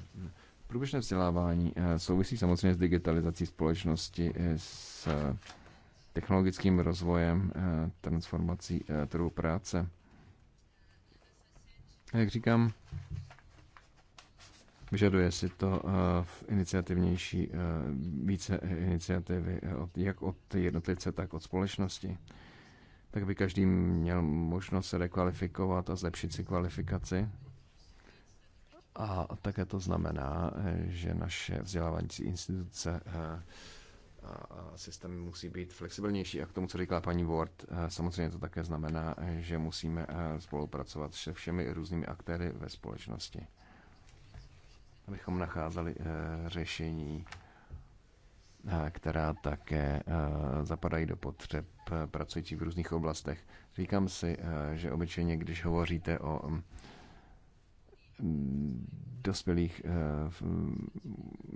Průběžné vzdělávání eh, souvisí samozřejmě s digitalizací společnosti, eh, s eh, technologickým rozvojem, transformací trhu práce. A jak říkám, vyžaduje si to v iniciativnější, více iniciativy, jak od jednotlivce, tak od společnosti. Tak by každý měl možnost se rekvalifikovat a zlepšit si kvalifikaci a také to znamená, eh, že naše vzdělávající instituce eh, a systém musí být flexibilnější. A k tomu, co říkala paní Ward, eh, samozřejmě to také znamená, že musíme spolupracovat se všemi různými aktéry ve společnosti, abychom nacházeli řešení, která také zapadají do potřeb pracujících v různých oblastech. Říkám si, že obyčejně, když hovoříte o mm, Mm, dospělých eh, mm,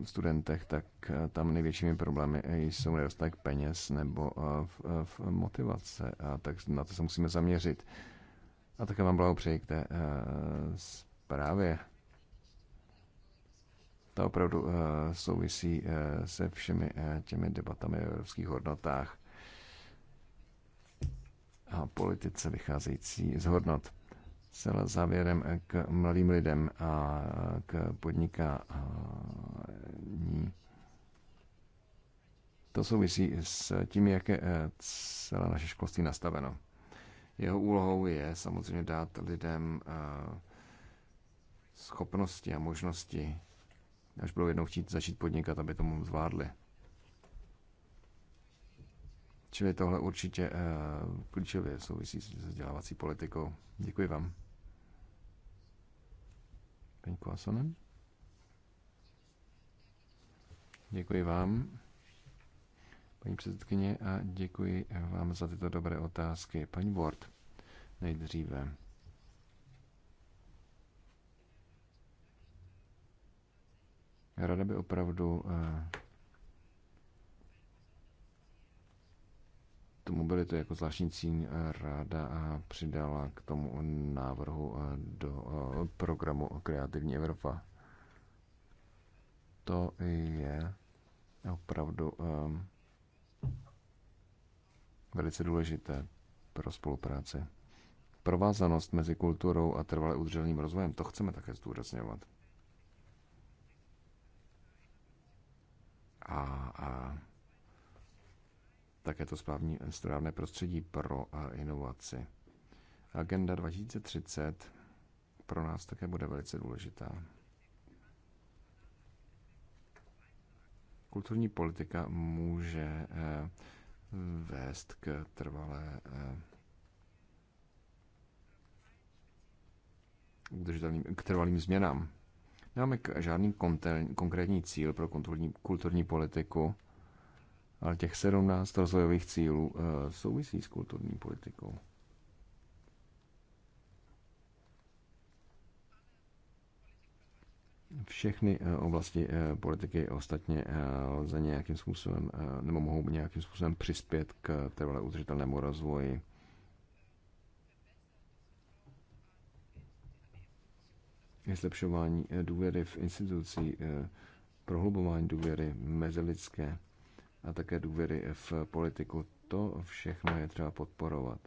studentech, tak eh, tam největšími problémy eh, jsou nedostatek peněz nebo v, v motivace. A tak na to se musíme zaměřit. A také vám blahopřeji k té zprávě. Ta opravdu souvisí se všemi těmi debatami o evropských hodnotách a politice vycházející z hodnot zcela závěrem k mladým lidem a k podnikání. To souvisí s tím, jak je eh, celé naše školství nastaveno. Jeho úlohou je samozřejmě dát lidem eh, schopnosti a možnosti, až budou jednou chtít začít podnikat, aby tomu zvládli. Čili tohle určitě eh, klíčově souvisí s vzdělávací politikou. Děkuji vám paní Kolasonem. Děkuji vám, paní předsedkyně, a děkuji vám za tyto dobré otázky. Paní Ward, nejdříve. Rada by opravdu eh, tu mobilitu jako zvláštní cíň eh, ráda přidala k tomu návrhu eh, do eh, programu Kreativní Evropa. To je opravdu ehm, velice důležité pro spolupráci. Provázanost mezi kulturou a trvale udržitelným rozvojem, to chceme také zdůrazňovat. A, a také to správní, správné prostředí pro eh, inovaci. Agenda 2030 pro nás také bude velice důležitá. Kulturní politika může eh, vést k trvalé eh, udržitelným, k trvalým změnám. Nemáme žádný konten, konkrétní cíl pro kulturní, kulturní politiku ale těch 17 rozvojových cílů eh, souvisí s kulturní politikou. všechny eh, oblasti eh, politiky ostatně lze nějakým způsobem, nebo mohou nějakým způsobem přispět k trvale udržitelnému rozvoji. Zlepšování důvěry v institucí, prohlubování důvěry mezilidské a také důvěry v politiku. To všechno je třeba podporovat.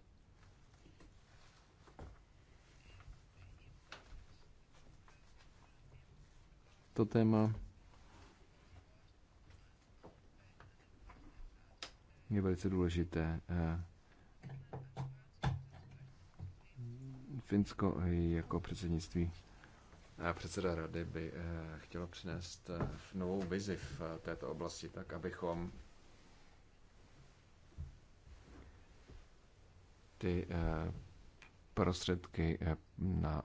To téma je velice důležité. Finsko jako předsednictví a předseda rady by eh, chtělo přinést eh, novou vizi v eh, této oblasti, tak abychom ty eh, prostředky eh, na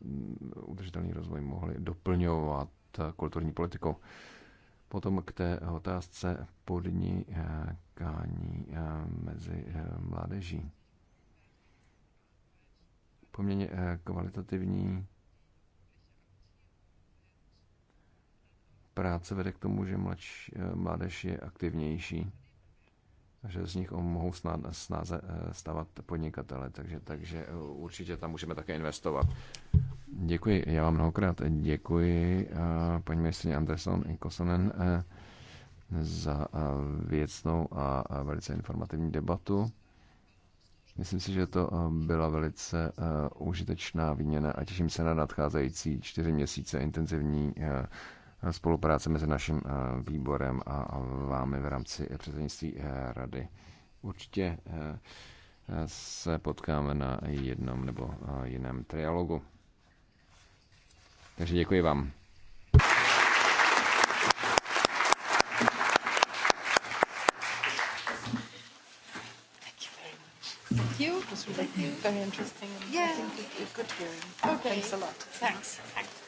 mm, udržitelný rozvoj mohly doplňovat eh, kulturní politikou. Potom k té otázce podnikání mezi mládeží. Poměrně kvalitativní práce vede k tomu, že mladší, mládež je aktivnější že z nich mohou snáze eh, stavat podnikatele, takže, takže eh, určitě tam můžeme také investovat. Děkuji, já vám mnohokrát děkuji, eh, paní ministrině Anderson i Kosonen, za věcnou a velice informativní debatu. Myslím si, že to byla velice užitečná výměna a těším se na nadcházející čtyři měsíce intenzivní spolupráce mezi naším eh, výborem a vámi v rámci předsednictví eh, rady. Určitě eh, se potkáme na jednom nebo jiném trialogu. Takže děkuji vám. Thank you. It was very interesting. And yeah. I think it's good hearing. Okay. Thanks a lot. Thanks. Thanks.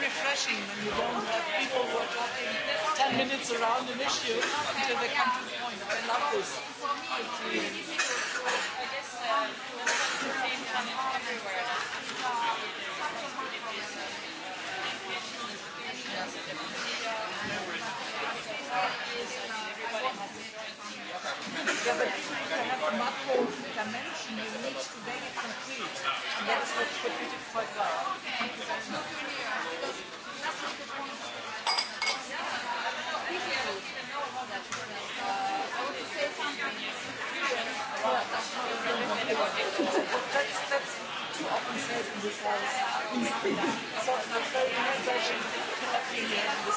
refreshing when you don't have people who are talking 10 minutes around an issue until they come to the point. I love this. Yeah, but people that have macro dimension, you need to make it concrete. And that is what Socrates did quite well. Okay, so that's not your idea. Because that's not the point. I want to say something. that's, that's too often said in this house. so I'm very much in this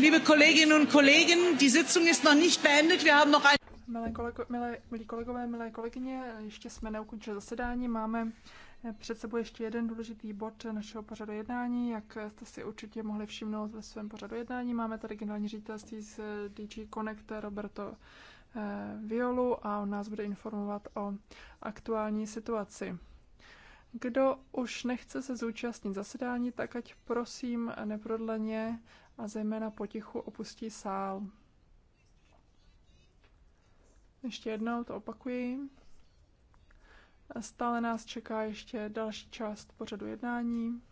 Liebe Kolleginnen und Kollegen, die Sitzung ist noch nicht beendet. Wir haben noch ein Milé, kolego, milé, milí kolegové, milé kolegyně, ještě jsme neukončili zasedání. Máme eh, před sebou ještě jeden důležitý bod našeho pořadu jednání. Jak jste si určitě mohli všimnout ve svém pořadu jednání, máme tady generální ředitelství z eh, DG Connect Roberto eh, Violu a on nás bude informovat o aktuální situaci. Kdo už nechce se zúčastnit zasedání, tak ať prosím neprodleně a zejména potichu opustí sál. Ještě jednou to opakuji. Stále nás čeká ještě další část pořadu jednání.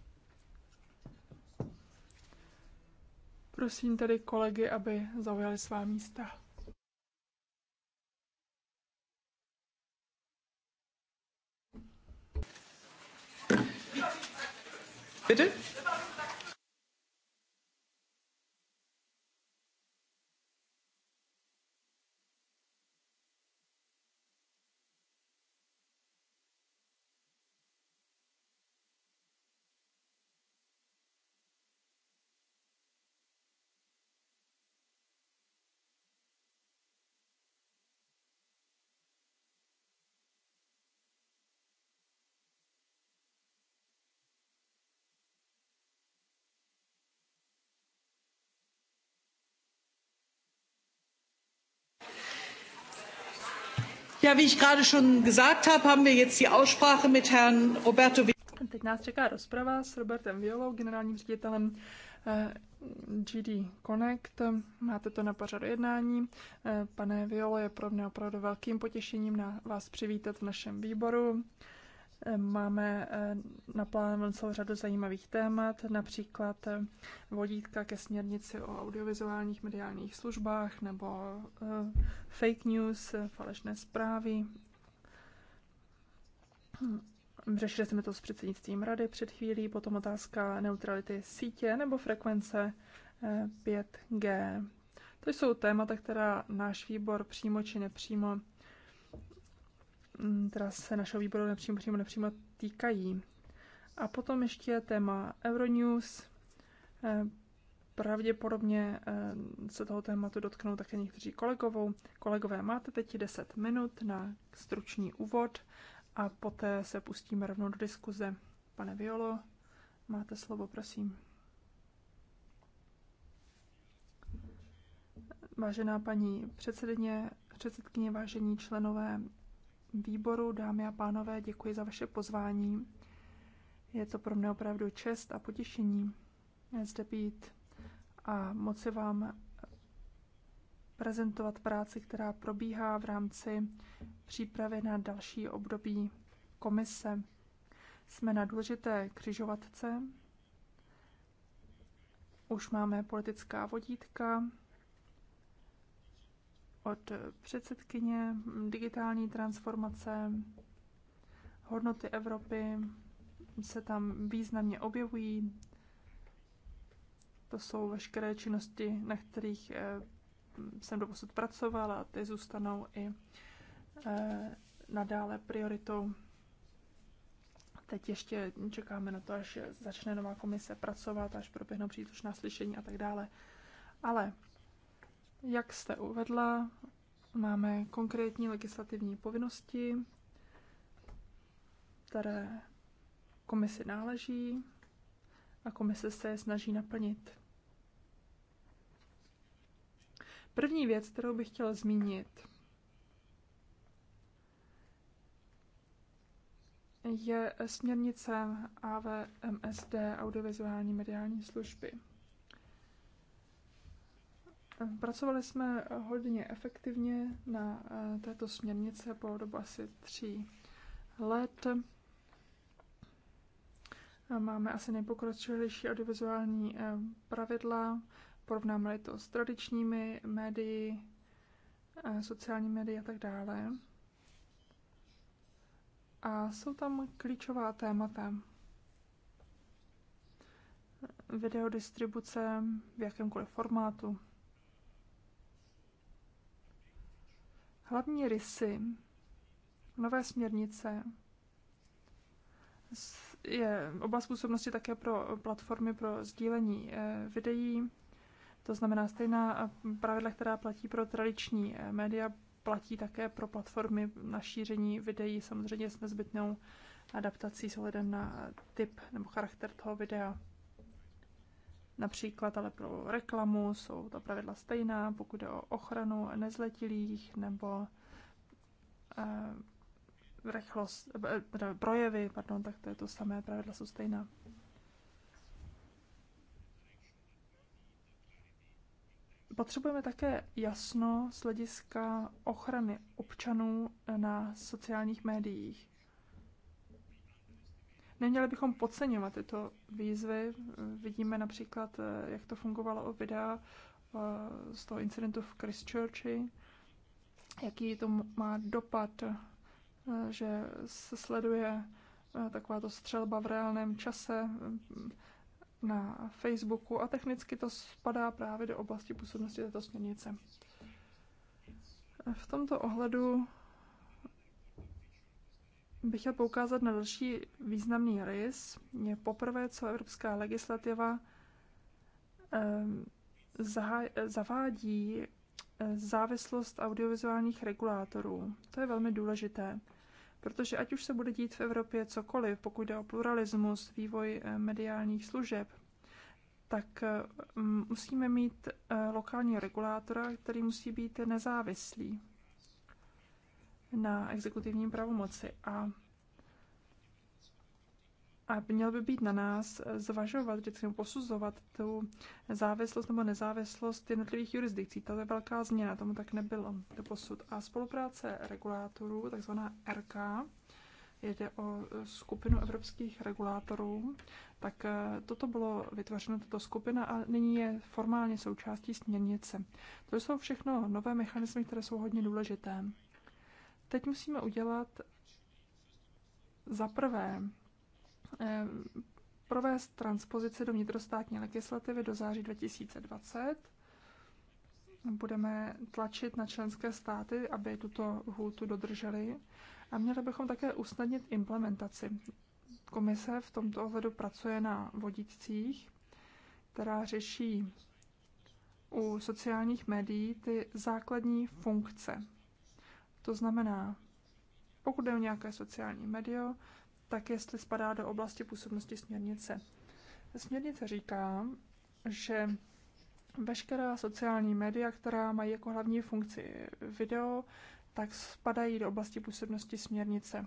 Prosím tedy kolegy, aby zaujali svá místa. Bitte? Ja, wie ich gerade schon gesagt habe, haben wir jetzt die Aussprache mit Herrn Roberto Teď nás čeká rozprava s Robertem Violou, generálním ředitelem eh, GD Connect. Máte to na pořadu jednání. Eh, pane Violo, je pro mě opravdu velkým potěšením na vás přivítat v našem výboru. Máme eh, na celou řadu zajímavých témat, například eh, vodítka ke směrnici o audiovizuálních mediálních službách nebo eh, fake news, falešné zprávy. Řešili jsme to s předsednictvím rady před chvílí, potom otázka neutrality sítě nebo frekvence 5G. To jsou témata, která náš výbor přímo či nepřímo která mm, se našeho výboru nepřímo, přímo, nepřímo týkají. A potom ještě téma Euronews. Eh, pravděpodobně eh, se toho tématu dotknou také někteří kolegovou. Kolegové, máte teď 10 minut na stručný úvod a poté se pustíme rovnou do diskuze. Pane Violo, máte slovo, prosím. Vážená paní předsedkyně, předsedkyně, vážení členové výboru, dámy a pánové, děkuji za vaše pozvání. Je to pro mě opravdu čest a potěšení zde být a moci vám prezentovat práci, která probíhá v rámci přípravy na další období komise. Jsme na důležité křižovatce. Už máme politická vodítka, od předsedkyně digitální transformace, hodnoty Evropy se tam významně objevují. To jsou veškeré činnosti, na kterých eh, jsem doposud pracovala a ty zůstanou i eh, nadále prioritou. Teď ještě čekáme na to, až začne nová komise pracovat, až proběhnou příslušná slyšení a tak dále. Ale jak jste uvedla, máme konkrétní legislativní povinnosti, které komisi náleží a komise se je snaží naplnit. První věc, kterou bych chtěla zmínit, je směrnice AVMSD audiovizuální mediální služby. Pracovali jsme hodně efektivně na eh, této směrnice po dobu asi tří let. Máme asi nejpokročilejší audiovizuální eh, pravidla, porovnáme to s tradičními médii, eh, sociální médii a tak dále. A jsou tam klíčová témata. Videodistribuce v jakémkoliv formátu, Hlavní rysy nové směrnice je oblast působnosti také pro platformy pro sdílení eh, videí. To znamená, stejná eh, pravidla, která platí pro tradiční eh, média, platí také pro platformy na šíření videí, samozřejmě s nezbytnou adaptací s na typ nebo charakter toho videa. Například ale pro reklamu jsou ta pravidla stejná, pokud je o ochranu nezletilých nebo eh, rychlost, eh, projevy, pardon, tak to je to samé, pravidla jsou stejná. Potřebujeme také jasno z hlediska ochrany občanů na sociálních médiích. Neměli bychom podceňovat tyto výzvy. Vidíme například, eh, jak to fungovalo o videa eh, z toho incidentu v Christchurchi, jaký to má dopad, eh, že se sleduje takováto střelba v reálném čase mm, na Facebooku a technicky to spadá právě do oblasti působnosti této směrnice. V tomto ohledu bych chtěl poukázat na další významný rys. Je poprvé, co evropská legislativa ehm, zavádí eh, závislost audiovizuálních regulátorů. To je velmi důležité, protože ať už se bude dít v Evropě cokoliv, pokud jde o pluralismus, vývoj eh, mediálních služeb, tak eh, musíme mít lokální regulátora, který musí být nezávislý na exekutivní pravomoci a a měl by být na nás zvažovat, vždycky posuzovat tu závislost nebo nezávislost jednotlivých jurisdikcí. To je velká změna, tomu tak nebylo do posud. A spolupráce regulátorů, takzvaná RK, jde o skupinu evropských regulátorů, tak eh, toto bylo vytvořeno, tato skupina, a nyní je formálně součástí směrnice. To jsou všechno nové mechanismy, které jsou hodně důležité. Teď musíme udělat za prvé eh, provést transpozici do vnitrostátní legislativy do září 2020. Budeme tlačit na členské státy, aby tuto hůtu dodrželi a měli bychom také usnadnit implementaci. Komise v tomto ohledu pracuje na vodících, která řeší u sociálních médií ty základní funkce to znamená, pokud je o nějaké sociální médio, tak jestli spadá do oblasti působnosti směrnice. Směrnice říká, že veškerá sociální média, která mají jako hlavní funkci video, tak spadají do oblasti působnosti směrnice.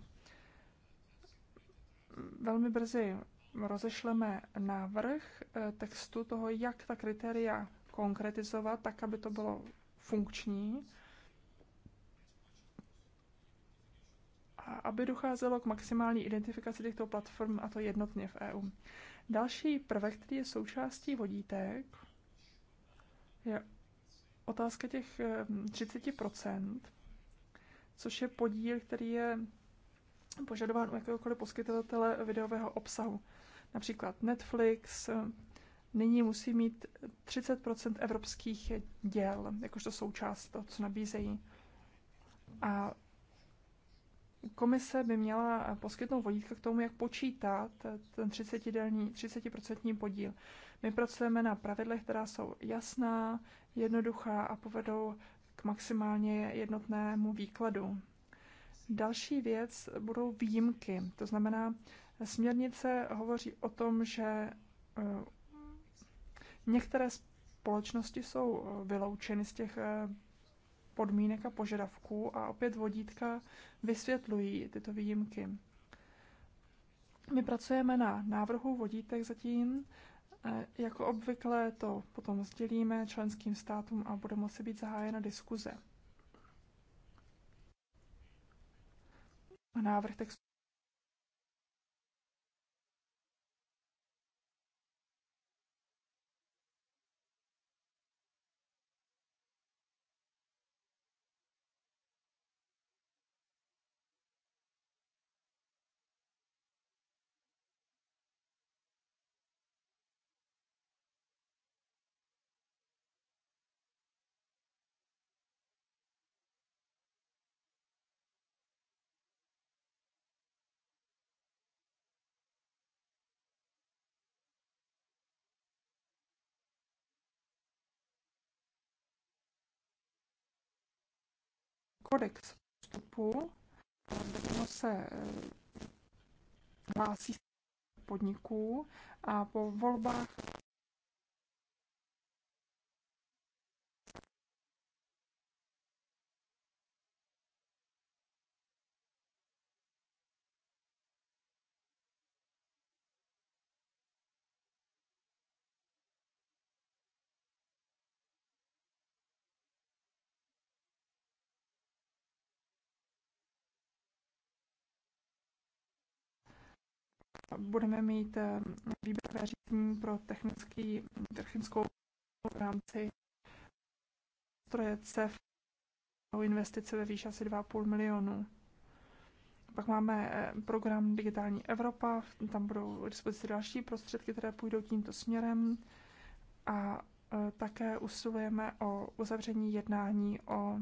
Velmi brzy rozešleme návrh eh, textu toho, jak ta kritéria konkretizovat, tak aby to bylo funkční a aby docházelo k maximální identifikaci těchto platform, a to jednotně v EU. Další prvek, který je součástí vodítek, je otázka těch 30%, eh, což je podíl, který je požadován u jakéhokoliv poskytovatele videového obsahu. Například Netflix eh, nyní musí mít 30 evropských děl, jakožto součást toho, co nabízejí. A Komise by měla poskytnout vodítka k tomu, jak počítat ten 30%, 30% podíl. My pracujeme na pravidlech, která jsou jasná, jednoduchá a povedou k maximálně jednotnému výkladu. Další věc budou výjimky. To znamená, směrnice hovoří o tom, že eh, některé společnosti jsou eh, vyloučeny z těch eh, podmínek a požadavků a opět vodítka vysvětlují tyto výjimky. My pracujeme na návrhu vodítek zatím. E, jako obvykle to potom sdělíme členským státům a bude moci být zahájena diskuze. Návrh textu kodex postupu, kterému se eh, hlásí podniků a po volbách budeme mít eh, výběrové řízení pro technický, technickou v rámci stroje CEF o investice ve výši asi 2,5 milionu. Pak máme eh, program Digitální Evropa, tam budou k dispozici další prostředky, které půjdou tímto směrem a eh, také usilujeme o uzavření jednání o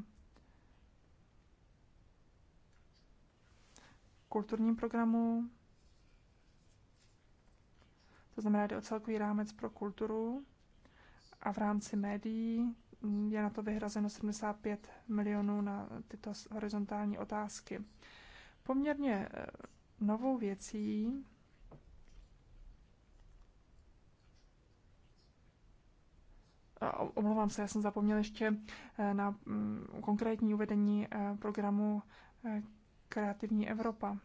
kulturním programu to znamená, jde o celkový rámec pro kulturu a v rámci médií je na to vyhrazeno 75 milionů na tyto horizontální otázky. Poměrně eh, novou věcí Omlouvám se, já jsem zapomněl ještě eh, na mm, konkrétní uvedení eh, programu Kreativní Evropa.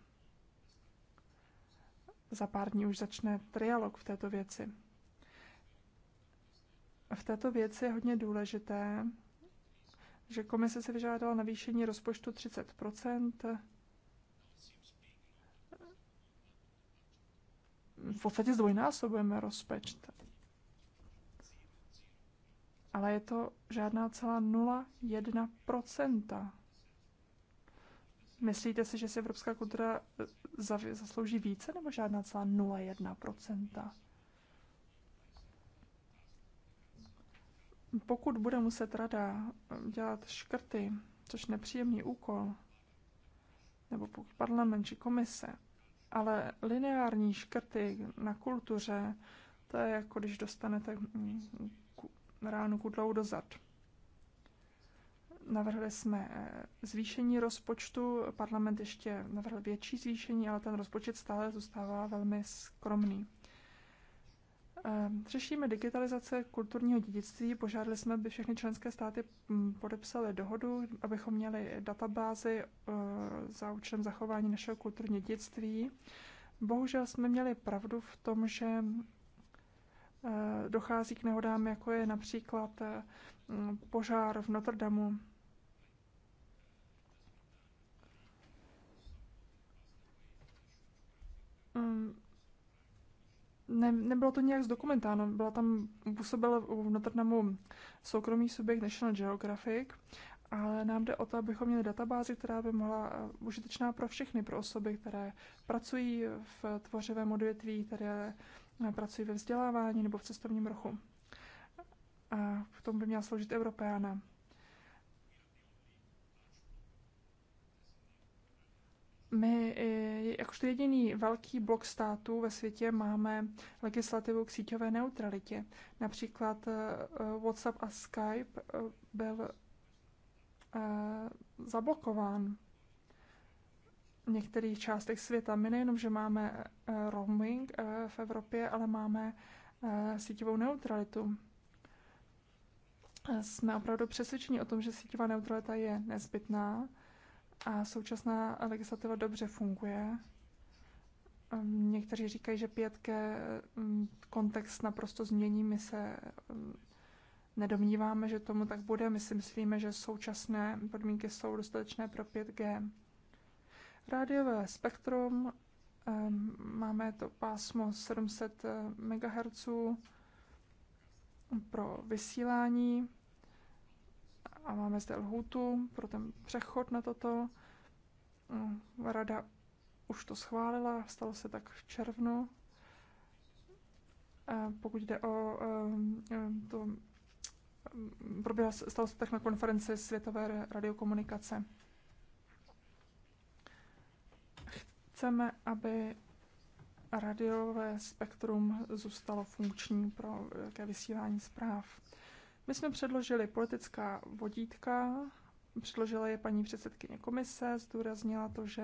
Za pár dní už začne trialog v této věci. V této věci je hodně důležité, že komise se vyžádala navýšení rozpočtu 30 v podstatě zdvojnásobujeme rozpočet. Ale je to žádná celá 0,1%. Myslíte si, že si evropská kultura eh, zaslouží více nebo žádná celá 0,1%? Pokud bude muset rada eh, dělat škrty, což nepříjemný úkol, nebo pokud parlament či komise, ale lineární škrty na kultuře, to je jako když dostanete mm, ránu kudlou dozad. Navrhli jsme eh, zvýšení rozpočtu, parlament ještě navrhl větší zvýšení, ale ten rozpočet stále zůstává velmi skromný. Eh, řešíme digitalizace kulturního dědictví. Požádali jsme, aby všechny členské státy mm, podepsaly dohodu, abychom měli databázy eh, za účelem zachování našeho kulturního dědictví. Bohužel jsme měli pravdu v tom, že dochází k nehodám, jako je například požár v Notre Dame Ehm, ne, nebylo to nějak zdokumentáno. Byla tam, působila v Notrnamu soukromý subjekt National Geographic, ale nám jde o to, abychom měli databázi, která by mohla eh, užitečná pro všechny, pro osoby, které pracují v tvořivém odvětví, které eh, pracují ve vzdělávání nebo v cestovním ruchu. A v tom by měla sloužit Europeana. My, eh, jakožto jediný velký blok států ve světě, máme legislativu k síťové neutralitě. Například eh, WhatsApp a Skype eh, byl zablokován v některých částech světa. My nejenom, že máme roaming v Evropě, ale máme síťovou neutralitu. Jsme opravdu přesvědčeni o tom, že síťová neutralita je nezbytná a současná legislativa dobře funguje. Ehm, někteří říkají, že 5G ehm, kontext naprosto změní. My se ehm, nedomníváme, že tomu tak bude. My si myslíme, že současné podmínky jsou dostatečné pro 5G. Rádiové spektrum, máme to pásmo 700 MHz pro vysílání a máme zde lhůtu pro ten přechod na toto. Mm, Rada už to schválila, stalo se tak v červnu. Pokud jde o to, proběhla, stalo se tak na konferenci Světové radiokomunikace. Chceme, aby radiové spektrum zůstalo funkční pro jaké vysílání zpráv. My jsme předložili politická vodítka, předložila je paní předsedkyně komise, zdůraznila to, že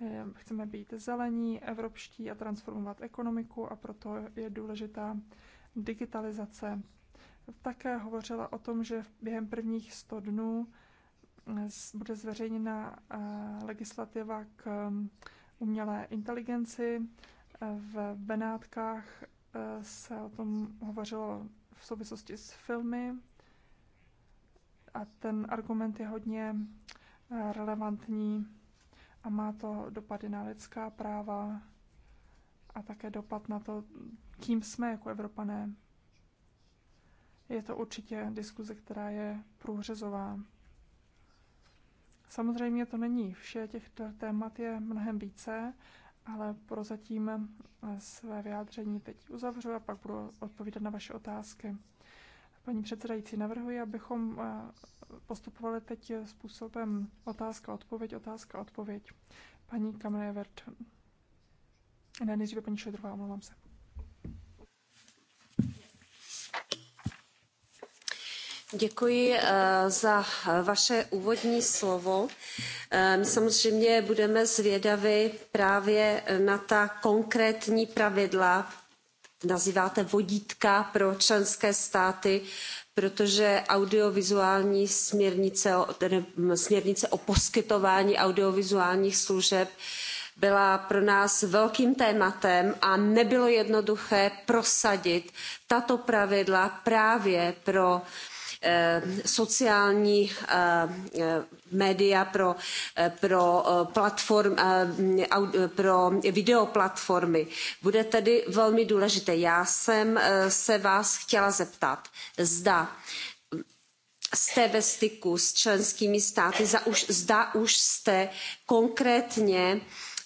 eh, chceme být zelení, evropští a transformovat ekonomiku a proto je důležitá digitalizace. Také hovořila o tom, že během prvních 100 dnů eh, bude zveřejněna eh, legislativa k umělé inteligenci. V Benátkách se o tom hovořilo v souvislosti s filmy a ten argument je hodně eh, relevantní a má to dopady na lidská práva a také dopad na to, kým jsme jako Evropané. Je to určitě diskuze, která je průřezová. Samozřejmě to není vše, těch témat je mnohem více ale prozatím eh, své vyjádření teď uzavřu a pak budu odpovídat na vaše otázky. Paní předsedající, navrhuji, abychom eh, postupovali teď způsobem otázka, odpověď, otázka, odpověď. Paní Kamrevert, ne, nejdříve paní Šedrová, omlouvám se. Děkuji eh, za eh, vaše úvodní slovo. Eh, my samozřejmě budeme zvědavi právě na ta konkrétní pravidla, nazýváte vodítka pro členské státy, protože audiovizuální směrnice, hm, směrnice o poskytování audiovizuálních služeb byla pro nás velkým tématem a nebylo jednoduché prosadit tato pravidla právě pro Eh, sociální eh, média pro, eh, pro, platform, pro videoplatformy bude tedy velmi důležité. Já jsem se vás chtěla zeptat, zda jste ve styku s členskými státy, zda už, zda už jste konkrétně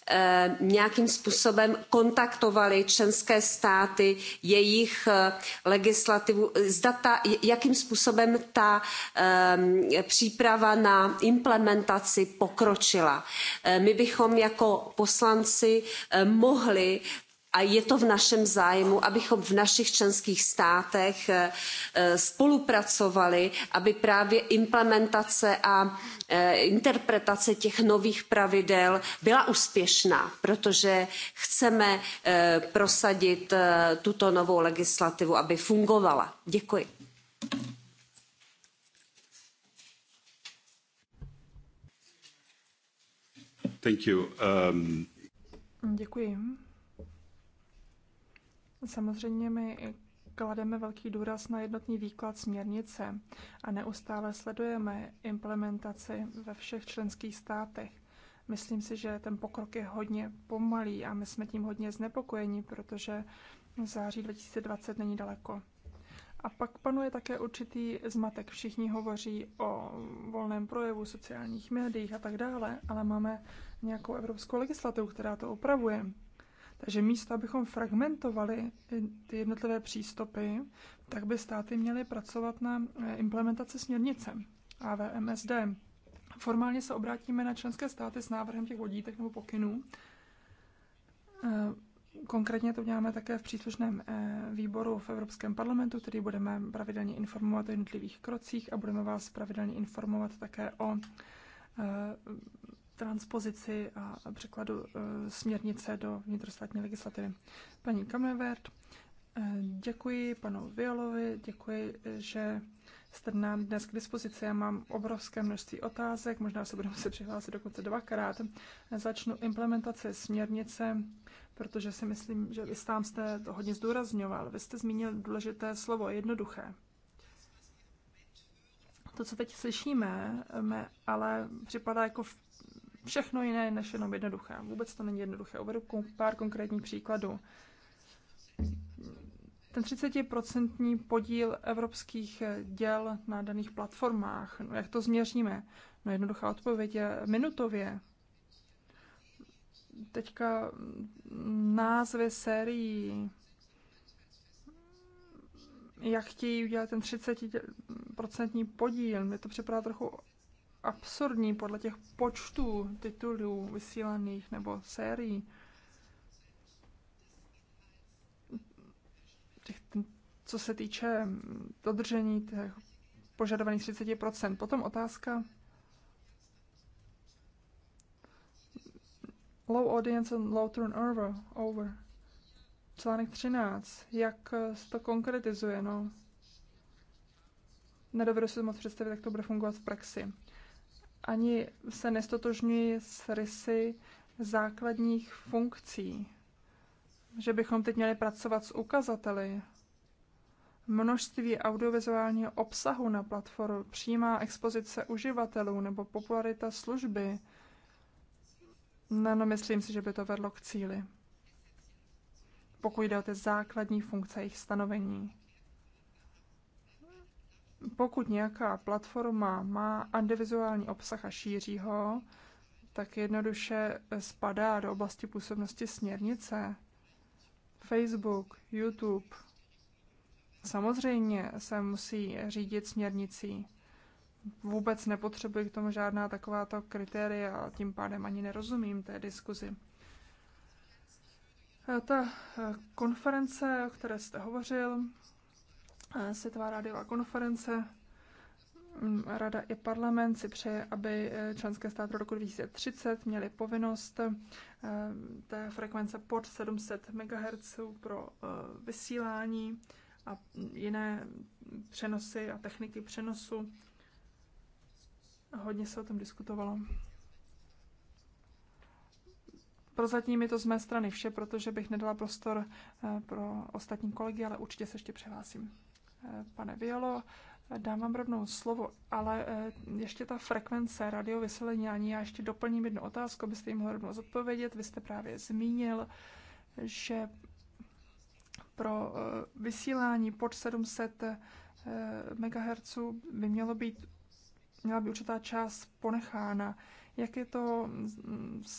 Eh, nějakým způsobem kontaktovali členské státy jejich eh, legislativu zda ta, jakým způsobem ta eh, příprava na implementaci pokročila. my bychom jako poslanci mohli a je to v našem zájmu abychom v našich členských státech eh, eh, spolupracovali aby právě implementace a eh, interpretace těch nových pravidel byla úspěšná protože chceme prosadit tuto novou legislativu aby fungovala. děkuji. Thank you. Um... Děkuji. Samozřejmě my klademe velký důraz na jednotný výklad směrnice a neustále sledujeme implementaci ve všech členských státech. Myslím si, že ten pokrok je hodně pomalý a my jsme tím hodně znepokojeni, protože září 2020 není daleko. A pak panuje také určitý zmatek. Všichni hovoří o volném projevu, sociálních médiích a tak dále, ale máme nějakou evropskou legislativu, která to upravuje. Takže místo, abychom fragmentovali eh, ty jednotlivé přístupy, tak by státy měly pracovat na eh, implementaci směrnice AVMSD. Formálně se obrátíme na členské státy s návrhem těch vodítek nebo pokynů. Eh, konkrétně to děláme také v příslušném výboru v Evropském parlamentu, který budeme pravidelně informovat o jednotlivých krocích a budeme vás pravidelně informovat také o transpozici a překladu eh, směrnice do vnitrostátní legislativy. Paní Kamevert, eh, děkuji panu Violovi, děkuji, že jste nám dnes k dispozici. Já mám obrovské množství otázek, možná se budeme se přihlásit dokonce dvakrát. Začnu implementace směrnice, protože si myslím, že vy sám jste to hodně zdůrazňoval. Vy jste zmínil důležité slovo, jednoduché. To, co teď slyšíme, ale připadá jako v všechno jiné než jenom jednoduché. Vůbec to není jednoduché. Uvedu pár konkrétních příkladů. Ten 30% podíl evropských děl na daných platformách, no jak to změříme? No jednoduchá odpověď je minutově. Teďka názvy sérií, jak chtějí udělat ten 30% podíl, mě to připadá trochu absurdní podle těch počtů titulů vysílaných nebo sérií. Těch, co se týče dodržení těch požadovaných 30%. Potom otázka low audience and low turnover over. Článek 13. Jak se to konkretizuje? No, nedovedu si moc představit, jak to bude fungovat v praxi ani se nestotožňuji s rysy základních funkcí, že bychom teď měli pracovat s ukazateli. Množství audiovizuálního obsahu na platformu, přímá expozice uživatelů nebo popularita služby. No, no, myslím si, že by to vedlo k cíli. Pokud jde o ty základní funkce jejich stanovení pokud nějaká platforma má individuální obsah a šíří ho, tak jednoduše spadá do oblasti působnosti směrnice. Facebook, YouTube, samozřejmě se musí řídit směrnicí. Vůbec nepotřebuji k tomu žádná takováto kritéria a tím pádem ani nerozumím té diskuzi. Ta konference, o které jste hovořil, Světová rádiová konference, mm, Rada i parlament si přeje, aby e, členské státy do roku 2030 měly povinnost e, té frekvence pod 700 MHz pro e, vysílání a jiné přenosy a techniky přenosu. Hodně se o tom diskutovalo. Prozatím je to z mé strany vše, protože bych nedala prostor pro ostatní kolegy, ale určitě se ještě přihlásím pane Violo. Dám vám rovnou slovo, ale eh, ještě ta frekvence radiovysilení, já ještě doplním jednu otázku, abyste jim mohl rovnou zodpovědět. Vy jste právě zmínil, že pro eh, vysílání pod 700 eh, MHz by mělo být, měla by určitá část ponechána. Jak je to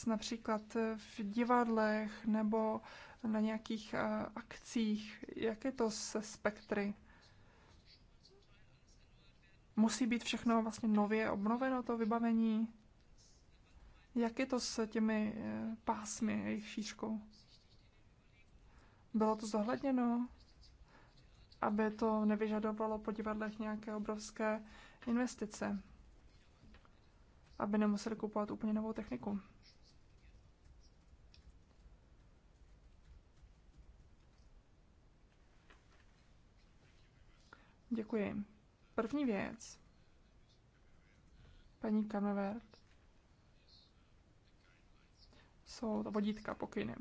například v divadlech nebo na nějakých akcích? Jak je to se spektry? musí být všechno vlastně nově obnoveno, to vybavení. Jak je to s těmi eh, pásmy, jejich šířkou? Bylo to zohledněno, aby to nevyžadovalo po divadlech nějaké obrovské investice, aby nemuseli kupovat úplně novou techniku. Děkuji. První věc, paní Kamevert, jsou to vodítka pokyny.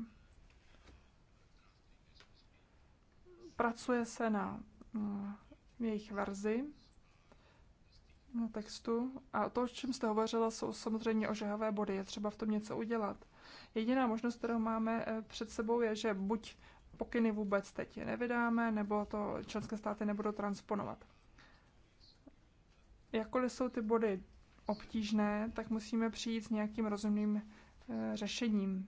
Pracuje se na mm, jejich verzi, na textu. A to, o čem jste hovořila, jsou samozřejmě ožehavé body. Je třeba v tom něco udělat. Jediná možnost, kterou máme eh, před sebou, je, že buď pokyny vůbec teď nevydáme, nebo to členské státy nebudou transponovat jakkoliv jsou ty body obtížné, tak musíme přijít s nějakým rozumným eh, řešením.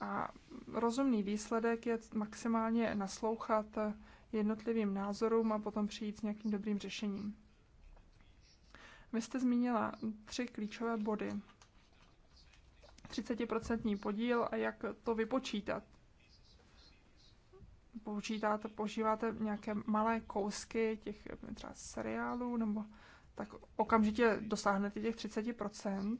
A rozumný výsledek je maximálně naslouchat eh, jednotlivým názorům a potom přijít s nějakým dobrým řešením. Vy jste zmínila tři klíčové body. 30% podíl a jak to vypočítat používáte, používáte nějaké malé kousky těch eh, třeba seriálů, nebo tak okamžitě dosáhnete těch 30%.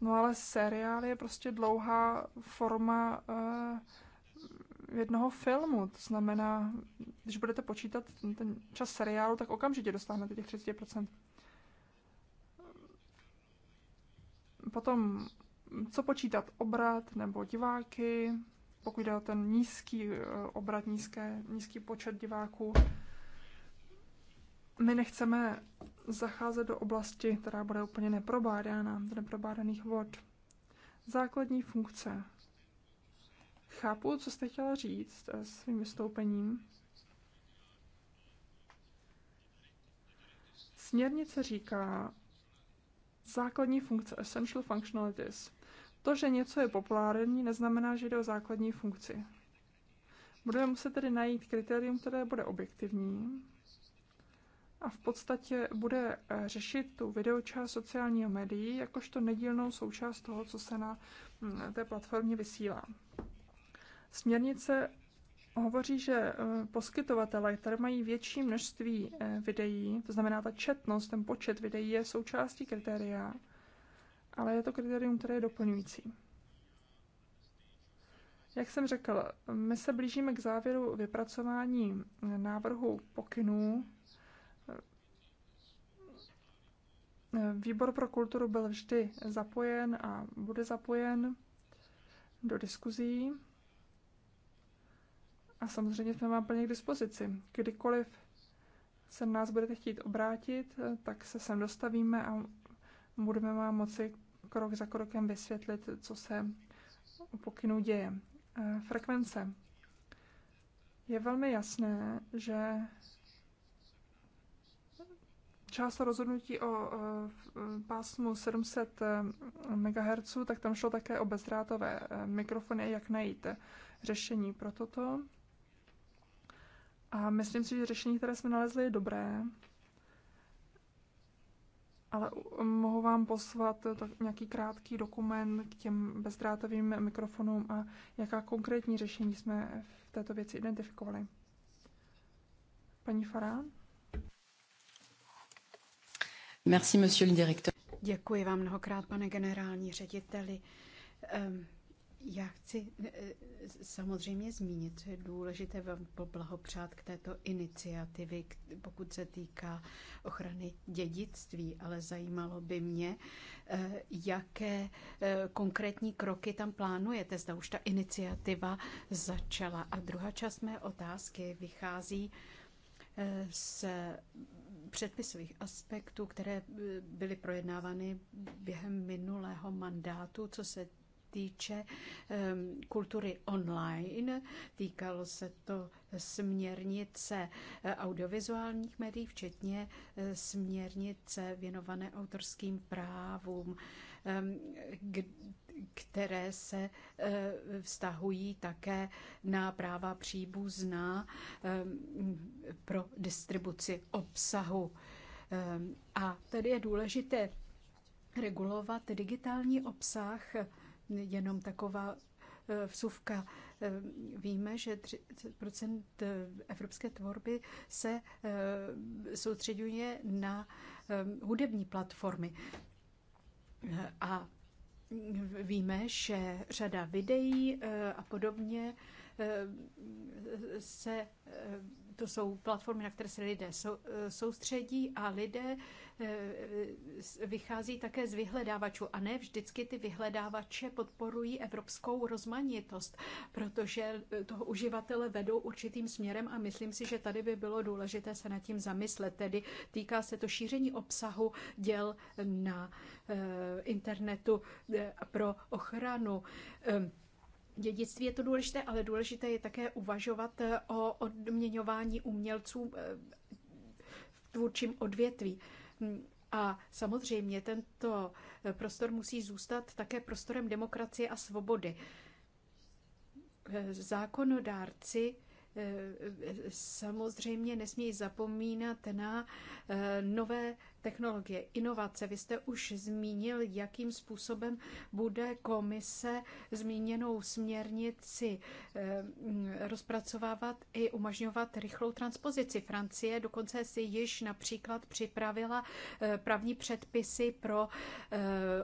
No ale seriál je prostě dlouhá forma uh, jednoho filmu. To znamená, když budete počítat ten čas seriálu, tak okamžitě dosáhnete těch 30%. Potom co počítat obrat nebo diváky, pokud jde o ten nízký eh, obrat, nízké, nízký počet diváků. My nechceme zacházet do oblasti, která bude úplně neprobádána, do neprobádaných vod. Základní funkce. Chápu, co jste chtěla říct eh, svým vystoupením. Směrnice říká základní funkce, essential functionalities – to, že něco je populární, neznamená, že jde o základní funkci. Budeme muset tedy najít kritérium, které bude objektivní a v podstatě bude eh, řešit tu videočást sociálního médií jakožto nedílnou součást toho, co se na hm, té platformě vysílá. Směrnice hovoří, že eh, poskytovatele, které mají větší množství eh, videí, to znamená ta četnost, ten počet videí je součástí kritéria, ale je to kritérium, které je doplňující. Jak jsem řekl, my se blížíme k závěru vypracování návrhu pokynů. Výbor pro kulturu byl vždy zapojen a bude zapojen do diskuzí. A samozřejmě jsme vám plně k dispozici. Kdykoliv se nás budete chtít obrátit, tak se sem dostavíme a budeme vám moci krok za krokem vysvětlit, co se u pokynu děje. E, frekvence. Je velmi jasné, že část rozhodnutí o e, e, pásmu 700 MHz, tak tam šlo také o bezdrátové mikrofony jak najít řešení pro toto. A myslím si, že řešení, které jsme nalezli, je dobré ale mohu vám poslat eh, nějaký krátký dokument k těm bezdrátovým mikrofonům a jaká konkrétní řešení jsme v této věci identifikovali. Paní Farán? Merci, monsieur le directeur. Děkuji vám mnohokrát, pane generální řediteli. Ehm, já chci eh, samozřejmě zmínit, co je důležité vám poblahopřát k této iniciativy, pokud se týká ochrany dědictví, ale zajímalo by mě, eh, jaké eh, konkrétní kroky tam plánujete. Zda už ta iniciativa začala. A druhá část mé otázky vychází z předpisových aspektů, které byly projednávány během minulého mandátu, co se týče ehm, kultury online. Týkalo se to směrnice eh, audiovizuálních médií, včetně eh, směrnice věnované autorským právům, ehm, které se eh, vztahují také na práva příbuzná ehm, pro distribuci obsahu. A tady je důležité regulovat digitální obsah jenom taková eh, vsuvka. Eh, víme, že 30 eh, evropské tvorby se soustředuje na hudební platformy. A víme, že řada videí a podobně se to jsou platformy, na které se lidé soustředí a lidé eh, vychází také z vyhledávačů. A ne vždycky ty vyhledávače podporují evropskou rozmanitost, protože eh, toho uživatele vedou určitým směrem a myslím si, že tady by bylo důležité se nad tím zamyslet. Tedy týká se to šíření obsahu děl na eh, internetu pro ochranu dědictví je to důležité, ale důležité je také uvažovat eh, o odměňování umělců eh, v tvůrčím odvětví. Hm, a samozřejmě tento eh, prostor musí zůstat také prostorem demokracie a svobody. Zákonodárci samozřejmě nesmí zapomínat na nové technologie, inovace. Vy jste už zmínil, jakým způsobem bude komise zmíněnou směrnici eh, rozpracovávat i umožňovat rychlou transpozici. Francie dokonce si již například připravila eh, právní předpisy pro eh,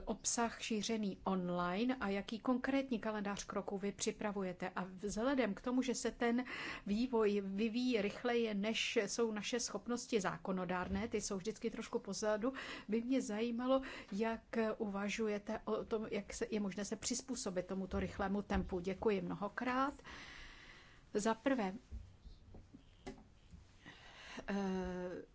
obsah šířený online a jaký konkrétní kalendář kroků vy připravujete. A vzhledem k tomu, že se ten vývoj vyvíjí rychleji, než jsou naše schopnosti zákonodárné, ty jsou vždycky trošku pozadu, by mě zajímalo, jak uvažujete o tom, jak se, je možné se přizpůsobit tomuto rychlému tempu. Děkuji mnohokrát. Za prvé, eh,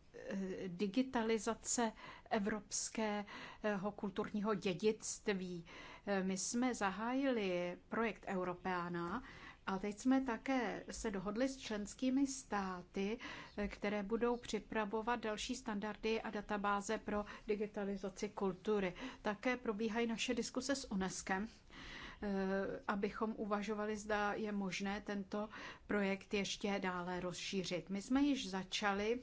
digitalizace evropského kulturního dědictví. Eh, my jsme zahájili projekt Europeana, a teď jsme také se dohodli s členskými státy, eh, které budou připravovat další standardy a databáze pro digitalizaci kultury. Také probíhají naše diskuse s UNESCO eh, abychom uvažovali, zda je možné tento projekt ještě dále rozšířit. My jsme již začali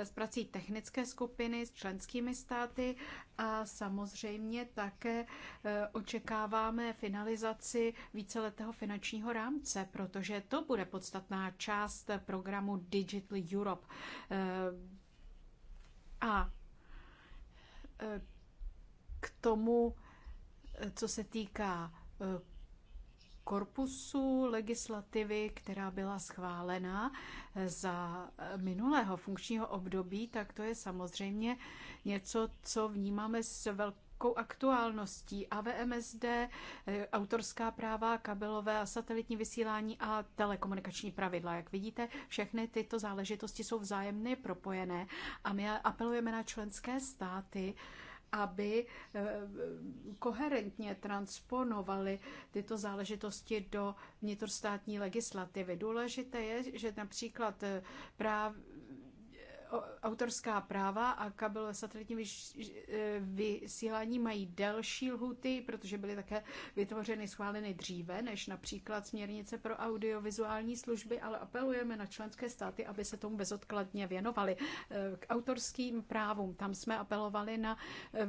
s prací technické skupiny s členskými státy a samozřejmě také e, očekáváme finalizaci víceletého finančního rámce, protože to bude podstatná část programu Digital Europe. E, a e, k tomu, co se týká korpusu legislativy, která byla schválena eh, za eh, minulého funkčního období, tak to je samozřejmě něco, co vnímáme s velkou aktuálností. AVMSD, eh, autorská práva, kabelové a satelitní vysílání a telekomunikační pravidla. Jak vidíte, všechny tyto záležitosti jsou vzájemně propojené a my apelujeme na členské státy, aby eh, koherentně transponovali tyto záležitosti do vnitrostátní legislativy. Důležité je, že například eh, práv autorská práva a kabel satelitní e, vysílání mají delší lhuty, protože byly také vytvořeny, schváleny dříve než například směrnice pro audiovizuální služby, ale apelujeme na členské státy, aby se tomu bezodkladně věnovali. E, k autorským právům tam jsme apelovali na e,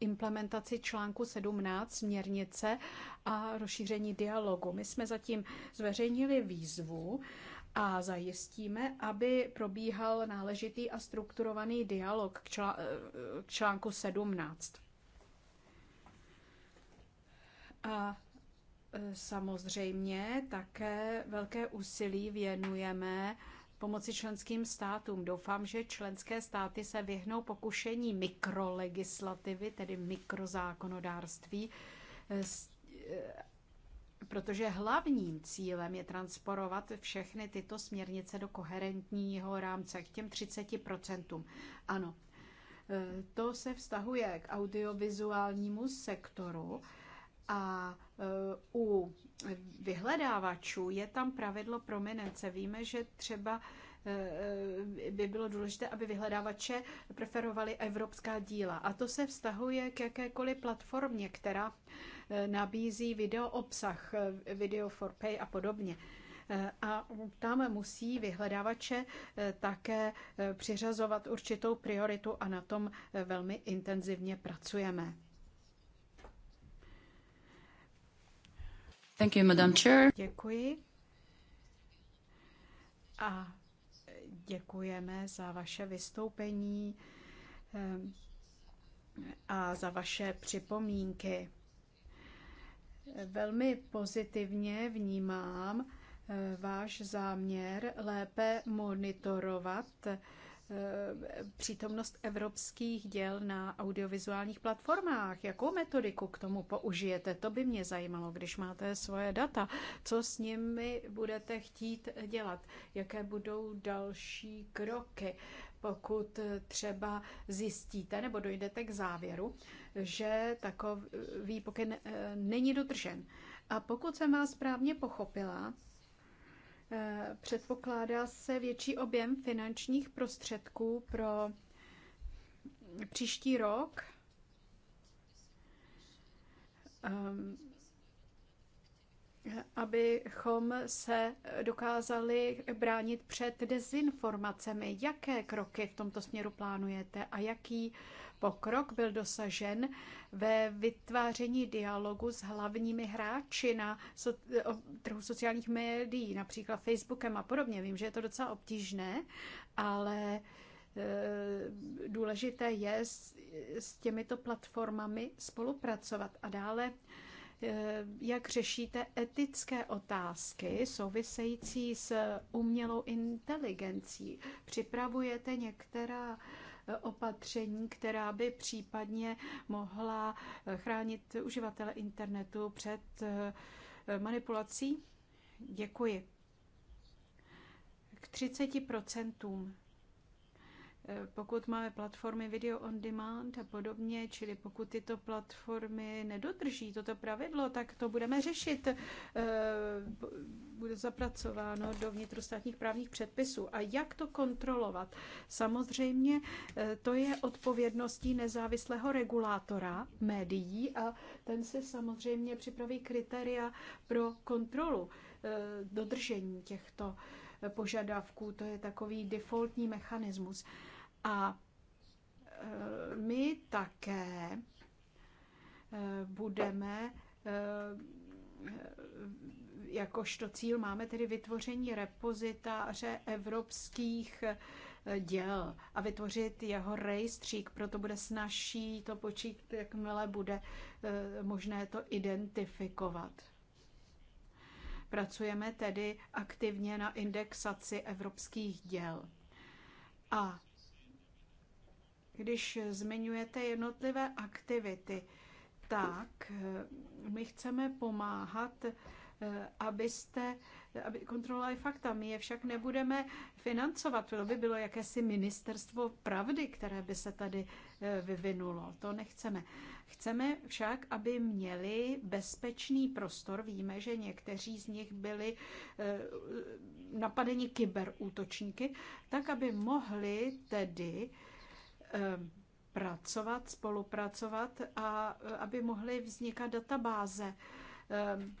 implementaci článku 17 směrnice a rozšíření dialogu. My jsme zatím zveřejnili výzvu, a zajistíme, aby probíhal náležitý a strukturovaný dialog k, čl- eh, k článku 17. A eh, samozřejmě také velké úsilí věnujeme pomoci členským státům. Doufám, že členské státy se vyhnou pokušení mikrolegislativy, tedy mikrozákonodárství, eh, protože hlavním cílem je transporovat všechny tyto směrnice do koherentního rámce k těm 30%. Ano, e, to se vztahuje k audiovizuálnímu sektoru a e, u vyhledávačů je tam pravidlo prominence. Víme, že třeba Eh, eh, by bylo důležité, aby vyhledávače preferovali evropská díla. A to se vztahuje k jakékoliv platformě, která eh, nabízí video obsah, video for pay a podobně a tam musí vyhledávače také přiřazovat určitou prioritu a na tom velmi intenzivně pracujeme. Thank you, Madam Chair. Děkuji. A Děkujeme za vaše vystoupení eh, a za vaše připomínky. Velmi pozitivně vnímám eh, váš záměr lépe monitorovat Eh, přítomnost evropských děl na audiovizuálních platformách. Jakou metodiku k tomu použijete? To by mě zajímalo, když máte svoje data. Co s nimi budete chtít dělat? Jaké budou další kroky? pokud třeba zjistíte nebo dojdete k závěru, že takový pokyn eh, není dotržen. A pokud jsem vás správně pochopila, Eh, předpokládá se větší objem finančních prostředků pro příští rok. Ehm, abychom se dokázali bránit před dezinformacemi. Jaké kroky v tomto směru plánujete a jaký Pokrok byl dosažen ve vytváření dialogu s hlavními hráči na so, o, trhu sociálních médií, například Facebookem a podobně. Vím, že je to docela obtížné, ale e, důležité je s, s těmito platformami spolupracovat. A dále, e, jak řešíte etické otázky související s umělou inteligencí? Připravujete některá opatření, která by případně mohla chránit uživatele internetu před eh, manipulací? Děkuji. K 30 procentům pokud máme platformy video on demand a podobně, čili pokud tyto platformy nedodrží toto pravidlo, tak to budeme řešit. Eh, bude zapracováno do vnitrostátních právních předpisů. A jak to kontrolovat? Samozřejmě eh, to je odpovědností nezávislého regulátora médií a ten se samozřejmě připraví kritéria pro kontrolu eh, dodržení těchto požadavků. To je takový defaultní mechanismus. A e, my také e, budeme e, jakožto cíl máme tedy vytvoření repozitáře evropských děl a vytvořit jeho rejstřík. Proto bude snažší to počít, jakmile bude možné to identifikovat. Pracujeme tedy aktivně na indexaci evropských děl. A když zmiňujete jednotlivé aktivity, tak eh, my chceme pomáhat, eh, abyste aby kontrolovali fakta. My je však nebudeme financovat. To by bylo jakési ministerstvo pravdy, které by se tady eh, vyvinulo. To nechceme. Chceme však, aby měli bezpečný prostor. Víme, že někteří z nich byli napadeni kyberútočníky, tak aby mohli tedy Ehm, pracovat, spolupracovat a e, aby mohly vznikat databáze. Ehm,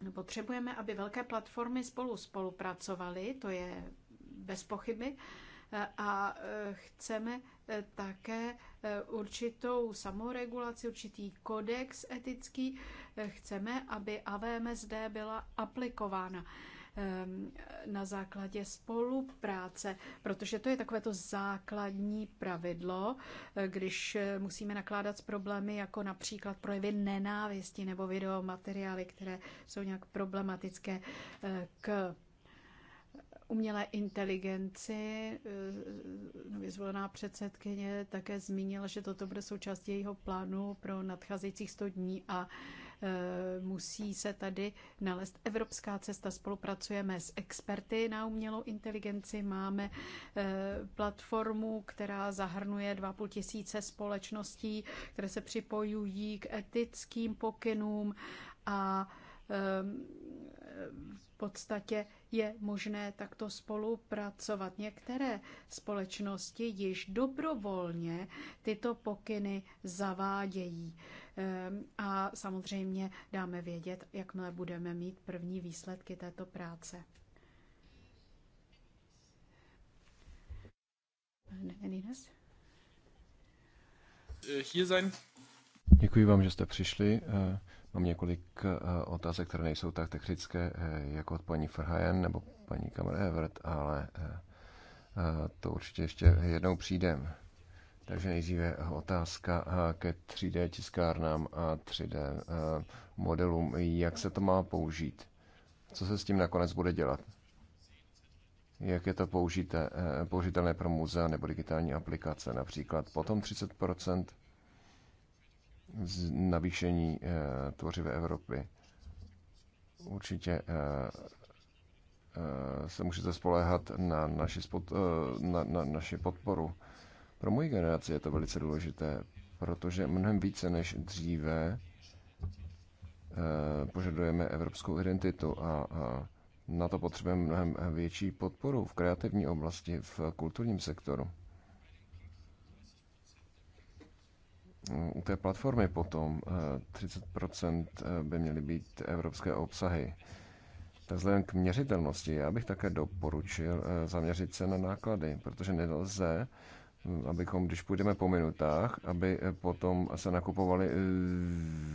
no, potřebujeme, aby velké platformy spolu spolupracovaly, to je bez pochyby, e, a e, chceme také určitou samoregulaci, určitý kodex etický. Chceme, aby AVMSD byla aplikována. Ehm, na základě spolupráce, protože to je takové to základní pravidlo, eh, když eh, musíme nakládat s problémy jako například projevy nenávisti nebo videomateriály, které jsou nějak problematické eh, k umělé inteligenci. Vyzvolená zvolená předsedkyně také zmínila, že toto bude součástí jejího plánu pro nadcházejících 100 dní a Eh, musí se tady nalézt evropská cesta. Spolupracujeme s experty na umělou inteligenci. Máme eh, platformu, která zahrnuje 2,5 tisíce společností, které se připojují k etickým pokynům a eh, v podstatě je možné takto spolupracovat. Některé společnosti již dobrovolně tyto pokyny zavádějí. Ehm, a samozřejmě dáme vědět, jakmile budeme mít první výsledky této práce. Děkuji vám, že jste přišli. Ehm, mám několik eh, otázek, které nejsou tak technické, eh, jako od paní Ferhajen nebo paní Kamer Evert, ale eh, to určitě ještě jednou přijdeme. Takže nejdříve otázka eh, ke 3D tiskárnám a 3D eh, modelům. Jak se to má použít? Co se s tím nakonec bude dělat? Jak je to použité, eh, použitelné pro muzea nebo digitální aplikace například? Potom 30% navýšení tvořivé Evropy. Určitě se můžete spoléhat na naši, spod, na, na naši podporu pro moji generaci je to velice důležité, protože mnohem více než dříve eh, požadujeme evropskou identitu a, na to potřebujeme mnohem větší podporu v kreativní oblasti, v kulturním sektoru. U té platformy potom 30% eh, eh, by měly být evropské obsahy. Vzhledem k měřitelnosti, já bych také doporučil zaměřit se na náklady, protože nelze abychom, když půjdeme po minutách, aby eh, potom se nakupovaly eh,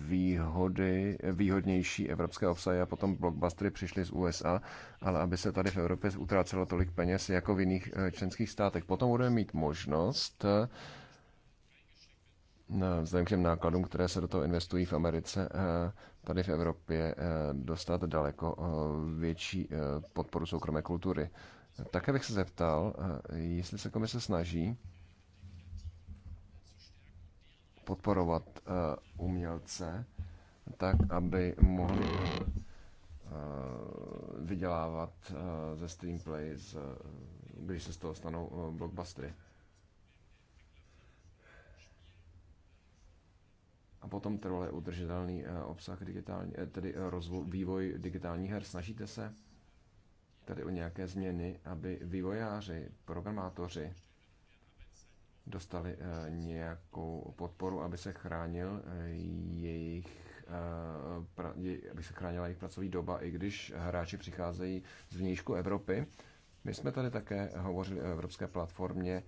výhody, eh, výhodnější evropské obsahy a potom blockbustery přišly z USA, ale aby se tady v Evropě utrácelo tolik peněz jako v jiných členských státech. Potom budeme mít možnost vzhledem k těm nákladům, které se do toho investují v Americe, tady v Evropě dostat daleko větší podporu soukromé kultury. Také bych se zeptal, jestli se komise snaží podporovat eh, umělce tak, aby mohli eh, vydělávat eh, ze streamplay, z, když se z toho stanou blockbustery. A potom trvalý udržitelný obsah digitální, tedy rozvoj, vývoj digitálních her. Snažíte se tady o nějaké změny, aby vývojáři, programátoři, dostali eh, nějakou podporu, aby se chránil eh, jejich eh, aby se chránila jejich pracovní doba, i když hráči přicházejí z vnějšku Evropy. My jsme tady také hovořili o evropské platformě,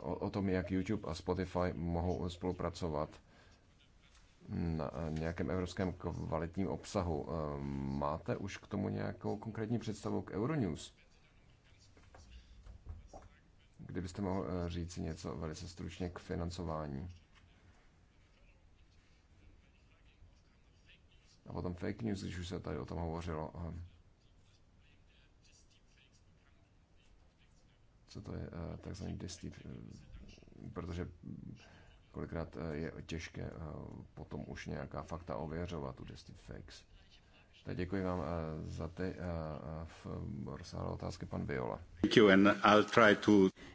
o, o tom, jak YouTube a Spotify mohou spolupracovat na nějakém evropském kvalitním obsahu. Máte už k tomu nějakou konkrétní představu k Euronews? Kdybyste mohl eh, říct něco velice stručně k financování. A potom fake news, když už se tady o tom hovořilo. Eh. Co to je eh, takzvaný distýv? Protože kolikrát je těžké potom už nějaká fakta ověřovat u distýv fakes. Děkuji vám eh, za ty eh, eh, rozsáhlé otázky, pan Viola.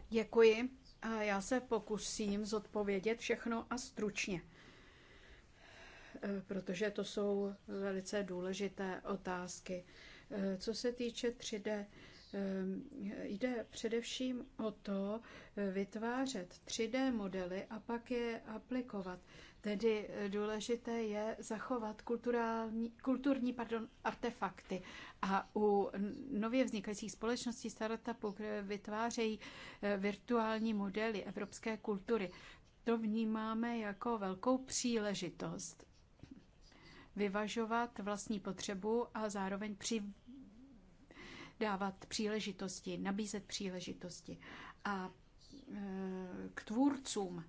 Děkuji. A já se pokusím zodpovědět všechno a stručně, protože to jsou velice důležité otázky. Co se týče 3D, jde především o to vytvářet 3D modely a pak je aplikovat. Tedy eh, důležité je zachovat kulturální, kulturní pardon, artefakty. A u nově vznikajících společností startupů, které vytvářejí eh, virtuální modely evropské kultury, to vnímáme jako velkou příležitost vyvažovat vlastní potřebu a zároveň při dávat příležitosti, nabízet příležitosti. A eh, k tvůrcům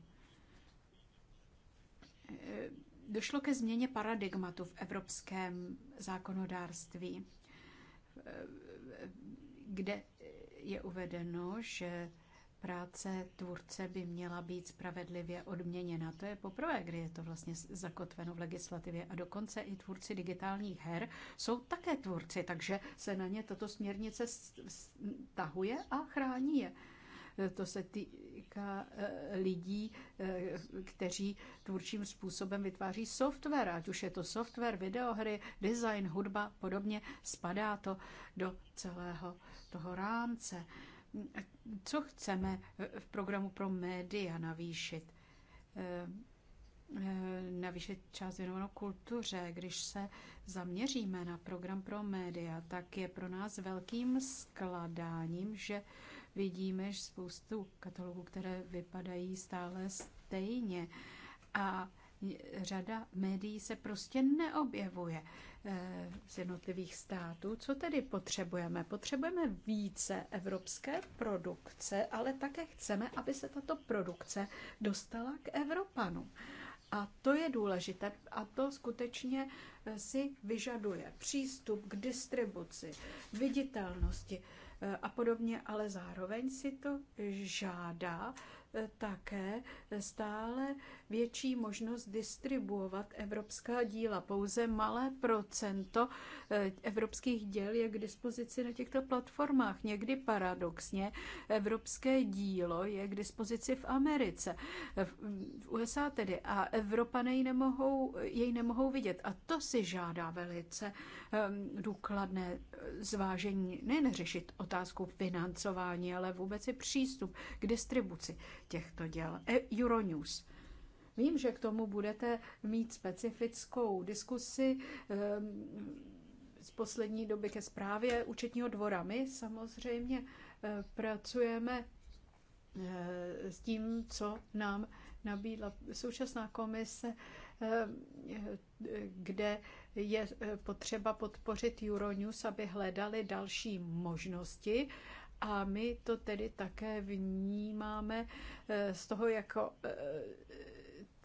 Eh, došlo ke změně paradigmatu v evropském zákonodárství, eh, kde je uvedeno, že práce tvůrce by měla být spravedlivě odměněna. To je poprvé, kdy je to vlastně zakotveno v legislativě. A dokonce i tvůrci digitálních her jsou také tvůrci, takže se na ně tato směrnice stahuje a chrání je. To se týká eh, lidí, eh, kteří tvůrčím způsobem vytváří software, ať už je to software, videohry, design, hudba, podobně, spadá to do celého toho rámce. Co chceme eh, v programu pro média navýšit? navýšit část věnovanou kultuře. Když se zaměříme na program pro média, tak je pro nás velkým skladáním, že vidíme že spoustu katalogů, které vypadají stále stejně. A řada médií se prostě neobjevuje eh, z jednotlivých států. Co tedy potřebujeme? Potřebujeme více evropské produkce, ale také chceme, aby se tato produkce dostala k Evropanům. A to je důležité a to skutečně eh, si vyžaduje přístup k distribuci, viditelnosti, Eh, a podobně, ale zároveň si to žádá eh, také stále větší možnost distribuovat evropská díla. Pouze malé procento eh, evropských děl je k dispozici na těchto platformách. Někdy paradoxně evropské dílo je k dispozici v Americe, eh, v USA tedy, a Evropané jej nemohou, jej nemohou vidět. A to si žádá velice ehm, důkladné eh, zvážení, nejen řešit otázku financování, ale vůbec i přístup k distribuci těchto děl. E, Euronews. Vím, že k tomu budete mít specifickou diskusi ehm, z poslední doby ke zprávě účetního dvora. My samozřejmě eh, pracujeme eh, s tím, co nám nabídla současná komise, eh, kde je potřeba podpořit Euronews, aby hledali další možnosti. A my to tedy také vnímáme z toho, jako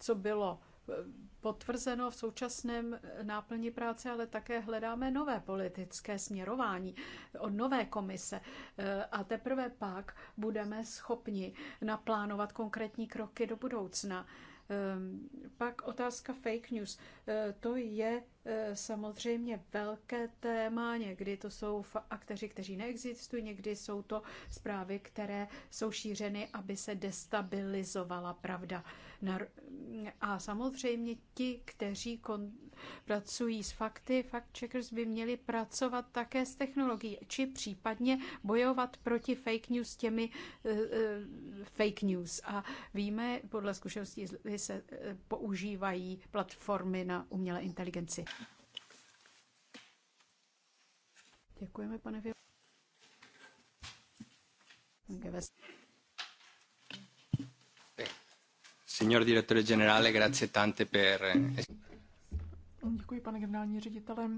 co bylo eh, potvrzeno v současném eh, náplní práce, ale také hledáme nové politické směrování eh, od nové komise. A teprve pak budeme schopni naplánovat konkrétní kroky do budoucna. Ehm, pak otázka fake news. To je Eh, samozřejmě velké téma, někdy to jsou akteři, kteří neexistují, někdy jsou to zprávy, které jsou šířeny, aby se destabilizovala pravda. A samozřejmě ti, kteří pracují s fakty, fact checkers by měli pracovat také s technologií, či případně bojovat proti fake news těmi uh, uh, fake news. A víme, podle zkušeností se používají platformy na umělé inteligenci. Děkujeme, pane Vě. Signor direttore generale, grazie tante per... Děkuji, pane generální ředitele,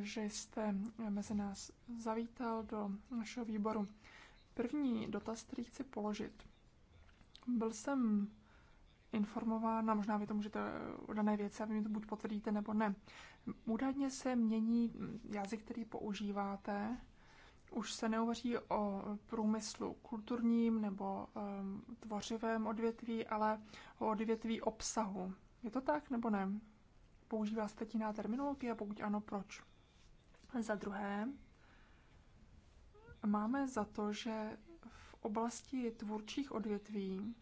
že jste mezi nás zavítal do našeho výboru. První dotaz, který chci položit. Byl jsem informována, možná vy to můžete o dané věci a vy mi to buď potvrdíte nebo ne, Údajně se mění jazyk, který používáte. Už se neuvaří o průmyslu kulturním nebo um, tvořivém odvětví, ale o odvětví obsahu. Je to tak nebo ne? Používá se teď jiná terminologie? Pokud ano, proč? Za druhé, máme za to, že v oblasti tvůrčích odvětví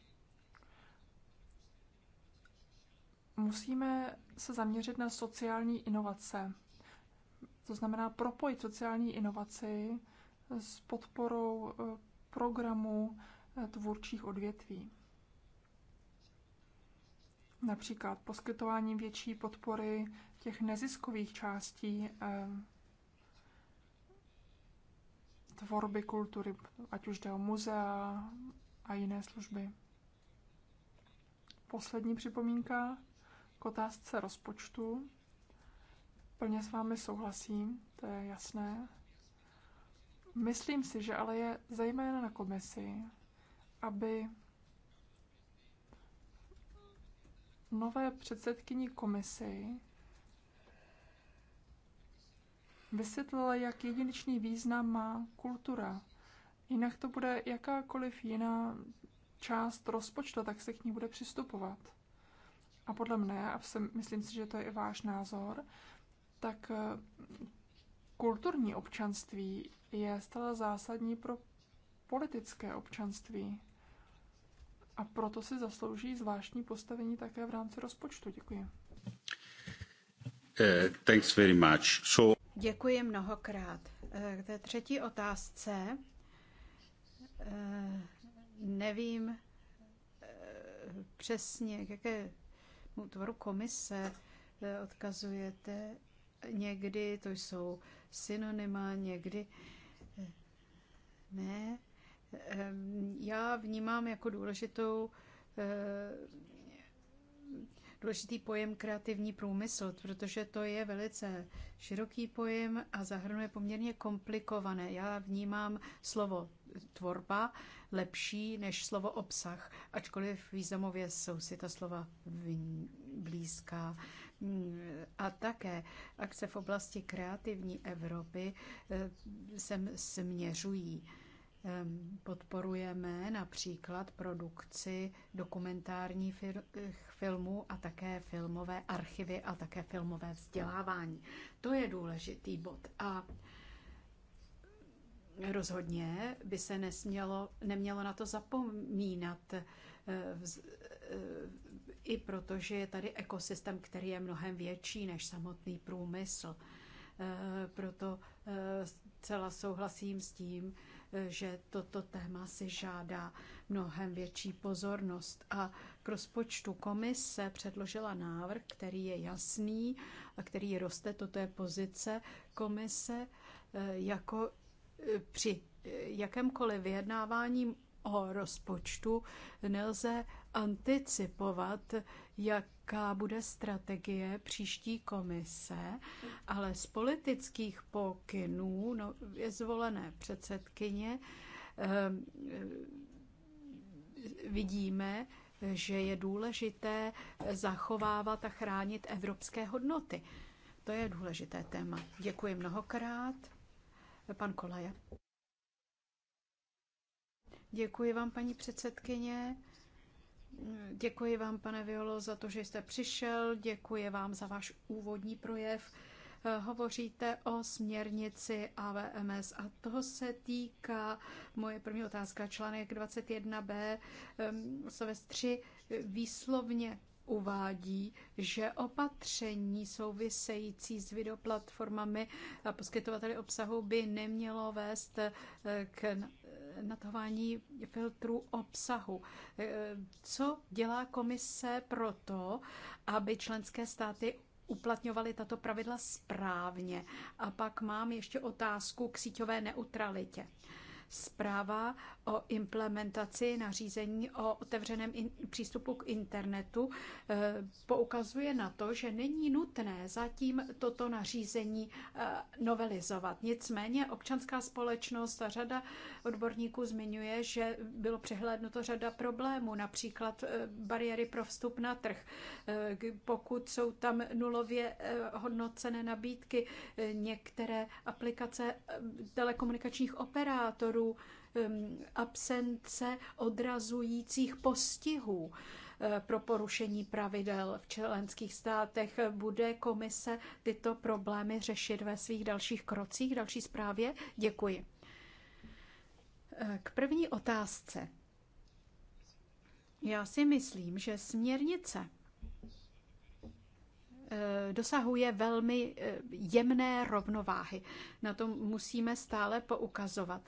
musíme se zaměřit na sociální inovace. To znamená propojit sociální inovaci s podporou eh, programu eh, tvůrčích odvětví. Například poskytování větší podpory těch neziskových částí eh, tvorby kultury, ať už jde o muzea a jiné služby. Poslední připomínka otázce rozpočtu plně s vámi souhlasím, to je jasné. Myslím si, že ale je zejména na komisi, aby nové předsedkyni komisi vysvětlila, jak jedinečný význam má kultura. Jinak to bude jakákoliv jiná část rozpočtu, tak se k ní bude přistupovat a podle mne, a myslím si, že to je i váš názor, tak eh, kulturní občanství je stále zásadní pro politické občanství. A proto si zaslouží zvláštní postavení také v rámci rozpočtu. Děkuji. Uh, thanks very much. So... Děkuji mnohokrát. Eh, k té třetí otázce nevím přesně, jaké útvaru komise eh, odkazujete. Někdy to jsou synonyma, někdy eh, ne. Ehm, já vnímám jako důležitou eh, důležitý pojem kreativní průmysl, protože to je velice široký pojem a zahrnuje poměrně komplikované. Já vnímám slovo tvorba lepší než slovo obsah, ačkoliv významově jsou si ta slova blízká. Mm, a také akce v oblasti kreativní Evropy eh, sem směřují Podporujeme například produkci dokumentárních filmů a také filmové archivy a také filmové vzdělávání. To je důležitý bod. A rozhodně by se nesmělo, nemělo na to zapomínat, eh, eh, i protože je tady ekosystém, který je mnohem větší než samotný průmysl. Eh, proto celá souhlasím s tím, že toto téma si žádá mnohem větší pozornost. A k rozpočtu komise předložila návrh, který je jasný a který roste. Toto je pozice komise eh, jako eh, při eh, jakémkoliv vyjednávání o rozpočtu nelze anticipovat, jak jaká bude strategie příští komise, ale z politických pokynů no, je zvolené předsedkyně eh, vidíme, že je důležité zachovávat a chránit evropské hodnoty. To je důležité téma. Děkuji mnohokrát. Pan Kolaja. Děkuji vám, paní předsedkyně. Děkuji vám, pane Violo, za to, že jste přišel. Děkuji vám za váš úvodní projev. Hovoříte o směrnici AVMS a toho se týká moje první otázka, článek 21b, odstavec 3, výslovně uvádí, že opatření související s videoplatformami a poskytovateli obsahu by nemělo vést eh, k natahování filtru obsahu. Eh, co dělá komise pro to, aby členské státy uplatňovaly tato pravidla správně? A pak mám ještě otázku k síťové neutralitě. Zpráva o implementaci nařízení o otevřeném přístupu k internetu eh, poukazuje na to, že není nutné zatím toto nařízení eh, novelizovat. Nicméně občanská společnost a řada odborníků zmiňuje, že bylo přehlédnuto řada problémů, například eh, bariéry pro vstup na trh. Pokud jsou tam nulově hodnocené nabídky, některé aplikace telekomunikačních operátorů, faktoru absence odrazujících postihů eh, pro porušení pravidel v členských státech. Bude komise tyto problémy řešit ve svých dalších krocích, další zprávě? Děkuji. Eh, k první otázce. Já si myslím, že směrnice eh, dosahuje velmi jemné rovnováhy. Na to musíme stále poukazovat.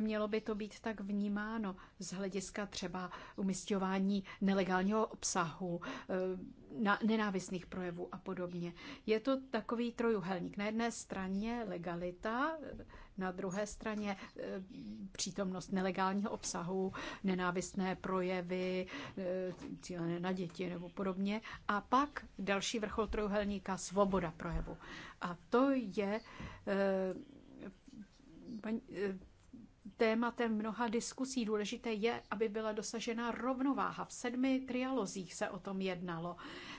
Mělo by to být tak vnímáno z hlediska třeba umistování nelegálního obsahu, eh, na, nenávistných projevů a podobně. Je to takový trojuhelník. Na jedné straně legalita, eh, na druhé straně eh, přítomnost nelegálního obsahu, nenávistné projevy, cílené na děti nebo podobně. A pak další vrchol trojuhelníka, svoboda projevu. A to je paní, tématem mnoha diskusí. Důležité je, aby byla dosažena rovnováha. V sedmi trialozích se o tom jednalo.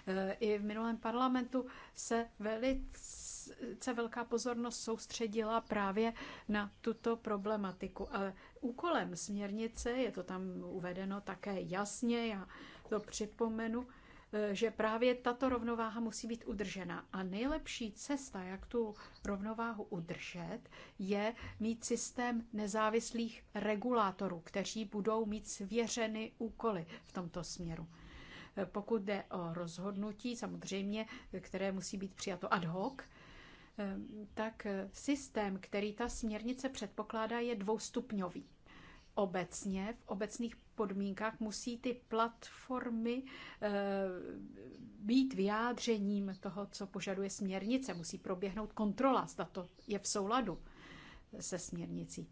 Eh, I v minulém parlamentu se velice velká pozornost soustředila právě na tuto problematiku. Ale úkolem směrnice, je to tam uvedeno také jasně, já to připomenu, Eh, že právě tato rovnováha musí být udržena. A nejlepší cesta, jak tu rovnováhu udržet, je mít systém nezávislých regulátorů, kteří budou mít svěřeny úkoly v tomto směru. Eh, pokud jde o rozhodnutí, samozřejmě, které musí být přijato ad hoc, eh, tak systém, který ta směrnice předpokládá, je dvoustupňový obecně, v obecných podmínkách musí ty platformy eh, být vyjádřením toho, co požaduje směrnice. Musí proběhnout kontrola, zda to je v souladu se směrnicí.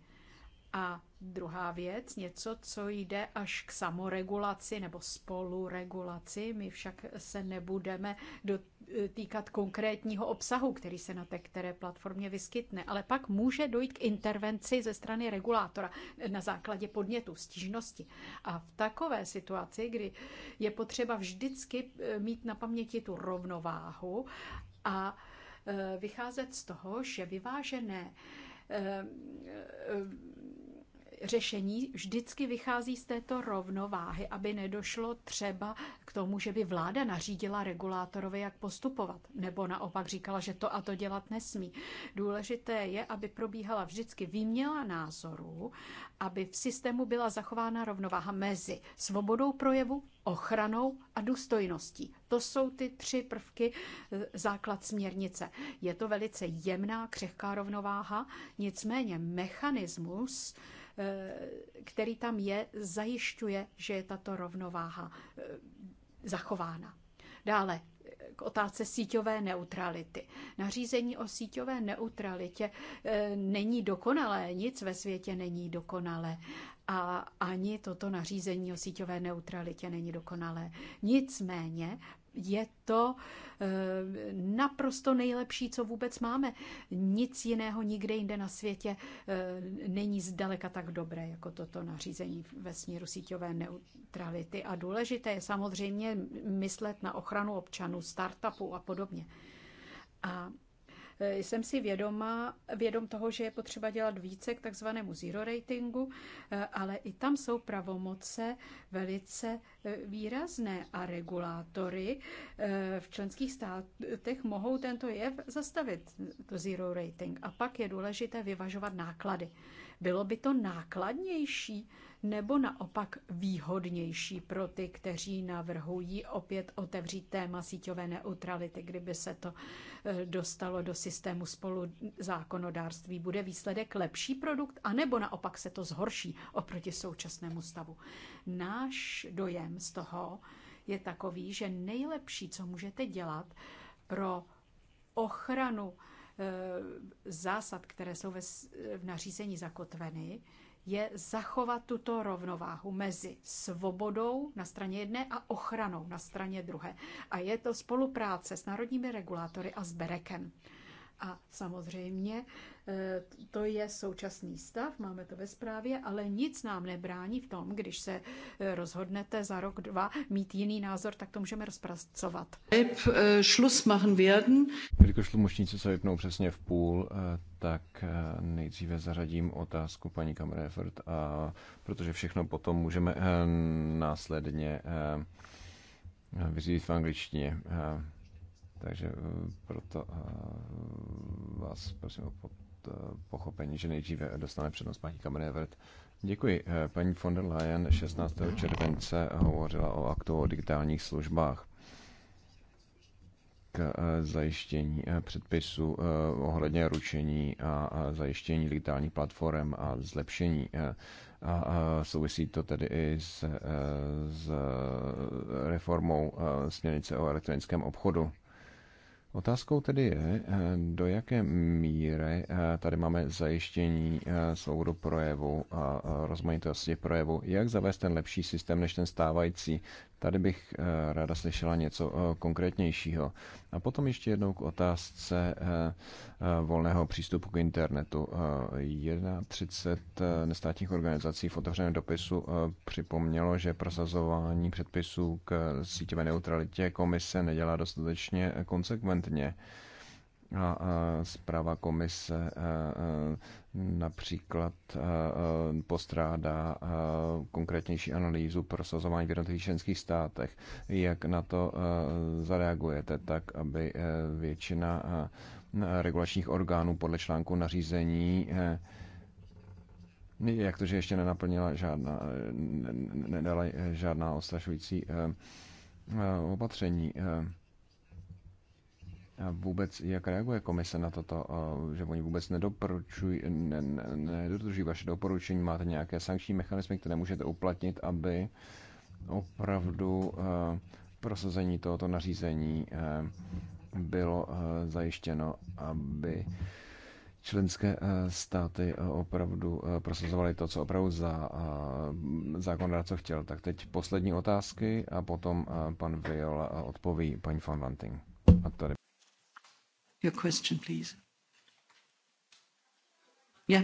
A druhá věc, něco, co jde až k samoregulaci nebo spoluregulaci. My však se nebudeme dotýkat konkrétního obsahu, který se na té které platformě vyskytne, ale pak může dojít k intervenci ze strany regulátora na základě podnětu, stížnosti. A v takové situaci, kdy je potřeba vždycky e, mít na paměti tu rovnováhu a e, vycházet z toho, že vyvážené e, řešení vždycky vychází z této rovnováhy, aby nedošlo třeba k tomu, že by vláda nařídila regulátorovi, jak postupovat, nebo naopak říkala, že to a to dělat nesmí. Důležité je, aby probíhala vždycky výměna názorů, aby v systému byla zachována rovnováha mezi svobodou projevu, ochranou a důstojností. To jsou ty tři prvky e, základ směrnice. Je to velice jemná, křehká rovnováha, nicméně mechanismus, Eh, který tam je, zajišťuje, že je tato rovnováha eh, zachována. Dále eh, k otázce síťové neutrality. Nařízení o síťové neutralitě není dokonalé, nic ve světě není dokonalé. A ani toto nařízení o síťové neutralitě není dokonalé. Nicméně je to eh, naprosto nejlepší, co vůbec máme. Nic jiného nikde jinde na světě eh, není zdaleka tak dobré, jako toto nařízení ve směru síťové neutrality. A důležité je samozřejmě myslet na ochranu občanů, startupů a podobně. A Eh, jsem si vědoma, vědom toho, že je potřeba dělat více k takzvanému zero ratingu, eh, ale i tam jsou pravomoce velice eh, výrazné a regulátory v členských státech mohou tento jev zastavit, to zero rating. A pak je důležité vyvažovat náklady. Bylo by to nákladnější nebo naopak výhodnější pro ty, kteří navrhují opět otevřít téma síťové neutrality, kdyby se to eh, dostalo do systému spolu zákonodárství? Bude výsledek lepší produkt, anebo naopak se to zhorší oproti současnému stavu? Náš dojem z toho je takový, že nejlepší, co můžete dělat pro ochranu Eh, zásad, které jsou ve, v nařízení zakotveny, je zachovat tuto rovnováhu mezi svobodou na straně jedné a ochranou na straně druhé. A je to spolupráce s národními regulátory a s Berekem. A samozřejmě eh, to je současný stav, máme to ve zprávě, ale nic nám nebrání v tom, když se eh, rozhodnete za rok, dva mít jiný názor, tak to můžeme rozpracovat. Eh, Schluss machen werden. Jelikož tlumočníci se vypnou přesně v půl, tak nejdříve zařadím otázku paní Kamrefert, a protože všechno potom můžeme následně vyřídit v angličtině. Takže eh, proto eh, vás prosím o eh, pochopení, že nejdříve dostane přednost paní Kamenevert. Děkuji. Paní von der Leyen 16. července hovořila o aktu o digitálních službách k zajištění předpisů ohledně ručení a zajištění digitálních platform a zlepšení. A souvisí to tedy i s, s reformou směrnice o elektronickém obchodu. Otázkou tedy je, eh, do jaké míry eh, tady máme zajištění eh, svobodu projevu a rozmanitosti projevu, jak zavést ten lepší systém než ten stávající, Tady bych eh, ráda slyšela něco eh, konkrétnějšího. A potom ještě jednou k otázce eh, volného přístupu k internetu. 31 nestátních organizací v otevřeném dopisu připomnělo, že prosazování předpisů k síťové neutralitě komise nedělá dostatečně konsekventně a zpráva komise například postrádá konkrétnější analýzu prosazování v jednotlivých členských státech. Jak na to zareagujete tak, aby e, většina regulačních orgánů podle článku nařízení e, jak to, že ještě nenaplnila žádná, nedala žádná ostrašující e, opatření. Ne, ne, vůbec, jak reaguje komise na toto, že oni vůbec nedoporučují, ne, ne, vaše doporučení, máte nějaké sankční mechanismy, které můžete uplatnit, aby opravdu prosazení tohoto nařízení bylo zajištěno, aby členské státy opravdu prosazovaly to, co opravdu za zákonodár co chtěl. Tak teď poslední otázky a potom pan Viola odpoví paní van Vanting. A tady Your question, please. Yeah,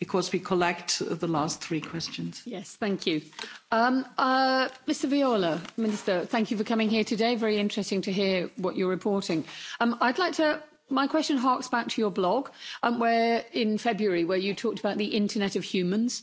because we collect the last three questions. Yes, thank you. Um, uh, Mr. Viola, Minister, thank you for coming here today. Very interesting to hear what you're reporting. Um, I'd like to my question harks back to your blog, um, where in February, where you talked about the Internet of Humans.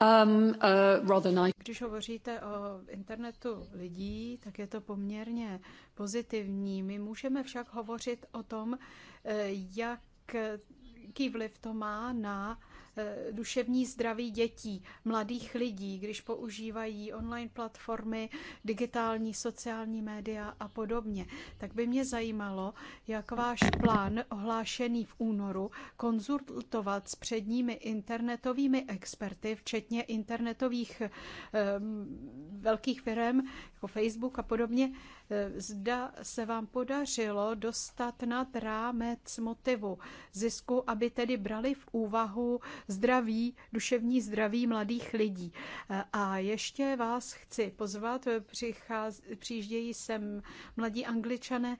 Um, uh, rather nice. Když hovoříte o internetu lidí, tak je to poměrně pozitivní. My můžeme však hovořit o tom, eh, eh, jaký vliv to má na Eh, duševní zdraví dětí, mladých lidí, když používají online platformy, digitální, sociální média a podobně. Tak by mě zajímalo, jak váš plán ohlášený v únoru konzultovat s předními internetovými experty, včetně internetových eh, velkých firm jako Facebook a podobně, Zda se vám podařilo dostat nad rámec motivu zisku, aby tedy brali v úvahu zdraví, duševní zdraví mladých lidí. A ještě vás chci pozvat, přicház, přijíždějí sem mladí angličané,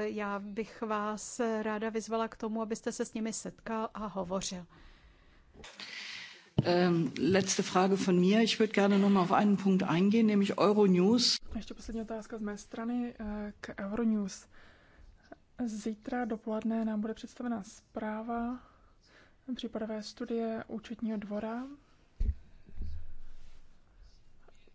já bych vás ráda vyzvala k tomu, abyste se s nimi setkal a hovořil. Ähm, letzte Frage von mir. Ich würde gerne mal auf einen Punkt eingehen, nämlich Euronews. Ještě poslední otázka z mé strany eh, k Euronews. Zítra dopoledne nám bude představena zpráva případové studie účetního dvora.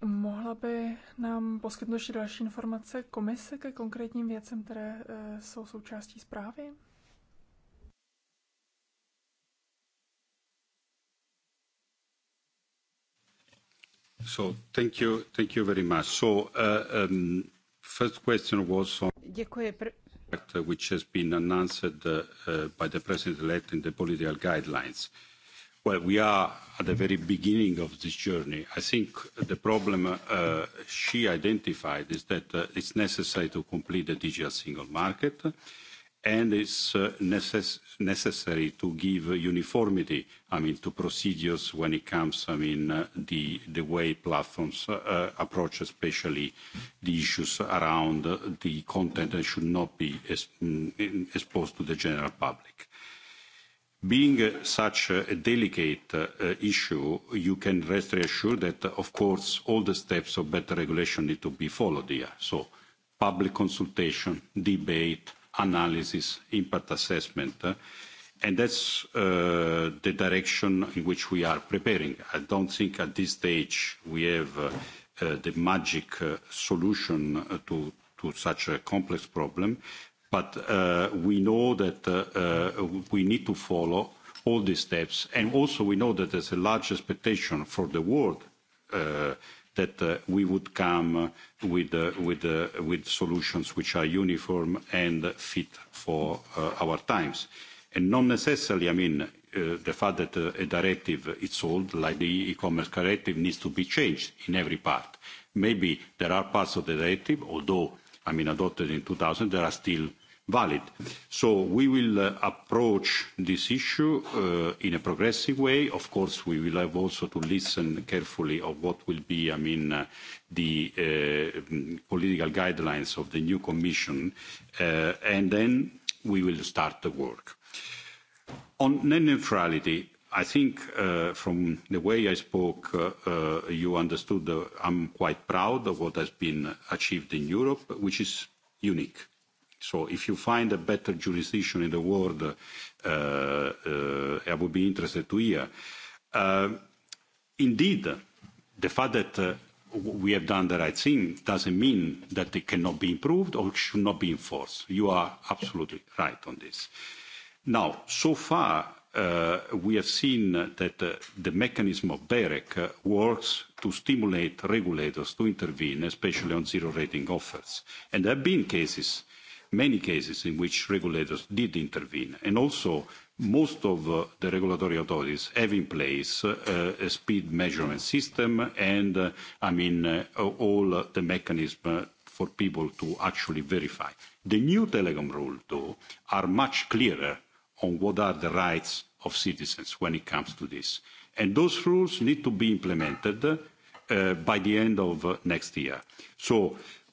Mohla by nám poskytnout ještě další informace komise ke konkrétním věcem, které eh, jsou součástí zprávy? So, thank you, thank you very much. So, uh, um, first question was on... Děkuji. Uh, which has been announced uh, by the president-elect in the political guidelines. Well, we are at the very beginning of this journey. I think the problem she identified is that it's necessary to complete the digital single market and it's uh, necessary to give uniformity, I mean, to procedures when it comes, I mean, uh, the, the way platforms uh, uh approach especially the issues around uh, the content that should not be mm, exposed to the general public. Being uh, such a delicate uh, issue, you can rest reassured that, uh, of course, all the steps of better regulation need to be followed here. So public consultation, debate, analysis, impact assessment. And that's uh, the direction in which we are preparing. I don't think at this stage we have uh, uh, the magic uh, solution uh, to, to such a complex problem, but uh, we know that we need to follow all these steps. And also we know that there's a large expectation for the world that uh, we would come with, uh, with, uh, with solutions which are uniform and fit for uh, our times. And not necessarily, I mean, uh, the fact that uh, a directive is old, like the e-commerce directive, needs to be changed in every part. Maybe there are parts of the directive, although, I mean, adopted in 2000, there are still valid. So we will uh, approach this issue uh, in a progressive way. Of course, we will have also to listen carefully of what will be, I mean, uh, the uh, political guidelines of the new commission, uh, and then we will start the work. On net neutrality, I think uh, from the way I spoke, uh, uh, you understood I'm quite proud of what has been achieved in Europe, which is unique So if you find a better jurisdiction in the world, uh, uh, I would be interested to hear. Uh, indeed, the fact that uh, we have done the right thing doesn't mean that it cannot be improved or should not be enforced. You are absolutely right on this. Now, so far, uh, we have seen that uh, the mechanism of BEREC uh, works to stimulate regulators to intervene, especially on zero rating offers. And there have been cases many cases in which regulators did intervene. And also, most of uh, the regulatory authorities have in place uh, a speed measurement system and, uh, I mean, uh, all the mechanism uh, for people to actually verify. The new telecom rules, though, are much clearer on what are the rights of citizens when it comes to this. And those rules need to be implemented uh, by the end of uh, next year. So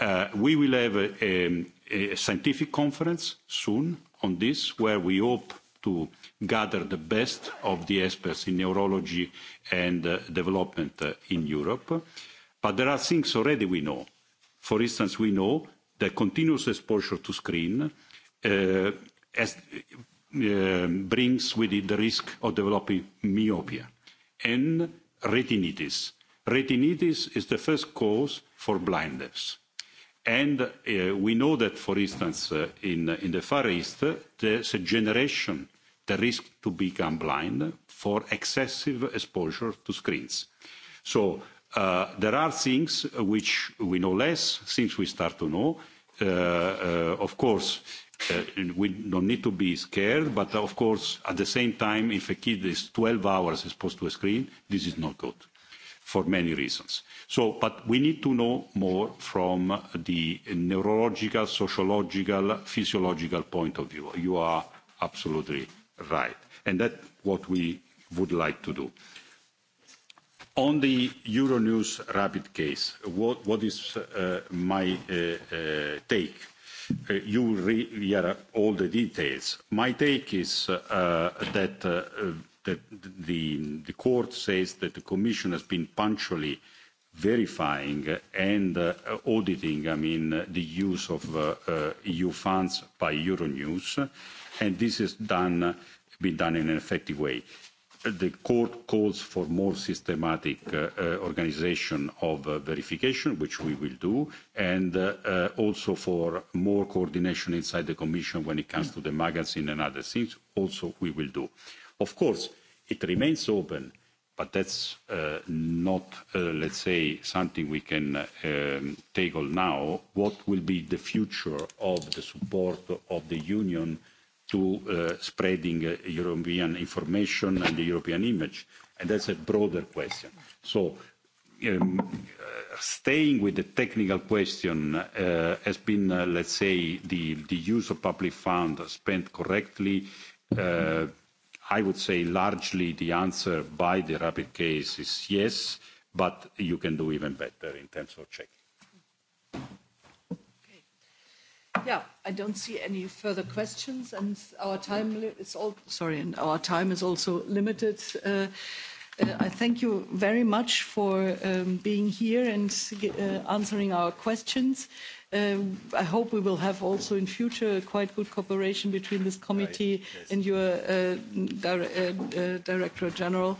Uh, we will have um, a, scientific conference soon on this, where we hope to gather the best of the experts in neurology and uh, development uh, in Europe. But there are things already we know. For instance, we know that continuous exposure to screen um, brings with it the risk of developing myopia and retinitis. Retinitis is the first cause for blindness And uh, we know that, for instance, uh, in, uh, in the Far East, uh, there's a generation the risk to become blind for excessive exposure to screens. So uh, there are things which we know less, things we start to know. Uh, uh, of course, uh, we don't need to be scared, but of course, at the same time, if a kid is 12 hours exposed to a screen, this is not good for many reasons. So, but we need to know more from the neurological, sociological, physiological point of view. You are absolutely right. And that's what we would like to do. On the Euronews Rapid case, what, what is uh, my uh, uh, take? Uh, you hear all the details. My take is uh, that, uh, that the, the court says that the Commission has been punctually verifying and uh, auditing, I mean, the use of uh, uh, EU funds by Euronews, and this has done, been done in an effective way. The court calls for more systematic organization of verification, which we will do, and also for more coordination inside the Commission when it comes to the magazine and other things, also we will do. Of course, it remains open but that's uh, not, uh, let's say, something we can um, tackle now. What will be the future of the support of the Union to uh, spreading European information and the European image? And that's a broader question. So um, staying with the technical question has been, let's say, the, use of public funds spent correctly, uh, i would say largely the answer by the rapid case is yes, but you can do even better in terms of checking. Yeah, I don't see any further questions, and our time is all sorry, and our time is also limited. Uh, uh, I thank you very much for um, being here and uh, answering our questions. Uh, I hope we will have also in future quite good cooperation between this committee and your uh, uh, directorate Director General.